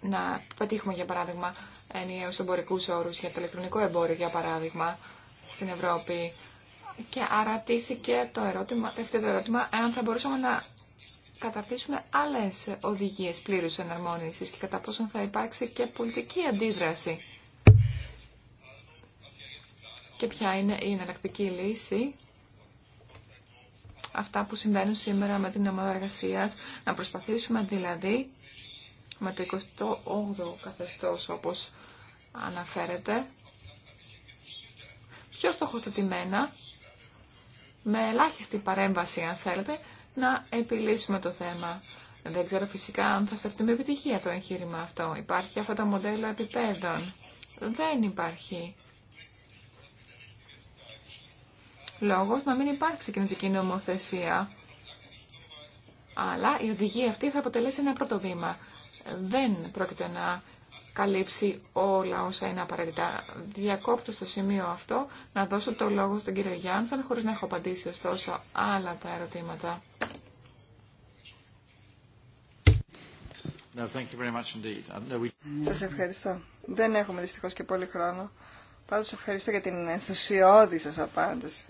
[SPEAKER 3] να πετύχουμε για παράδειγμα ενιαίους εμπορικού όρους για το ηλεκτρονικό εμπόριο για παράδειγμα στην Ευρώπη και άρα το ερώτημα, το ερώτημα αν θα μπορούσαμε να καταρτήσουμε άλλες οδηγίες πλήρους εναρμόνισης και κατά πόσον θα υπάρξει και πολιτική αντίδραση. Και ποια είναι η εναλλακτική λύση αυτά που συμβαίνουν σήμερα με την ομάδα εργασία, να προσπαθήσουμε δηλαδή με το 28ο Καθεστώ, όπω αναφέρεται, πιο στοχοθετημένα, με ελάχιστη παρέμβαση αν θέλετε, να επιλύσουμε το θέμα. Δεν ξέρω φυσικά αν θα στεφτεί με επιτυχία το εγχείρημα αυτό. Υπάρχει αυτό το μοντέλο επιπέδων. Δεν υπάρχει λόγος να μην υπάρξει κοινωτική νομοθεσία. Αλλά η οδηγία αυτή θα αποτελέσει ένα πρώτο βήμα. Δεν πρόκειται να καλύψει όλα όσα είναι απαραίτητα. Διακόπτω στο σημείο αυτό να δώσω το λόγο στον κύριο Γιάνσαν, χωρίς να έχω απαντήσει ωστόσο άλλα τα ερωτήματα. No, thank you very much indeed. Uh, no, we... Σας ευχαριστώ.
[SPEAKER 2] Δεν έχουμε δυστυχώς και πολύ χρόνο. Πάντως ευχαριστώ για την ενθουσιώδη σας απάντηση.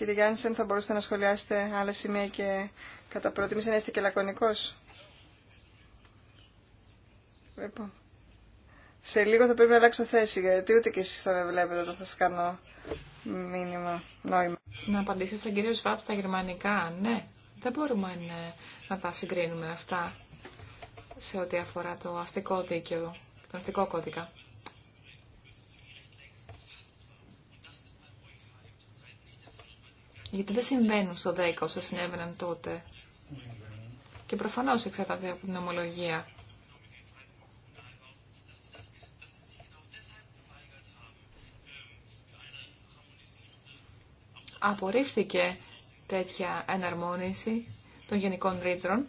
[SPEAKER 2] Κύριε Γιάννησεν, θα μπορούσατε να σχολιάσετε άλλα σημεία και κατά προτίμηση να είστε και λακωνικός. Λοιπόν. Σε λίγο θα πρέπει να αλλάξω θέση, γιατί ούτε και εσείς θα με βλέπετε όταν θα σας κάνω μήνυμα,
[SPEAKER 3] νόημα. Να απαντήσω στον κύριο Σβάπ στα γερμανικά. Ναι, δεν μπορούμε ναι, να τα συγκρίνουμε αυτά σε ό,τι αφορά το αστικό δίκαιο, τον αστικό κώδικα. Γιατί δεν συμβαίνουν στο 10 όσα συνέβαιναν τότε. Και προφανώς εξαρτάται από την ομολογία. Απορρίφθηκε τέτοια εναρμόνιση των γενικών ρήτρων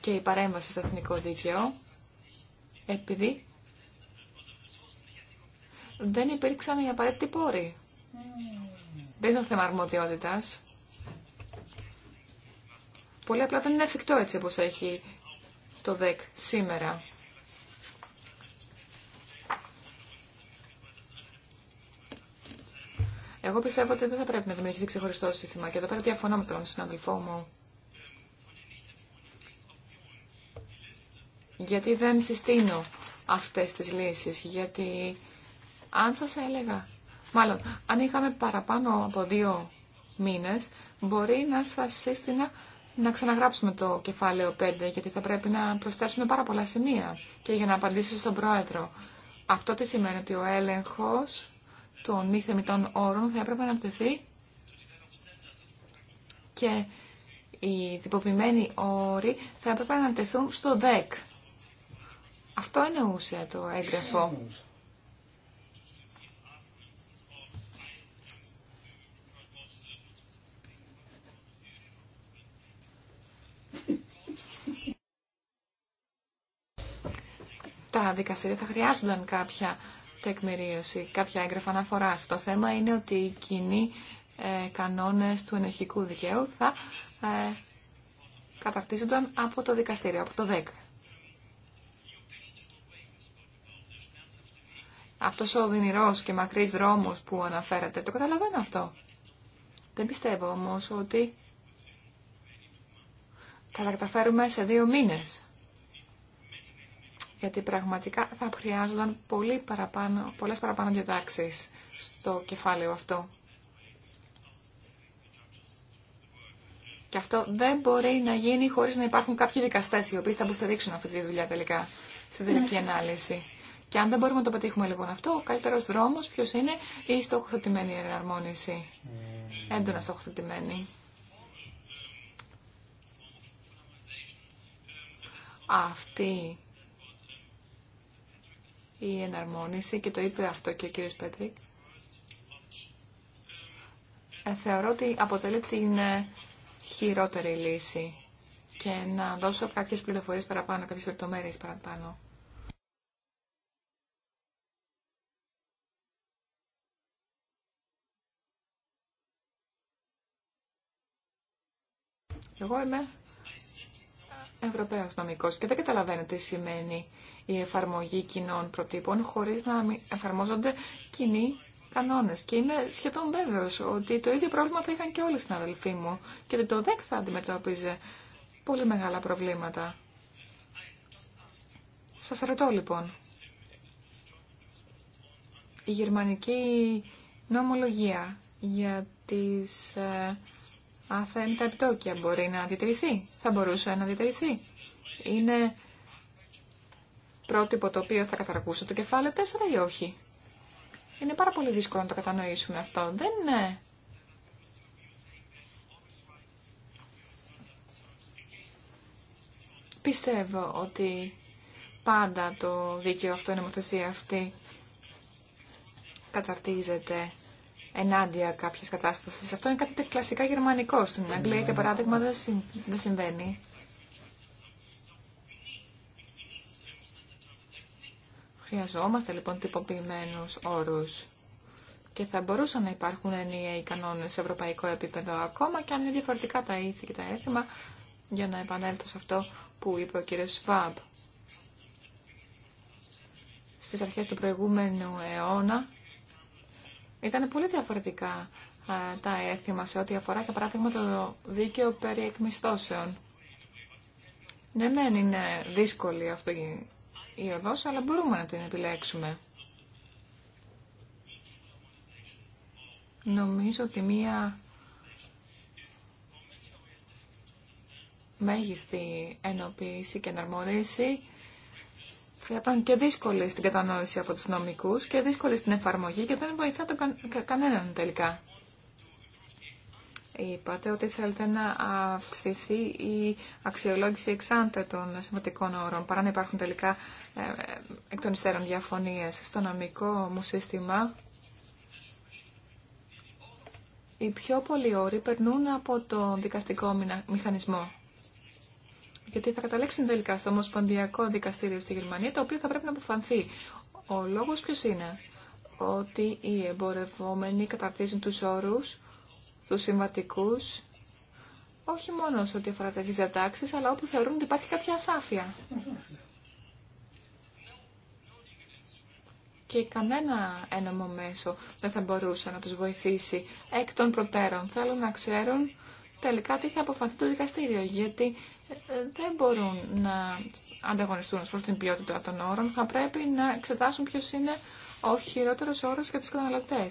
[SPEAKER 3] και η παρέμβαση στο εθνικό δίκαιο επειδή δεν υπήρξαν οι απαραίτητοι πόροι. Δεν ήταν θέμα αρμοδιότητα. Πολύ απλά δεν είναι εφικτό έτσι όπως έχει το ΔΕΚ σήμερα. Εγώ πιστεύω ότι δεν θα πρέπει να δημιουργηθεί ξεχωριστό σύστημα και εδώ πέρα διαφωνώ με τον συναδελφό μου. Γιατί δεν συστήνω αυτές τις λύσεις, γιατί αν σας έλεγα, μάλλον, αν είχαμε παραπάνω από δύο μήνε μπορεί να σας σύστηνα να ξαναγράψουμε το κεφάλαιο 5, γιατί θα πρέπει να προσθέσουμε πάρα πολλά σημεία. Και για να απαντήσω στον Πρόεδρο, αυτό τι σημαίνει ότι ο έλεγχο των μη θεμητών όρων θα έπρεπε να τεθεί και οι τυποποιημένοι όροι θα έπρεπε να τεθούν στο ΔΕΚ. Αυτό είναι ούσια το έγγραφο. τα δικαστήρια θα χρειάζονταν κάποια τεκμηρίωση, κάποια έγγραφα αναφορά. Το θέμα είναι ότι οι κοινοί ε, κανόνες του ενοχικού δικαίου θα ε, από το δικαστήριο, από το ΔΕΚ. Αυτός ο δυνηρός και μακρύς δρόμος που αναφέρατε, το καταλαβαίνω αυτό. Δεν πιστεύω όμως ότι θα τα καταφέρουμε σε δύο μήνες γιατί πραγματικά θα χρειάζονταν πολύ παραπάνω, πολλές παραπάνω διατάξεις στο κεφάλαιο αυτό. Και αυτό δεν μπορεί να γίνει χωρίς να υπάρχουν κάποιοι δικαστές οι οποίοι θα υποστηρίξουν αυτή τη δουλειά τελικά, σε τελική ναι. ανάλυση. Και αν δεν μπορούμε να το πετύχουμε λοιπόν αυτό, ο καλύτερο δρόμο ποιο είναι η στοχοθετημένη εναρμόνιση. Mm. Έντονα στοχοθετημένη. Αυτή η εναρμόνιση και το είπε αυτό και ο κύριος Πέτρικ. Ε, θεωρώ ότι αποτελεί την ε, χειρότερη λύση και να δώσω κάποιες πληροφορίες παραπάνω, κάποιες λεπτομέρειες παραπάνω. Εγώ είμαι Ευρωπαϊο νομικός και δεν καταλαβαίνω τι σημαίνει η εφαρμογή κοινών προτύπων χωρίς να εφαρμόζονται κοινοί κανόνες. Και είμαι σχεδόν βέβαιο ότι το ίδιο πρόβλημα θα είχαν και όλοι οι συναδελφοί μου και ότι το ΔΕΚ θα αντιμετώπιζε πολύ μεγάλα προβλήματα. Σας ρωτώ λοιπόν. Η γερμανική νομολογία για τις ε, τα επιτόκια μπορεί να διατηρηθεί. Θα μπορούσε να διατηρηθεί. Είναι πρότυπο το οποίο θα καταρακούσε το κεφάλαιο 4 ή όχι. Είναι πάρα πολύ δύσκολο να το κατανοήσουμε αυτό. Δεν είναι. Πιστεύω ότι πάντα το δίκαιο αυτό, η νομοθεσία αυτή καταρτίζεται ενάντια κάποιες κατάστασεις. Αυτό είναι κάτι κλασικά γερμανικό. Στην Αγγλία, και παράδειγμα, δεν, συμβαίνει. Χρειαζόμαστε λοιπόν τυποποιημένου όρους και θα μπορούσαν να υπάρχουν ενιαίοι κανόνες σε ευρωπαϊκό επίπεδο ακόμα και αν είναι διαφορετικά τα ήθη και τα έθιμα για να επανέλθω σε αυτό που είπε ο κύριος Σβάμπ. Στις αρχές του προηγούμενου αιώνα ήταν πολύ διαφορετικά τα έθιμα σε ό,τι αφορά, για παράδειγμα, το δίκαιο περί εκμισθώσεων. Ναι, μεν είναι δύσκολη αυτή η οδός, αλλά μπορούμε να την επιλέξουμε. Νομίζω ότι μία μέγιστη ενοποίηση και εναρμόνιση θα ήταν και δύσκολη στην κατανόηση από τους νομικούς και δύσκολη στην εφαρμογή και δεν βοηθά τον κανέναν τελικά. Είπατε ότι θέλετε να αυξηθεί η αξιολόγηση εξάντα των σημαντικών όρων, παρά να υπάρχουν τελικά ε, ε, εκ των υστέρων διαφωνίες. Στο νομικό μου σύστημα, οι πιο πολλοί όροι περνούν από τον δικαστικό μηχανισμό γιατί θα καταλήξουν τελικά στο Ομοσπονδιακό Δικαστήριο στη Γερμανία, το οποίο θα πρέπει να αποφανθεί. Ο λόγος ποιος είναι, ότι οι εμπορευόμενοι καταρτίζουν τους όρους, τους συμβατικούς, όχι μόνο σε ό,τι αφορά τα διατάξεις, αλλά όπου θεωρούν ότι υπάρχει κάποια ασάφεια. και κανένα ένομο μέσο δεν θα μπορούσε να τους βοηθήσει εκ των προτέρων. Θέλουν να ξέρουν τελικά τι θα αποφανθεί το δικαστήριο, γιατί ε, δεν μπορούν να ανταγωνιστούν προ την ποιότητα των όρων. Θα πρέπει να εξετάσουν ποιο είναι ο χειρότερο όρο για του καταναλωτέ.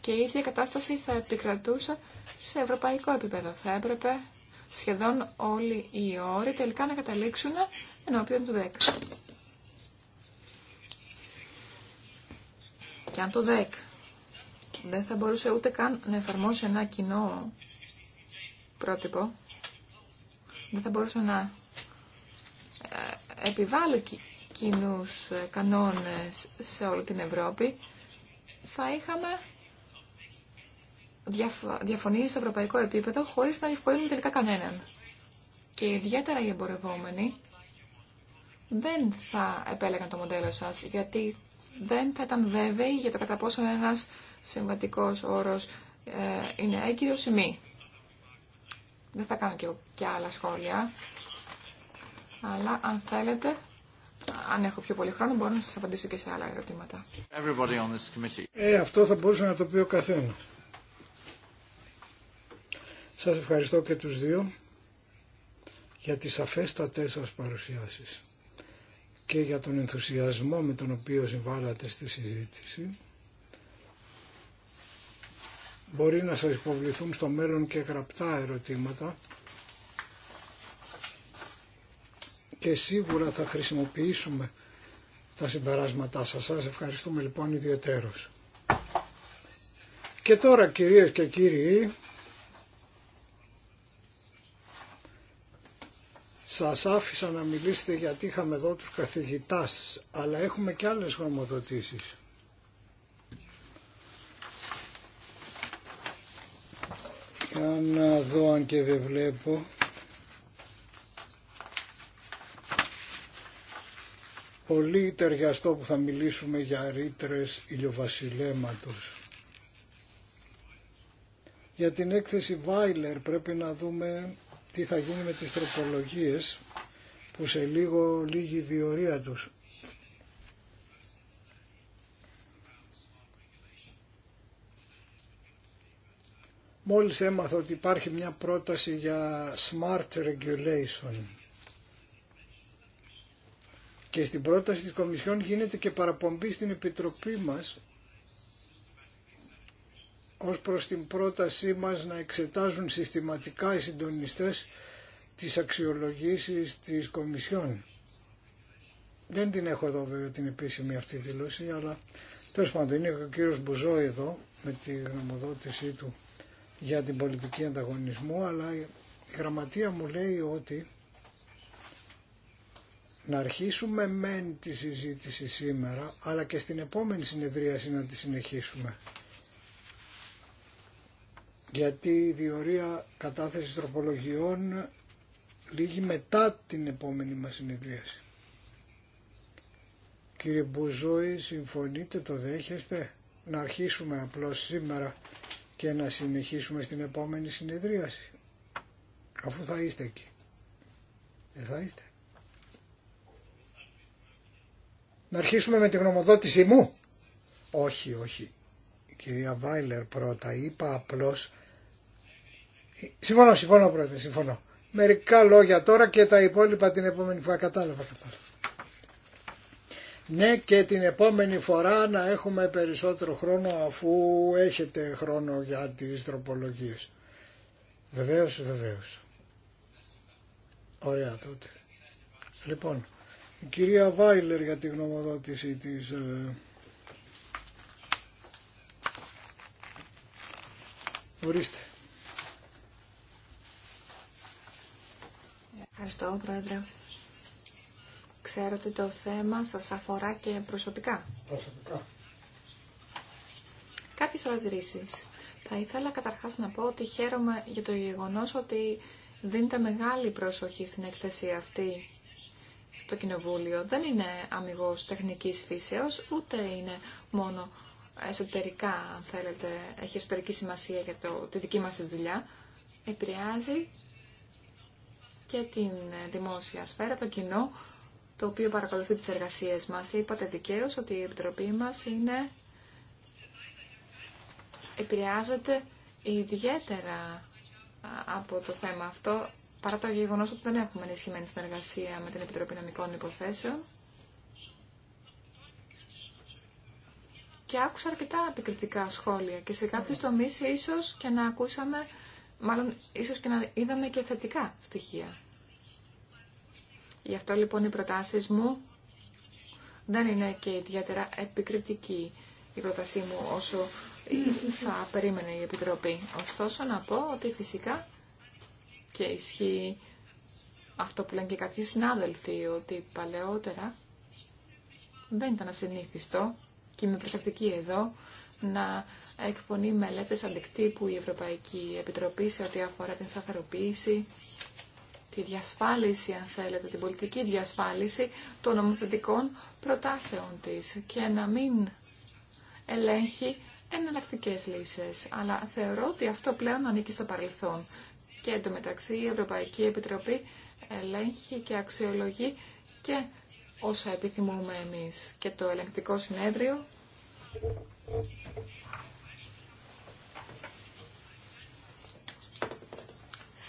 [SPEAKER 3] Και η ίδια κατάσταση θα επικρατούσε σε ευρωπαϊκό επίπεδο. Θα έπρεπε σχεδόν όλοι οι όροι τελικά να καταλήξουν ενώπιον του 10. Και αν το 10 δεν θα μπορούσε ούτε καν να εφαρμόσει ένα κοινό πρότυπο. Δεν θα μπορούσε να ε, επιβάλλει κοινού ε, κανόνες σε όλη την Ευρώπη. Θα είχαμε διαφωνίες στο ευρωπαϊκό επίπεδο χωρίς να διευκολύνουν τελικά κανέναν. Και ιδιαίτερα οι εμπορευόμενοι δεν θα επέλεγαν το μοντέλο σας, γιατί δεν θα ήταν βέβαιοι για το κατά πόσο ένας συμβατικός όρος ε, είναι έγκυρος ή μη. Δεν θα κάνω και, και άλλα σχόλια, αλλά αν θέλετε, αν έχω πιο πολύ χρόνο, μπορώ να σας απαντήσω και σε άλλα ερωτήματα. Ε, αυτό θα μπορούσε να το
[SPEAKER 1] πει ο καθένα. Σας ευχαριστώ και τους δύο για τις αφέστατες σας παρουσιάσεις και για τον ενθουσιασμό με τον οποίο συμβάλλατε στη συζήτηση. Μπορεί να σας υποβληθούν στο μέλλον και γραπτά ερωτήματα και σίγουρα θα χρησιμοποιήσουμε τα συμπεράσματά σας. Σας ευχαριστούμε λοιπόν ιδιαίτερως. Και τώρα κυρίες και κύριοι Σας άφησα να μιλήσετε γιατί είχαμε εδώ τους καθηγητάς, αλλά έχουμε και άλλες γνωμοδοτήσεις. Για να δω αν και δεν βλέπω. Πολύ ταιριαστό που θα μιλήσουμε για ρήτρες ηλιοβασιλέματος. Για την έκθεση Βάιλερ πρέπει να δούμε τι θα γίνει με τις τροπολογίες που σε λίγο λίγη διορία τους. Μόλις έμαθα ότι υπάρχει μια πρόταση για smart regulation και στην πρόταση της Κομισιόν γίνεται και παραπομπή στην Επιτροπή μας ως προς την πρότασή μας να εξετάζουν συστηματικά οι συντονιστές τις αξιολογήσεις της Κομισιόν. Δεν την έχω εδώ βέβαια την επίσημη αυτή δήλωση, αλλά τέλος πάντων είναι ο κύριος Μπουζό εδώ με τη γνωμοδότησή του για την πολιτική ανταγωνισμού, αλλά η γραμματεία μου λέει ότι να αρχίσουμε μεν τη συζήτηση σήμερα, αλλά και στην επόμενη συνεδρίαση να τη συνεχίσουμε γιατί η διορία κατάθεσης τροπολογιών λίγη μετά την επόμενη μας συνεδρίαση. Κύριε Μπουζόη, συμφωνείτε, το δέχεστε, να αρχίσουμε απλώς σήμερα και να συνεχίσουμε στην επόμενη συνεδρίαση, αφού θα είστε εκεί. Δεν θα είστε. Να αρχίσουμε με τη γνωμοδότησή μου. Όχι, όχι. Η κυρία Βάιλερ πρώτα είπα απλώς Συμφωνώ, συμφωνώ πρόεδρε, συμφωνώ. Μερικά λόγια τώρα και τα υπόλοιπα την επόμενη φορά. Κατάλαβα, κατάλαβα. Ναι και την επόμενη φορά να έχουμε περισσότερο χρόνο αφού έχετε χρόνο για τις τροπολογίες. Βεβαίως, βεβαίως. Ωραία τότε. Λοιπόν, η κυρία Βάιλερ για τη γνωμοδότηση της... Ε, ορίστε.
[SPEAKER 3] Ευχαριστώ, Πρόεδρε. Ξέρω ότι το θέμα σας αφορά και προσωπικά. Προσωπικά. Κάποιες παρατηρήσεις. Θα ήθελα καταρχάς να πω ότι χαίρομαι για το γεγονός ότι δίνεται μεγάλη προσοχή στην έκθεση αυτή στο Κοινοβούλιο. Δεν είναι αμυγός τεχνικής φύσεως, ούτε είναι μόνο εσωτερικά, αν θέλετε, έχει εσωτερική σημασία για το, τη δική μας δουλειά. Επηρεάζει και την ε, δημόσια σφαίρα, το κοινό, το οποίο παρακολουθεί τις εργασίες μας. Είπατε δικαίως ότι η Επιτροπή μας είναι... επηρεάζεται ιδιαίτερα από το θέμα αυτό, παρά το γεγονός ότι δεν έχουμε ενισχυμένη συνεργασία με την Επιτροπή Νομικών Υποθέσεων. Και άκουσα αρκετά επικριτικά σχόλια και σε κάποιου τομείς ίσως και να ακούσαμε μάλλον ίσως και να είδαμε και θετικά στοιχεία. Γι' αυτό λοιπόν οι προτάσεις μου δεν είναι και ιδιαίτερα επικριτική η πρότασή μου όσο θα περίμενε η Επιτροπή. Ωστόσο να πω ότι φυσικά και ισχύει αυτό που λένε και κάποιοι συνάδελφοι ότι παλαιότερα δεν ήταν ασυνήθιστο και είμαι προσεκτική εδώ να εκπονεί μελέτες αντικτύπου η Ευρωπαϊκή Επιτροπή σε ό,τι αφορά την σταθεροποίηση, τη διασφάλιση, αν θέλετε, την πολιτική διασφάλιση των νομοθετικών προτάσεων της και να μην ελέγχει εναλλακτικέ λύσεις. Αλλά θεωρώ ότι αυτό πλέον ανήκει στο παρελθόν. Και εντωμεταξύ η Ευρωπαϊκή Επιτροπή ελέγχει και αξιολογεί και όσα επιθυμούμε εμείς. Και το ελεγκτικό συνέδριο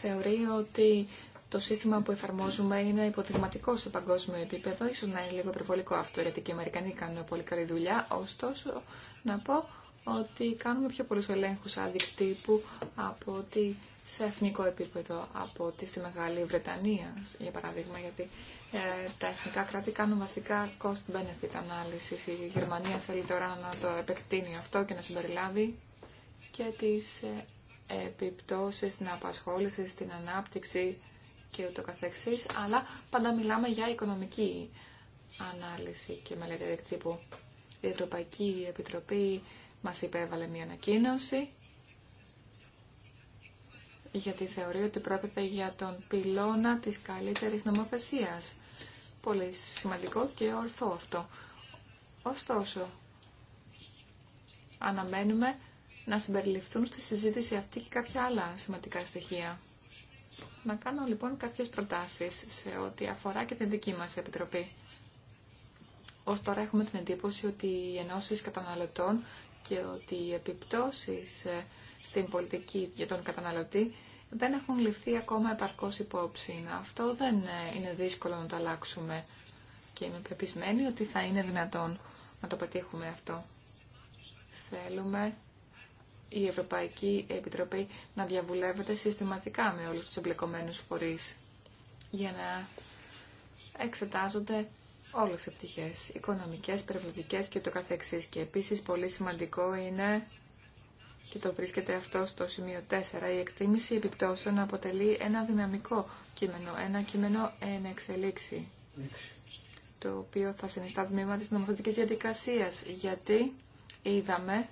[SPEAKER 3] Θεωρεί ότι το σύστημα που εφαρμόζουμε είναι υποδειγματικό σε παγκόσμιο επίπεδο, ίσως να είναι λίγο υπερβολικό αυτό, γιατί και οι Αμερικανοί κάνουν πολύ καλή δουλειά, ωστόσο να πω ότι κάνουμε πιο πολλούς ελέγχους αντικτύπου από ότι σε εθνικό επίπεδο, από ότι στη Μεγάλη Βρετανία, για παράδειγμα, γιατί ε, τα εθνικά κράτη κάνουν βασικά cost-benefit ανάλυση. Η Γερμανία θέλει τώρα να το επεκτείνει αυτό και να συμπεριλάβει και τις ε, επιπτώσεις στην απασχόληση, στην ανάπτυξη και ούτω καθεξής, αλλά πάντα μιλάμε για οικονομική ανάλυση και μελέτη αντικτύπου. Η Ευρωπαϊκή Επιτροπή μας υπέβαλε μια ανακοίνωση γιατί θεωρεί ότι πρόκειται για τον πυλώνα της καλύτερης νομοθεσίας. Πολύ σημαντικό και ορθό αυτό. Ωστόσο, αναμένουμε να συμπεριληφθούν στη συζήτηση αυτή και κάποια άλλα σημαντικά στοιχεία. Να κάνω λοιπόν κάποιες προτάσεις σε ό,τι αφορά και την δική μας Επιτροπή. Ως τώρα έχουμε την εντύπωση ότι οι ενώσει καταναλωτών και ότι οι επιπτώσεις ε, στην πολιτική για τον καταναλωτή δεν έχουν ληφθεί ακόμα επαρκώς υπόψη. Αυτό δεν ε, είναι δύσκολο να το αλλάξουμε και είμαι πεπισμένη ότι θα είναι δυνατόν να το πετύχουμε αυτό. Θέλουμε η Ευρωπαϊκή Επιτροπή να διαβουλεύεται συστηματικά με όλους τους εμπλεκομένους φορείς για να εξετάζονται όλες τις πτυχές, οικονομικές, περιβαλλοντικές και το καθεξής. Και επίσης πολύ σημαντικό είναι, και το βρίσκεται αυτό στο σημείο 4, η εκτίμηση επιπτώσεων αποτελεί ένα δυναμικό κείμενο, ένα κείμενο εν εξελίξη, το οποίο θα συνιστά βήματα της νομοθετικής διαδικασίας, γιατί είδαμε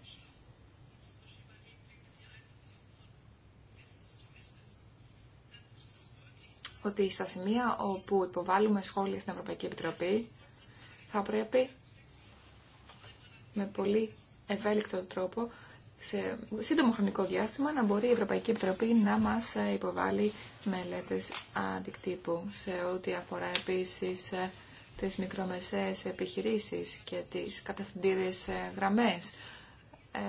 [SPEAKER 3] ότι στα σημεία όπου υποβάλλουμε σχόλια στην Ευρωπαϊκή Επιτροπή θα πρέπει με πολύ ευέλικτο τρόπο σε σύντομο χρονικό διάστημα να μπορεί η Ευρωπαϊκή Επιτροπή να μας υποβάλει μελέτες αντικτύπου σε ό,τι αφορά επίσης ε, τις μικρομεσαίες επιχειρήσεις και τις κατευθυντήριες ε, γραμμές. Ε,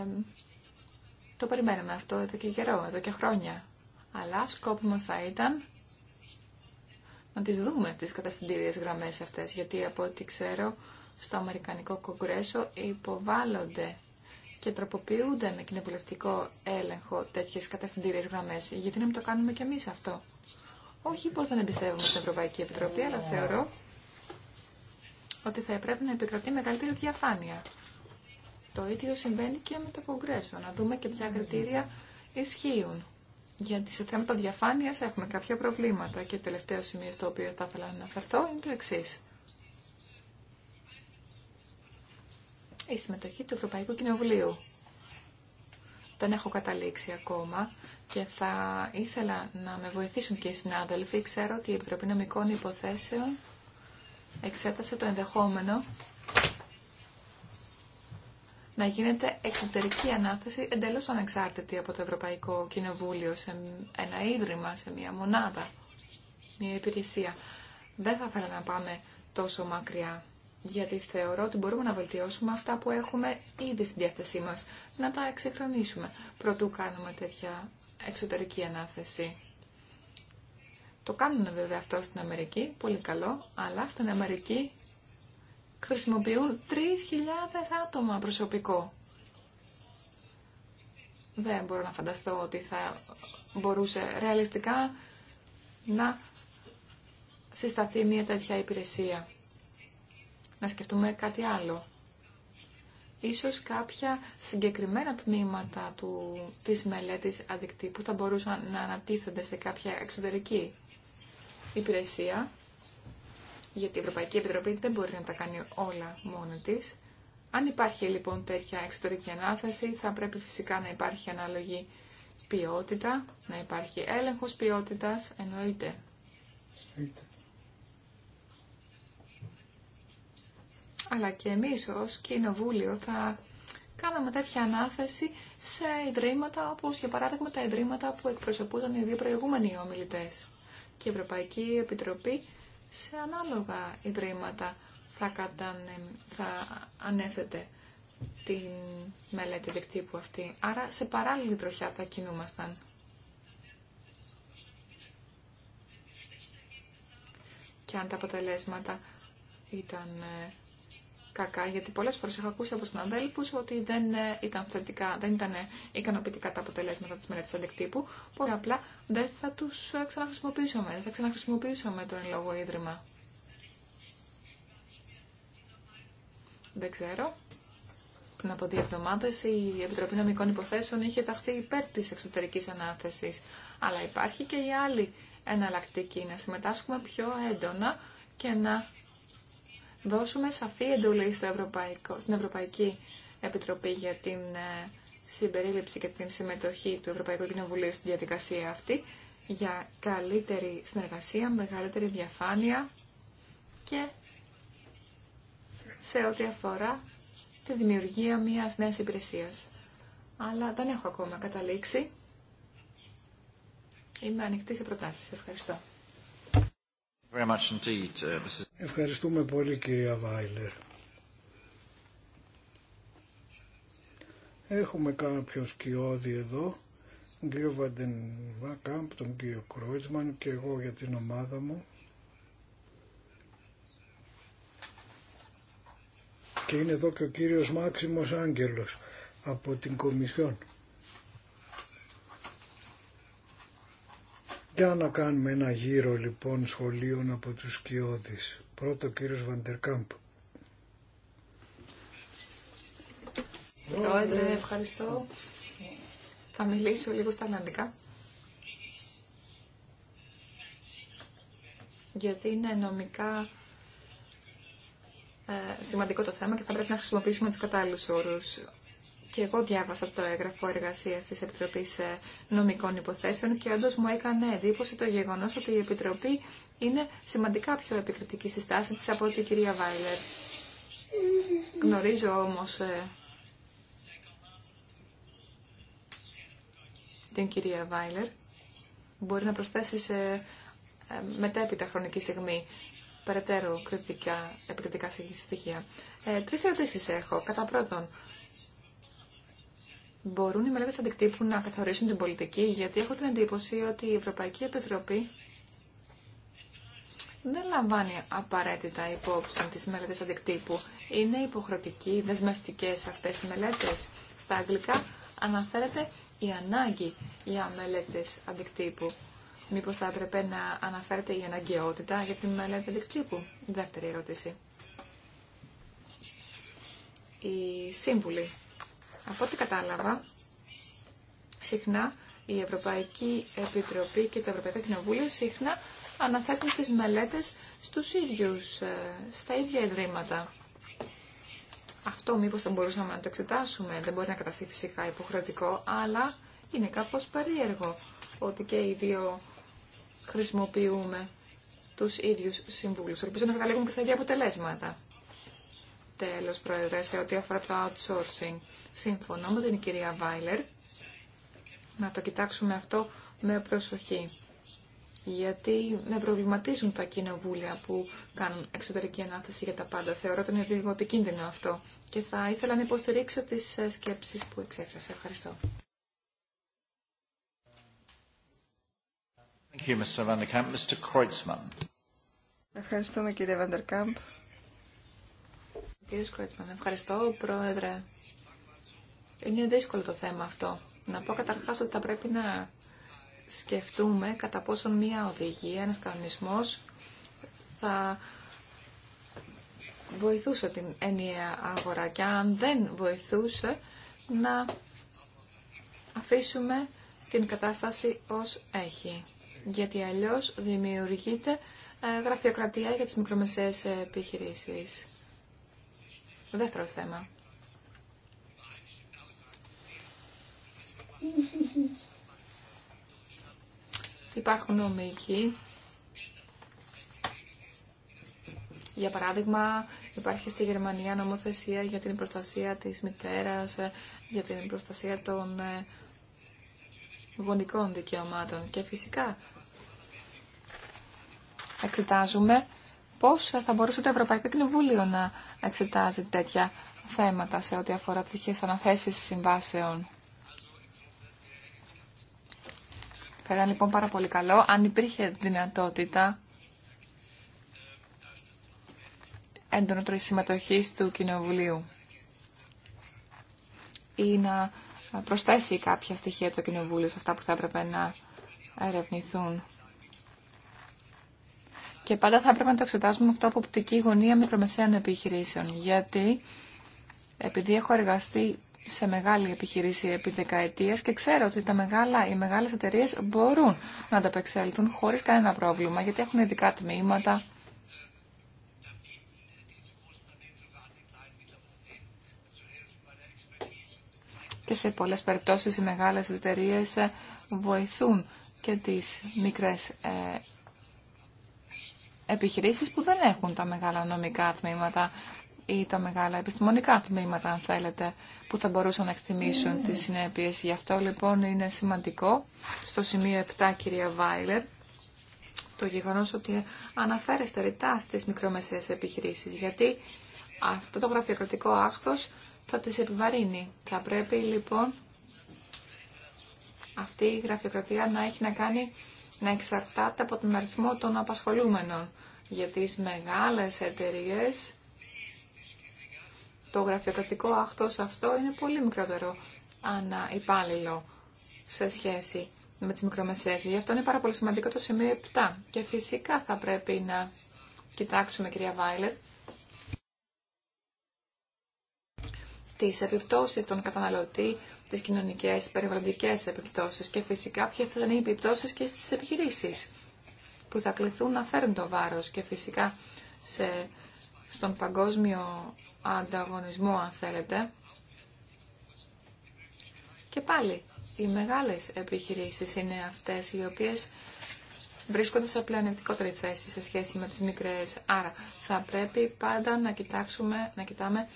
[SPEAKER 3] το περιμένουμε αυτό εδώ και καιρό, εδώ και χρόνια. Αλλά σκόπιμο θα ήταν να τις δούμε τις κατευθυντήριες γραμμές αυτές, γιατί από ό,τι ξέρω στο Αμερικανικό Κογκρέσο υποβάλλονται και τροποποιούνται με κοινοβουλευτικό έλεγχο τέτοιες κατευθυντήριες γραμμές, γιατί να μην το κάνουμε κι εμείς αυτό. Όχι πως δεν εμπιστεύουμε στην Ευρωπαϊκή Επιτροπή, αλλά θεωρώ ότι θα πρέπει να επικρατεί μεγαλύτερη διαφάνεια. Το ίδιο συμβαίνει και με το Κογκρέσο, να δούμε και ποια κριτήρια ισχύουν. Γιατί σε θέματα διαφάνεια έχουμε κάποια προβλήματα. Και τελευταίο σημείο στο οποίο θα ήθελα να αναφερθώ είναι το εξή. Η συμμετοχή του Ευρωπαϊκού Κοινοβουλίου. Δεν έχω καταλήξει ακόμα και θα ήθελα να με βοηθήσουν και οι συνάδελφοι. Ξέρω ότι η Επιτροπή Νομικών Υποθέσεων εξέτασε το ενδεχόμενο να γίνεται εξωτερική ανάθεση εντελώς ανεξάρτητη από το Ευρωπαϊκό Κοινοβούλιο σε ένα ίδρυμα, σε μια μονάδα, μια υπηρεσία. Δεν θα ήθελα να πάμε τόσο μακριά, γιατί θεωρώ ότι μπορούμε να βελτιώσουμε αυτά που έχουμε ήδη στην διάθεσή μας, να τα εξυγχρονίσουμε, προτού κάνουμε τέτοια εξωτερική ανάθεση. Το κάνουν βέβαια αυτό στην Αμερική, πολύ καλό, αλλά στην Αμερική χρησιμοποιούν 3.000 άτομα προσωπικό. Δεν μπορώ να φανταστώ ότι θα μπορούσε ρεαλιστικά να συσταθεί μια τέτοια υπηρεσία. Να σκεφτούμε κάτι άλλο. Ίσως κάποια συγκεκριμένα τμήματα του, της μελέτης που θα μπορούσαν να ανατίθενται σε κάποια εξωτερική υπηρεσία γιατί η Ευρωπαϊκή Επιτροπή δεν μπορεί να τα κάνει όλα μόνη της. Αν υπάρχει λοιπόν τέτοια εξωτερική ανάθεση, θα πρέπει φυσικά να υπάρχει ανάλογη ποιότητα, να υπάρχει έλεγχος ποιότητας, εννοείται. Αλλά και εμείς ως Κοινοβούλιο θα κάναμε τέτοια ανάθεση σε ιδρύματα, όπως για παράδειγμα τα ιδρύματα που εκπροσωπούνταν οι δύο προηγούμενοι ομιλητές. Και η Ευρωπαϊκή Επιτροπή σε ανάλογα ιδρύματα θα, κατανε, θα ανέθετε την μελέτη δικτύπου αυτή. Άρα σε παράλληλη τροχιά θα κινούμασταν. Και αν τα αποτελέσματα ήταν ε, κακά, γιατί πολλές φορές έχω ακούσει από συναδέλφους ότι δεν ε, ήταν θετικά, δεν ήταν ικανοποιητικά τα αποτελέσματα της μελέτης αντικτύπου, πολύ απλά δεν θα τους ε, ξαναχρησιμοποιήσουμε, δεν θα ξαναχρησιμοποιήσουμε το εν λόγω ίδρυμα. Δεν ξέρω. Πριν από δύο εβδομάδε η Επιτροπή Νομικών Υποθέσεων είχε ταχθεί υπέρ τη εξωτερική ανάθεση. Αλλά υπάρχει και η άλλη εναλλακτική, να συμμετάσχουμε πιο έντονα και να δώσουμε σαφή εντολή στο Ευρωπαϊκό, στην Ευρωπαϊκή Επιτροπή για την ε, συμπερίληψη και την συμμετοχή του Ευρωπαϊκού Κοινοβουλίου στη διαδικασία αυτή για καλύτερη συνεργασία, μεγαλύτερη διαφάνεια και σε ό,τι αφορά τη δημιουργία μιας νέας υπηρεσίας. Αλλά δεν έχω ακόμα καταλήξει. Είμαι ανοιχτή σε προτάσεις. Ευχαριστώ. Very much indeed, uh, Mrs.
[SPEAKER 1] Ευχαριστούμε πολύ κυρία Βάιλερ. Έχουμε κάποιον σκιώδη εδώ, τον κύριο Βάκαμπ, τον κύριο Κρόιτσμαν και εγώ για την ομάδα μου. Και είναι εδώ και ο κύριος Μάξιμος Άγγελος από την Κομισιόν. Για να κάνουμε ένα γύρο λοιπόν σχολείων από τους σκιώδης. Πρώτο ο κύριος Βαντερκάμπ.
[SPEAKER 3] Πρόεδρε, ευχαριστώ. Θα μιλήσω λίγο στα Ολλανδικά. Γιατί είναι νομικά ε, σημαντικό το θέμα και θα πρέπει να χρησιμοποιήσουμε τους κατάλληλους όρους. Και εγώ διάβασα το έγγραφο εργασίας της Επιτροπής ε, Νομικών Υποθέσεων και όντως μου έκανε εντύπωση το γεγονός ότι η Επιτροπή είναι σημαντικά πιο επικριτική στη στάση της από ότι η κυρία Βάιλερ. Γνωρίζω όμως ε, την κυρία Βάιλερ. Μπορεί να προσθέσει σε ε, μετέπειτα χρονική στιγμή περαιτέρω κριτικά, επικριτικά στοιχεία. Ε, τρεις ερωτήσεις έχω. Κατά πρώτον, μπορούν οι μελέτες αντικτύπου να καθορίσουν την πολιτική, γιατί έχω την εντύπωση ότι η Ευρωπαϊκή Επιτροπή δεν λαμβάνει απαραίτητα υπόψη τις μελέτες αντικτύπου. Είναι υποχρεωτικοί, δεσμευτικές αυτές οι μελέτες. Στα αγγλικά αναφέρεται η ανάγκη για μελέτες αντικτύπου. Μήπως θα έπρεπε να αναφέρεται η αναγκαιότητα για τη μελέτη αντικτύπου. Δεύτερη ερώτηση. Οι σύμβουλοι. Από ό,τι κατάλαβα, συχνά η Ευρωπαϊκή Επιτροπή και το Ευρωπαϊκό Κοινοβούλιο συχνά αναθέτουν τις μελέτες στους ίδιους, ε, στα ίδια ιδρύματα. Αυτό μήπως θα μπορούσαμε να το εξετάσουμε, δεν μπορεί να καταστεί φυσικά υποχρεωτικό, αλλά είναι κάπως περίεργο ότι και οι δύο χρησιμοποιούμε τους ίδιους συμβούλους. Ελπίζω να καταλήγουμε και στα ίδια αποτελέσματα. Τέλος, Πρόεδρε, σε ό,τι αφορά το outsourcing, Σύμφωνα με την κυρία Βάιλερ να το κοιτάξουμε αυτό με προσοχή γιατί με προβληματίζουν τα κοινοβούλια που κάνουν εξωτερική ανάθεση για τα πάντα. Θεωρώ ότι είναι λίγο επικίνδυνο αυτό και θα ήθελα να υποστηρίξω τις ε, σκέψεις που εξέφρασα. Ευχαριστώ. Thank Van der Ευχαριστούμε κύριε Βαντερκάμπ. Κύριε Σκρότσμαν, ευχαριστώ πρόεδρε. Είναι δύσκολο το θέμα αυτό. Να πω καταρχάς ότι θα πρέπει να σκεφτούμε κατά πόσον μία οδηγία, ένας κανονισμός θα βοηθούσε την ενιαία αγορά και αν δεν βοηθούσε να αφήσουμε την κατάσταση ως έχει. Γιατί αλλιώς δημιουργείται ε, γραφειοκρατία για τις μικρομεσαίες επιχειρήσεις. Δεύτερο θέμα. Υπάρχουν νομικοί. Για παράδειγμα, υπάρχει στη Γερμανία νομοθεσία για την προστασία της μητέρας, για την προστασία των ε, γονικών δικαιωμάτων. Και φυσικά εξετάζουμε πώς θα μπορούσε το Ευρωπαϊκό Κοινοβούλιο να εξετάζει τέτοια θέματα σε ό,τι αφορά τυχές αναθέσεις συμβάσεων. Θα ήταν λοιπόν πάρα πολύ καλό αν υπήρχε δυνατότητα έντονότερη συμμετοχή του Κοινοβουλίου ή να προσθέσει κάποια στοιχεία του Κοινοβούλιο σε αυτά που θα έπρεπε να ερευνηθούν. Και πάντα θα έπρεπε να το εξετάσουμε αυτό από οπτική γωνία μικρομεσαίων επιχειρήσεων. Γιατί επειδή έχω εργαστεί σε μεγάλη επιχειρήση επί δεκαετίες και ξέρω ότι οι μεγάλε εταιρείε μπορούν να ανταπεξέλθουν χωρί κανένα πρόβλημα γιατί έχουν ειδικά τμήματα και σε πολλές περιπτώσεις οι μεγάλες εταιρείε ε, βοηθούν και τις μικρές ε, επιχειρήσεις που δεν έχουν τα μεγάλα νομικά τμήματα ή τα μεγάλα επιστημονικά τμήματα, αν θέλετε, που θα μπορούσαν να εκτιμήσουν τις συνέπειες. Γι' αυτό λοιπόν είναι σημαντικό, στο σημείο 7 κυρία Βάιλερ, το γεγονός ότι αναφέρεστε ρητά στις μικρομεσαίες επιχειρήσεις, γιατί αυτό το γραφειοκρατικό άκτος θα τις επιβαρύνει. Θα πρέπει λοιπόν αυτή η γραφειοκρατία να έχει να κάνει να εξαρτάται από τον αριθμό των απασχολούμενων. γιατί τις μεγάλες εταιρείες το γραφειοκρατικό άχθος αυτό είναι πολύ μικρότερο ανά υπάλληλο σε σχέση με τις μικρομεσαίες. Γι' αυτό είναι πάρα πολύ σημαντικό το σημείο 7. Και φυσικά θα πρέπει να κοιτάξουμε, κυρία Βάιλετ, τις επιπτώσεις των καταναλωτή, τις κοινωνικές, περιβαλλοντικές επιπτώσεις και φυσικά ποιες θα είναι οι επιπτώσεις και στις επιχειρήσεις που θα κληθούν να φέρουν το βάρος και φυσικά σε, στον παγκόσμιο ανταγωνισμό, αν θέλετε. Και πάλι, οι μεγάλες επιχειρήσεις είναι αυτές οι οποίες βρίσκονται σε πλανητικότερη θέση σε σχέση με τις μικρές. Άρα, θα πρέπει πάντα να, κοιτάξουμε, να κοιτάμε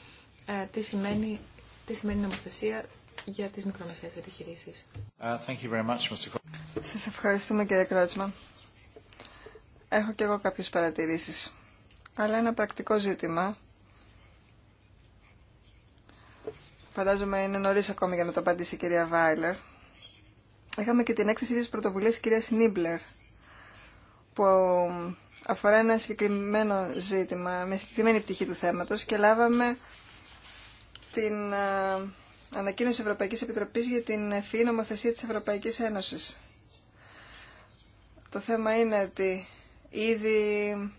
[SPEAKER 3] ε, τι, σημαίνει, τι σημαίνει νομοθεσία για τις μικρομεσαίες επιχειρήσεις. Uh, thank you very much, Mr. Σας ευχαριστούμε κύριε Κρότσμαν.
[SPEAKER 2] Έχω κι εγώ κάποιες παρατηρήσεις. Αλλά ένα πρακτικό ζήτημα Φαντάζομαι είναι νωρί ακόμη για να το απαντήσει η κυρία Βάιλερ. Είχαμε και την έκθεση της πρωτοβουλίας της κυρίας Νίμπλερ που αφορά ένα συγκεκριμένο ζήτημα, μια συγκεκριμένη πτυχή του θέματος και λάβαμε την ε, ανακοίνωση Ευρωπαϊκής Επιτροπής για την ευφυή e νομοθεσία της Ευρωπαϊκής Ένωσης. Το θέμα είναι ότι ήδη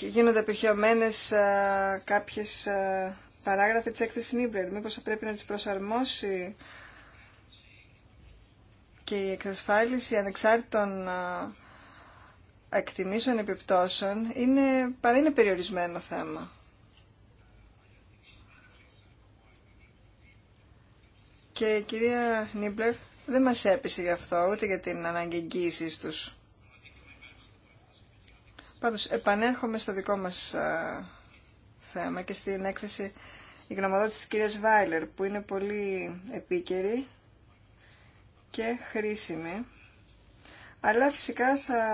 [SPEAKER 2] γίνονται απερχιωμένες ε, κάποιες ε, παράγραφη της έκθεσης Νίμπλερ. Μήπως θα πρέπει να τις προσαρμόσει και η εξασφάλιση ανεξάρτητων εκτιμήσεων επιπτώσεων είναι, παρά είναι περιορισμένο θέμα. Και η κυρία Νίμπλερ δεν μας έπεισε γι' αυτό, ούτε για την αναγκαιγγύηση τους. Πάντως, επανέρχομαι στο δικό μας θέμα και στην έκθεση η γνωμοδότηση της κυρίας Βάιλερ που είναι πολύ επίκαιρη και χρήσιμη αλλά φυσικά θα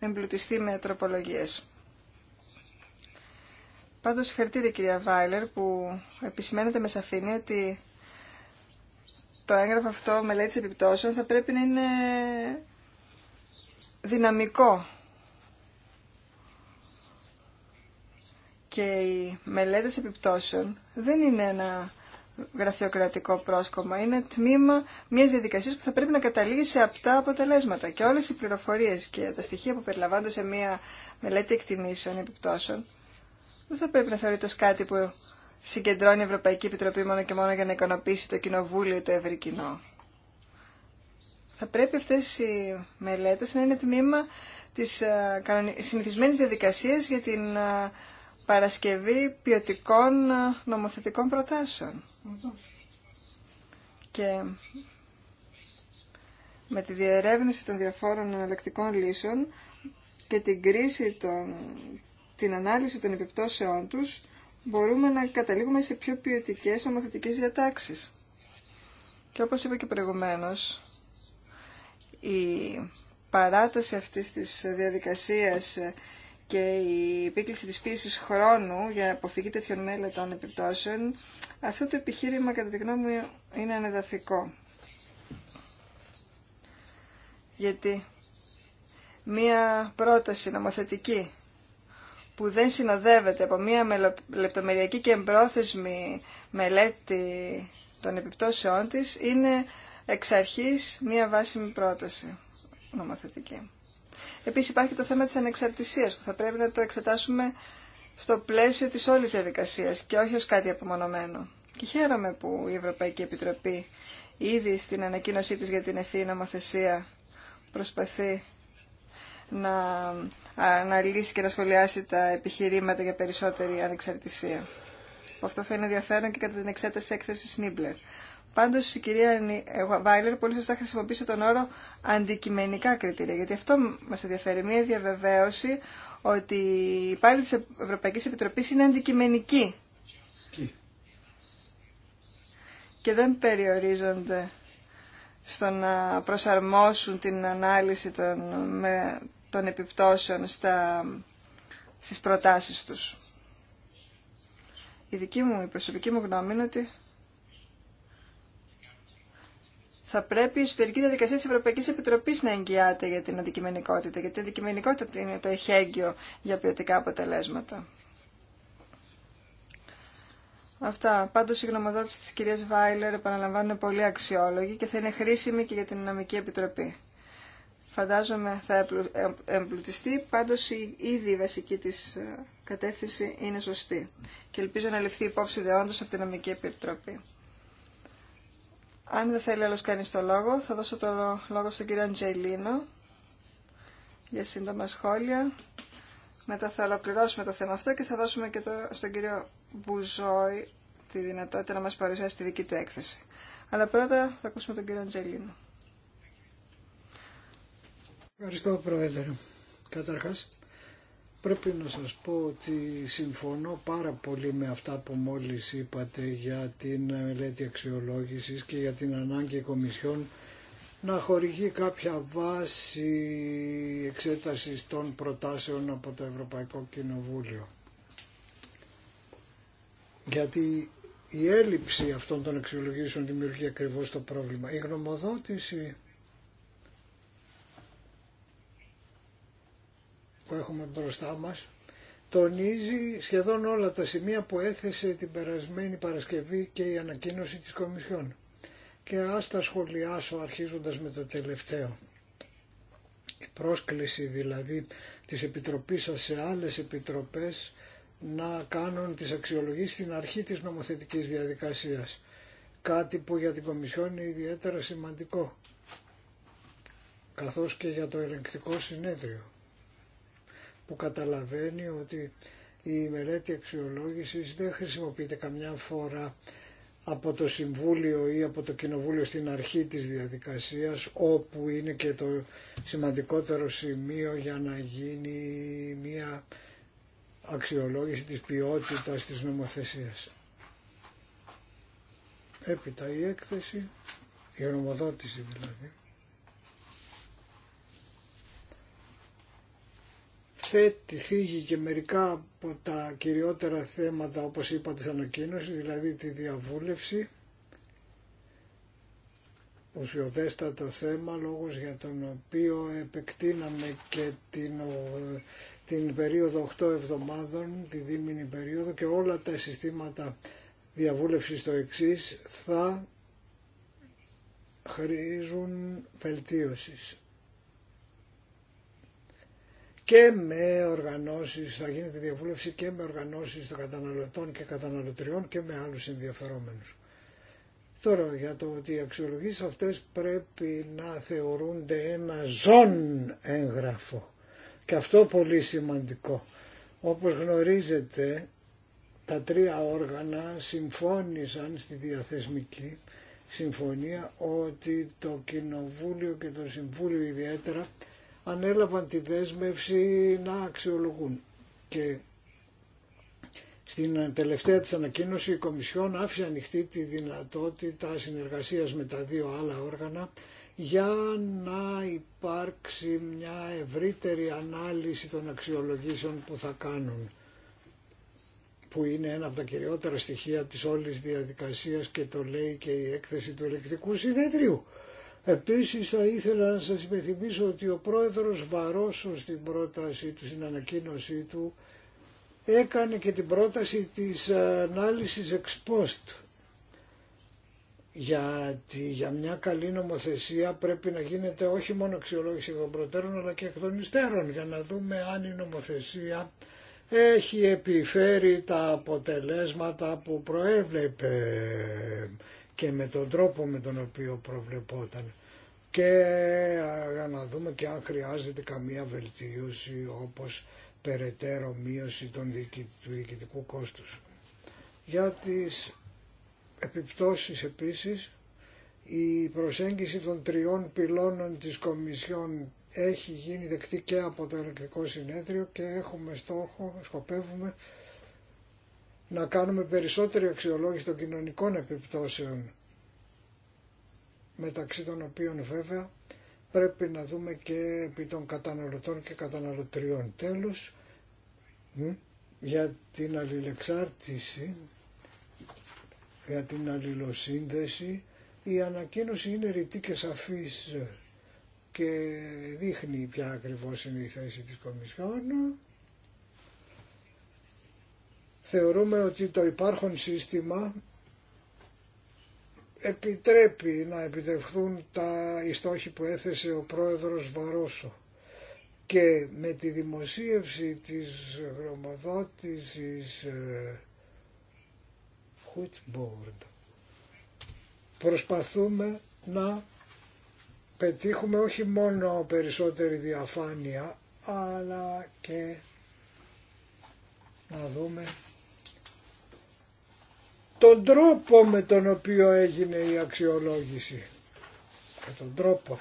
[SPEAKER 2] εμπλουτιστεί με τροπολογίες. Πάντως συγχαρητήρια κυρία Βάιλερ που επισημαίνεται με σαφήνεια ότι το έγγραφο αυτό μελέτης επιπτώσεων θα πρέπει να είναι δυναμικό και οι μελέτες επιπτώσεων δεν είναι ένα γραφειοκρατικό πρόσκομα. Είναι τμήμα μια διαδικασία που θα πρέπει να καταλήγει σε απτά αποτελέσματα. Και όλε οι πληροφορίε και τα στοιχεία που περιλαμβάνονται σε μια μελέτη εκτιμήσεων επιπτώσεων δεν θα πρέπει να θεωρείται ω κάτι που συγκεντρώνει η Ευρωπαϊκή Επιτροπή μόνο και μόνο για να ικανοποιήσει το κοινοβούλιο ή το ευρύ Θα πρέπει αυτέ οι μελέτε να είναι τμήμα τη ε, συνηθισμένη διαδικασία για την ε, παρασκευή ποιοτικών ε, νομοθετικών προτάσεων. Και με τη διερεύνηση των διαφόρων εναλλακτικών λύσεων και την κρίση των, την ανάλυση των επιπτώσεών τους, μπορούμε να καταλήγουμε σε πιο ποιοτικέ νομοθετικές διατάξεις. Και όπως είπα και προηγουμένως, η παράταση αυτής της διαδικασίας και η επίκληση της πίεσης χρόνου για αποφυγή τέτοιων μέλετων επιπτώσεων, αυτό το επιχείρημα κατά τη γνώμη μου είναι ανεδαφικό. Γιατί μία πρόταση νομοθετική που δεν συνοδεύεται από μία λεπτομεριακή και εμπρόθεσμη μελέτη των επιπτώσεών της είναι εξ αρχής μία βάσιμη πρόταση νομοθετική. Επίση υπάρχει το θέμα της ανεξαρτησίας που θα πρέπει να το εξετάσουμε στο πλαίσιο τη όλη διαδικασία και όχι ως κάτι απομονωμένο. Και χαίρομαι που η Ευρωπαϊκή Επιτροπή ήδη στην ανακοίνωσή της για την ευθύνη νομοθεσία προσπαθεί να αναλύσει και να σχολιάσει τα επιχειρήματα για περισσότερη ανεξαρτησία. Αυτό θα είναι ενδιαφέρον και κατά την εξέταση έκθεση Νίμπλερ. Πάντω η κυρία Βάιλερ πολύ σωστά χρησιμοποίησε τον όρο αντικειμενικά κριτήρια, γιατί αυτό μας ενδιαφέρει, μια διαβεβαίωση ότι η πάλι τη ευρωπαϊκή Επιτροπή είναι αντικειμενική και δεν περιορίζονται στο να προσαρμόσουν την ανάλυση των, με, των επιπτώσεων στα, στις προτάσεις τους. Η δική μου, η προσωπική μου γνώμη είναι ότι θα πρέπει η εσωτερική διαδικασία τη Ευρωπαϊκή Επιτροπής να εγγυάται για την αντικειμενικότητα, γιατί η αντικειμενικότητα είναι το εχέγγυο για ποιοτικά αποτελέσματα. Αυτά. Πάντω η γνωμοδότηση τη κυρία Βάιλερ επαναλαμβάνουν πολύ αξιόλογη και θα είναι χρήσιμη και για την Νομική Επιτροπή. Φαντάζομαι θα ε, εμπλουτιστεί, πάντω η ήδη η βασική τη ε, κατεύθυνση είναι σωστή και ελπίζω να ληφθεί υπόψη δεόντως από την Νομική Επιτροπή. Αν δεν θέλει άλλος κανείς το λόγο, θα δώσω το λόγο στον κύριο Αντζελίνο για σύντομα σχόλια. Μετά θα ολοκληρώσουμε το θέμα αυτό και θα δώσουμε και το, στον κύριο Μπουζόη τη δυνατότητα να μας παρουσιάσει τη δική του έκθεση. Αλλά πρώτα
[SPEAKER 1] θα ακούσουμε τον κύριο Αντζελίνο. Ευχαριστώ Πρόεδρε. Καταρχάς Πρέπει να σας πω ότι συμφωνώ πάρα πολύ με αυτά που μόλις είπατε για την μελέτη αξιολόγησης και για την ανάγκη κομισιών να χορηγεί κάποια βάση εξέτασης των προτάσεων από το Ευρωπαϊκό Κοινοβούλιο. Γιατί η έλλειψη αυτών των αξιολογήσεων δημιουργεί ακριβώς το πρόβλημα. Η γνωμοδότηση που έχουμε μπροστά μας τονίζει σχεδόν όλα τα σημεία που έθεσε την περασμένη Παρασκευή και η ανακοίνωση της Κομισιόν. Και ας τα σχολιάσω αρχίζοντας με το τελευταίο. Η πρόσκληση δηλαδή της Επιτροπής σας σε άλλες επιτροπές να κάνουν τις αξιολογήσεις στην αρχή της νομοθετικής διαδικασίας. Κάτι που για την Κομισιόν είναι ιδιαίτερα σημαντικό, καθώς και για το ελεγκτικό συνέδριο που καταλαβαίνει ότι η μελέτη αξιολόγησης δεν χρησιμοποιείται καμιά φορά από το Συμβούλιο ή από το Κοινοβούλιο στην αρχή της διαδικασίας όπου είναι και το σημαντικότερο σημείο για να γίνει μια αξιολόγηση της ποιότητας της νομοθεσίας. Έπειτα η έκθεση, η ονομοδότηση δηλαδή, θέτει, και μερικά από τα κυριότερα θέματα όπως είπα της ανακοίνωσης, δηλαδή τη διαβούλευση, ουσιοδέστατο θέμα, λόγος για τον οποίο επεκτείναμε και την, την περίοδο 8 εβδομάδων, τη δίμηνη περίοδο και όλα τα συστήματα διαβούλευσης το εξή θα χρήζουν βελτίωσης και με οργανώσεις, θα γίνεται διαβούλευση και με οργανώσεις των καταναλωτών και καταναλωτριών και με άλλους ενδιαφερόμενους. Τώρα για το ότι οι αξιολογήσει αυτές πρέπει να θεωρούνται ένα ζών έγγραφο και αυτό πολύ σημαντικό. Όπως γνωρίζετε τα τρία όργανα συμφώνησαν στη διαθεσμική συμφωνία ότι το Κοινοβούλιο και το Συμβούλιο ιδιαίτερα ανέλαβαν τη δέσμευση να αξιολογούν. Και στην τελευταία της ανακοίνωση η Κομισιόν άφησε ανοιχτή τη δυνατότητα συνεργασίας με τα δύο άλλα όργανα για να υπάρξει μια ευρύτερη ανάλυση των αξιολογήσεων που θα κάνουν που είναι ένα από τα κυριότερα στοιχεία της όλης διαδικασίας και το λέει και η έκθεση του ελεκτικού συνεδρίου. Επίσης θα ήθελα να σας υπενθυμίσω ότι ο πρόεδρος Βαρόσο στην πρότασή του, στην ανακοίνωσή του, έκανε και την πρόταση της ανάλυσης εξ post. Γιατί για μια καλή νομοθεσία πρέπει να γίνεται όχι μόνο αξιολόγηση των προτέρων αλλά και εκ των υστέρων για να δούμε αν η νομοθεσία έχει επιφέρει τα αποτελέσματα που προέβλεπε και με τον τρόπο με τον οποίο προβλεπόταν και να δούμε και αν χρειάζεται καμία βελτίωση όπως περαιτέρω μείωση των διοικη, του διοικητικού κόστους. Για τις επιπτώσεις επίσης η προσέγγιση των τριών πυλώνων της Κομισιόν έχει γίνει δεκτή και από το Ελεκτρικό Συνέδριο και έχουμε στόχο, σκοπεύουμε να κάνουμε περισσότερη αξιολόγηση των κοινωνικών επιπτώσεων μεταξύ των οποίων βέβαια πρέπει να δούμε και επί των καταναλωτών και καταναλωτριών. Τέλος, για την αλληλεξάρτηση, για την αλληλοσύνδεση, η ανακοίνωση είναι ρητή και σαφής και δείχνει ποια ακριβώς είναι η θέση της Κομισιόν. Θεωρούμε ότι το υπάρχον σύστημα επιτρέπει να επιτευχθούν τα οι που έθεσε ο πρόεδρος Βαρόσο. Και με τη δημοσίευση της γραμματότησης ε, board προσπαθούμε να πετύχουμε όχι μόνο περισσότερη διαφάνεια αλλά και να δούμε τον τρόπο με τον οποίο έγινε η αξιολόγηση. Με τον τρόπο.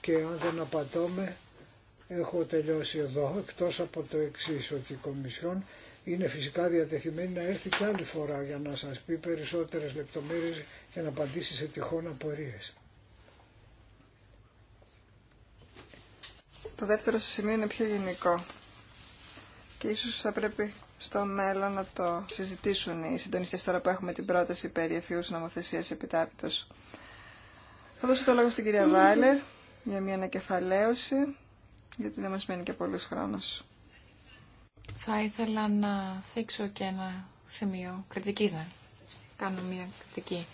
[SPEAKER 1] Και αν δεν απατώμε, έχω τελειώσει εδώ, εκτός από το εξή ότι η Κομισιόν είναι φυσικά διατεθειμένη να έρθει και άλλη φορά για να σας πει περισσότερες λεπτομέρειες και να απαντήσει σε τυχόν απορίες.
[SPEAKER 2] Το δεύτερο σημείο είναι πιο γενικό και ίσως θα πρέπει στο μέλλον να το συζητήσουν οι συντονιστές τώρα που έχουμε την πρόταση περί εφιούς νομοθεσίας επιτάπητος. Θα δώσω το λόγο στην κυρία Βάιλερ για μια ανακεφαλαίωση, γιατί δεν μας μένει και πολλούς χρόνος.
[SPEAKER 3] Θα ήθελα να θίξω και ένα σημείο κριτικής, να κάνω μια κριτική.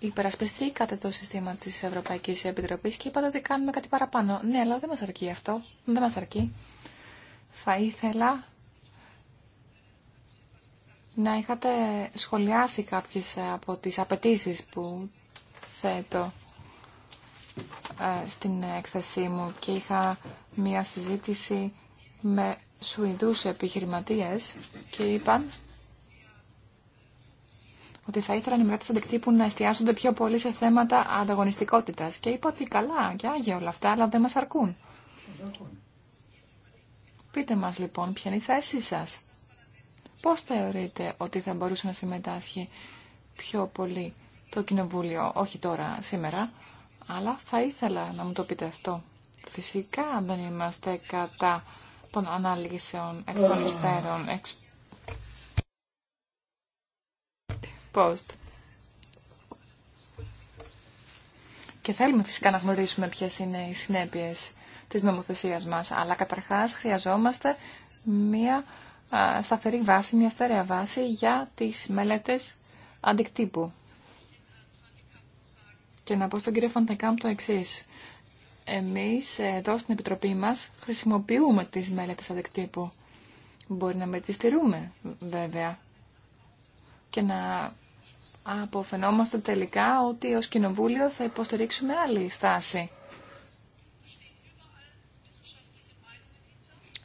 [SPEAKER 3] Υπερασπιστήκατε το σύστημα τη Ευρωπαϊκή Επιτροπή και είπατε ότι κάνουμε κάτι παραπάνω. Ναι, αλλά δεν μα αρκεί αυτό. Δεν μα αρκεί. Θα ήθελα να είχατε σχολιάσει κάποιες από τις απαιτήσει που θέτω ε, στην έκθεσή μου και είχα μία συζήτηση με Σουηδούς επιχειρηματίες και είπαν ότι θα ήθελαν οι μεγάλες αντικτύπου να εστιάζονται πιο πολύ σε θέματα ανταγωνιστικότητα. Και είπα ότι καλά και άγια όλα αυτά, αλλά δεν μα αρκούν. Πείτε μα λοιπόν, ποια είναι η θέση σα πώς θεωρείτε ότι θα μπορούσε να συμμετάσχει πιο πολύ το Κοινοβούλιο, όχι τώρα, σήμερα, αλλά θα ήθελα να μου το πείτε αυτό. Φυσικά δεν είμαστε κατά των ανάλυσεων εκ των υστέρων, Post. Και θέλουμε φυσικά να γνωρίσουμε ποιες είναι οι συνέπειες της νομοθεσίας μας, αλλά καταρχάς χρειαζόμαστε μία σταθερή βάση, μια στερεά βάση για τις μελέτες αντικτύπου. Και να πω στον κύριο Φαντεκάμπ το εξή. Εμείς ε, εδώ στην Επιτροπή μας χρησιμοποιούμε τις μελέτες αντικτύπου. Μπορεί να με τις στηρούμε βέβαια και να αποφαινόμαστε τελικά ότι ως Κοινοβούλιο θα υποστηρίξουμε άλλη στάση.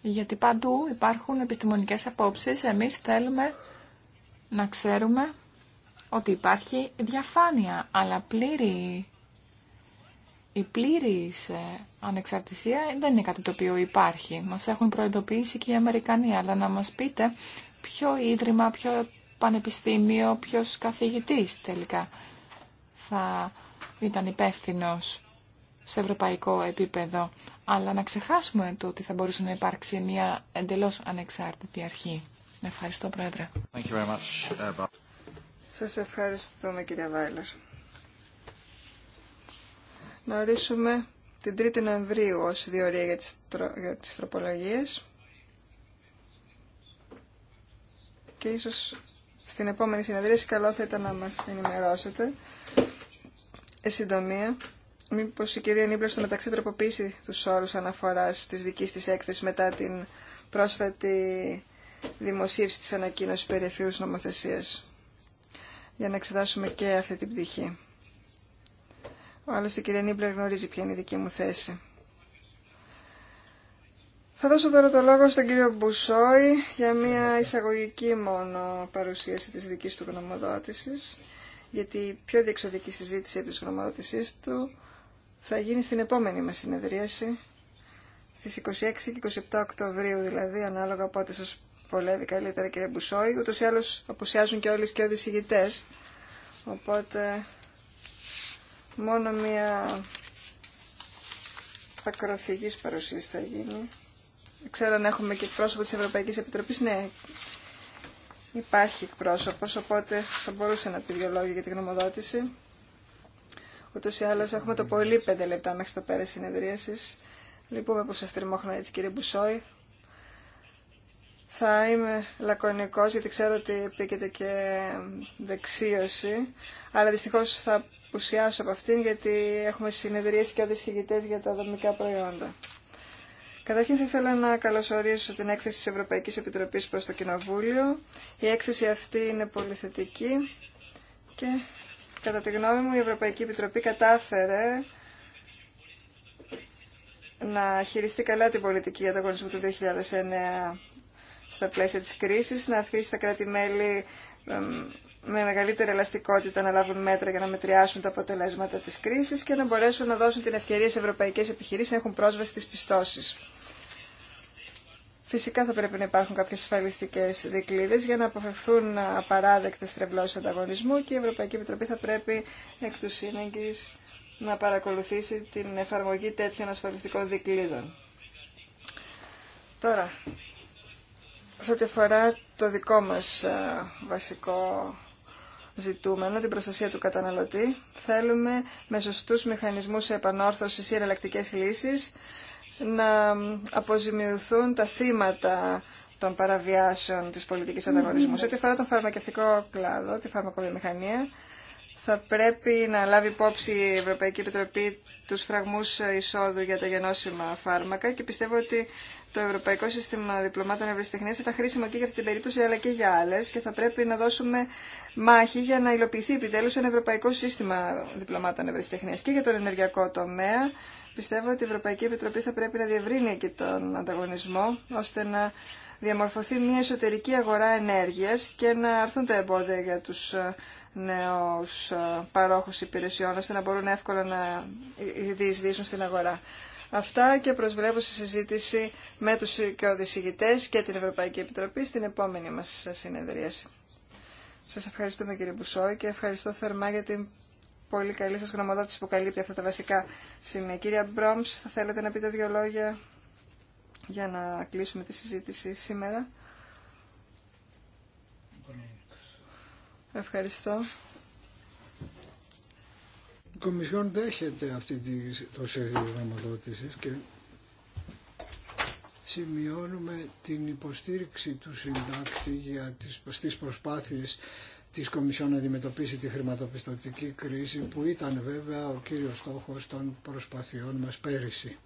[SPEAKER 3] Γιατί παντού υπάρχουν επιστημονικές απόψεις. Εμείς θέλουμε να ξέρουμε ότι υπάρχει διαφάνεια, αλλά πλήρη, η πλήρης ε, ανεξαρτησία δεν είναι κάτι το οποίο υπάρχει. Μας έχουν προειδοποιήσει και οι Αμερικανοί, αλλά να μας πείτε ποιο ίδρυμα, ποιο πανεπιστήμιο, ποιος καθηγητής τελικά θα ήταν υπεύθυνο σε ευρωπαϊκό επίπεδο, αλλά να ξεχάσουμε το ότι θα μπορούσε να υπάρξει μια εντελώς ανεξάρτητη αρχή. Ευχαριστώ, Πρόεδρε. Thank you very much, uh,
[SPEAKER 2] Σας ευχαριστούμε, κύριε Βάιλερ. Να ορίσουμε την 3η Νοεμβρίου ως διορία για τις, τρο... για τις τροπολογίες και ίσως στην επόμενη συνεδρίαση καλό θα ήταν να μας ενημερώσετε. Εσύντομια... συντομία, Μήπω η κυρία Νίμπλερ στο μεταξύ τροποποιήσει του όρου αναφορά τη δική τη έκθεση μετά την πρόσφατη δημοσίευση τη ανακοίνωση περιεφίου νομοθεσία. για να εξετάσουμε και αυτή την πτυχή. Άλλωστε η κυρία Νίμπλερ γνωρίζει ποια είναι η δική μου θέση. Θα δώσω τώρα το λόγο στον κύριο Μπουσόη για μια εισαγωγική μόνο παρουσίαση της δικής του γνωμοδότησης, γιατί η πιο διεξοδική συζήτηση της γνωμοδότησής του θα γίνει στην επόμενη μας συνεδρίαση, στις 26 και 27 Οκτωβρίου δηλαδή, ανάλογα πότε σας βολεύει καλύτερα κύριε Μπουσόη. Ούτως ή άλλως αποσιάζουν και όλες και οι ηγητές, οπότε μόνο μία ακροθυγής παρουσίαση θα γίνει. Ξέρω αν έχουμε και πρόσωπο της Ευρωπαϊκής Επιτροπής, ναι, υπάρχει εκπρόσωπος, οπότε θα μπορούσε να πει δυο λόγια για τη γνωμοδότηση. Ούτω ή άλλω έχουμε το πολύ πέντε λεπτά μέχρι το πέρα συνεδρίαση. Λυπούμε που σα τριμώχνω έτσι κύριε Μπουσόη. Θα είμαι λακωνικό γιατί ξέρω ότι επίκειται και δεξίωση, αλλά δυστυχώ θα απουσιάσω από αυτήν γιατί έχουμε συνεδρίες και οδησηγητές για τα δομικά προϊόντα. Καταρχήν θα ήθελα να καλωσορίσω την έκθεση της Ευρωπαϊκής Επιτροπής προς το Κοινοβούλιο. Η έκθεση αυτή είναι πολύ θετική και Κατά τη γνώμη μου η Ευρωπαϊκή Επιτροπή κατάφερε να χειριστεί καλά την πολιτική ανταγωνισμού του 2009 στα πλαίσια της κρίσης, να αφήσει τα κράτη-μέλη με μεγαλύτερη ελαστικότητα να λάβουν μέτρα για να μετριάσουν τα αποτελέσματα της κρίσης και να μπορέσουν να δώσουν την ευκαιρία σε ευρωπαϊκές επιχειρήσεις να έχουν πρόσβαση στις πιστώσεις. Φυσικά θα πρέπει να υπάρχουν κάποιες ασφαλιστικές δικλείδες για να αποφευθούν απαράδεκτες τρευλώσεις ανταγωνισμού και η Ευρωπαϊκή Επιτροπή θα πρέπει εκ του σύνεγγυς να παρακολουθήσει την εφαρμογή τέτοιων ασφαλιστικών δικλείδων. Τώρα, σε ό,τι αφορά το δικό μας ε, βασικό ζητούμενο, την προστασία του καταναλωτή, θέλουμε με σωστούς μηχανισμούς επανόρθωσης ή εναλλακτικέ λύσεις να αποζημιωθούν τα θύματα των παραβιάσεων της πολιτικής ανταγωνισμού. Mm-hmm. ό,τι αφορά τον φαρμακευτικό κλάδο, τη φαρμακοβιομηχανία, θα πρέπει να λάβει υπόψη η Ευρωπαϊκή Επιτροπή τους φραγμούς εισόδου για τα γενώσιμα φάρμακα και πιστεύω ότι το Ευρωπαϊκό Σύστημα Διπλωμάτων Ευρεσιτεχνία θα ήταν χρήσιμο και για αυτή την περίπτωση αλλά και για άλλε και θα πρέπει να δώσουμε μάχη για να υλοποιηθεί επιτέλου ένα Ευρωπαϊκό Σύστημα Διπλωμάτων Ευρεσιτεχνία. Και για τον ενεργειακό τομέα πιστεύω ότι η Ευρωπαϊκή Επιτροπή θα πρέπει να διευρύνει και τον ανταγωνισμό ώστε να διαμορφωθεί μια εσωτερική αγορά ενέργεια και να έρθουν τα εμπόδια για του νέου παρόχου υπηρεσιών ώστε να μπορούν εύκολα να διεισδύσουν στην αγορά. Αυτά και προσβλέπω στη συζήτηση με τους οικοδησηγητές και την Ευρωπαϊκή Επιτροπή στην επόμενη μας συνεδρίαση. Σας ευχαριστούμε κύριε Μπουσό και ευχαριστώ θερμά για την πολύ καλή σας γνωμοδότηση που καλύπτει αυτά τα βασικά σημεία. Κύριε Μπρόμς, θα θέλετε να πείτε δύο λόγια για να κλείσουμε τη συζήτηση σήμερα.
[SPEAKER 1] Ευχαριστώ. Η Κομισιόν δέχεται αυτή τη σχέδιο γνωμοδότησης και σημειώνουμε την υποστήριξη του συντάκτη για τις, στις προσπάθειες της Κομισιόν να αντιμετωπίσει τη χρηματοπιστωτική κρίση που ήταν βέβαια ο κύριος στόχος των προσπαθειών μας πέρυσι.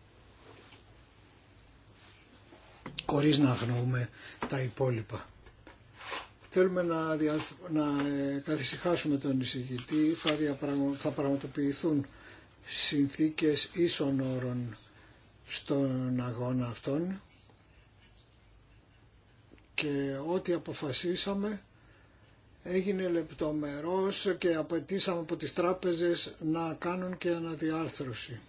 [SPEAKER 1] Χωρίς να αγνοούμε τα υπόλοιπα. Θέλουμε να, δια, να ε, τον εισηγητή, θα, θα πραγματοποιηθούν συνθήκες ίσων όρων στον αγώνα αυτόν και ό,τι αποφασίσαμε έγινε λεπτομερός και απαιτήσαμε από τις τράπεζες να κάνουν και αναδιάρθρωση.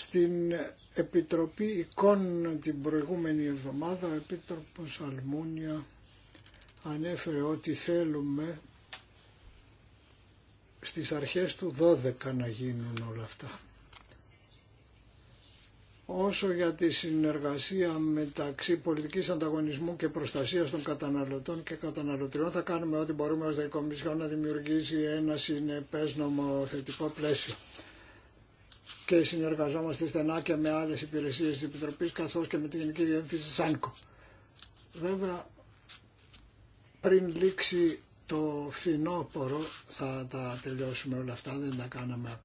[SPEAKER 1] Στην Επιτροπή Εικόνων την προηγούμενη εβδομάδα ο Επίτροπος Αλμούνια ανέφερε ότι θέλουμε στις αρχές του 12 να γίνουν όλα αυτά. Όσο για τη συνεργασία μεταξύ πολιτικής ανταγωνισμού και προστασίας των καταναλωτών και καταναλωτριών θα κάνουμε ό,τι μπορούμε ως Κομισιό να δημιουργήσει ένα συνεπές νομοθετικό πλαίσιο και συνεργαζόμαστε στενά και με άλλες υπηρεσίες τη Επιτροπή, καθώς και με τη Γενική Διεύθυνση ΣΑΝΚΟ. Βέβαια, πριν λήξει το φθινόπωρο θα τα τελειώσουμε όλα αυτά, δεν τα κάναμε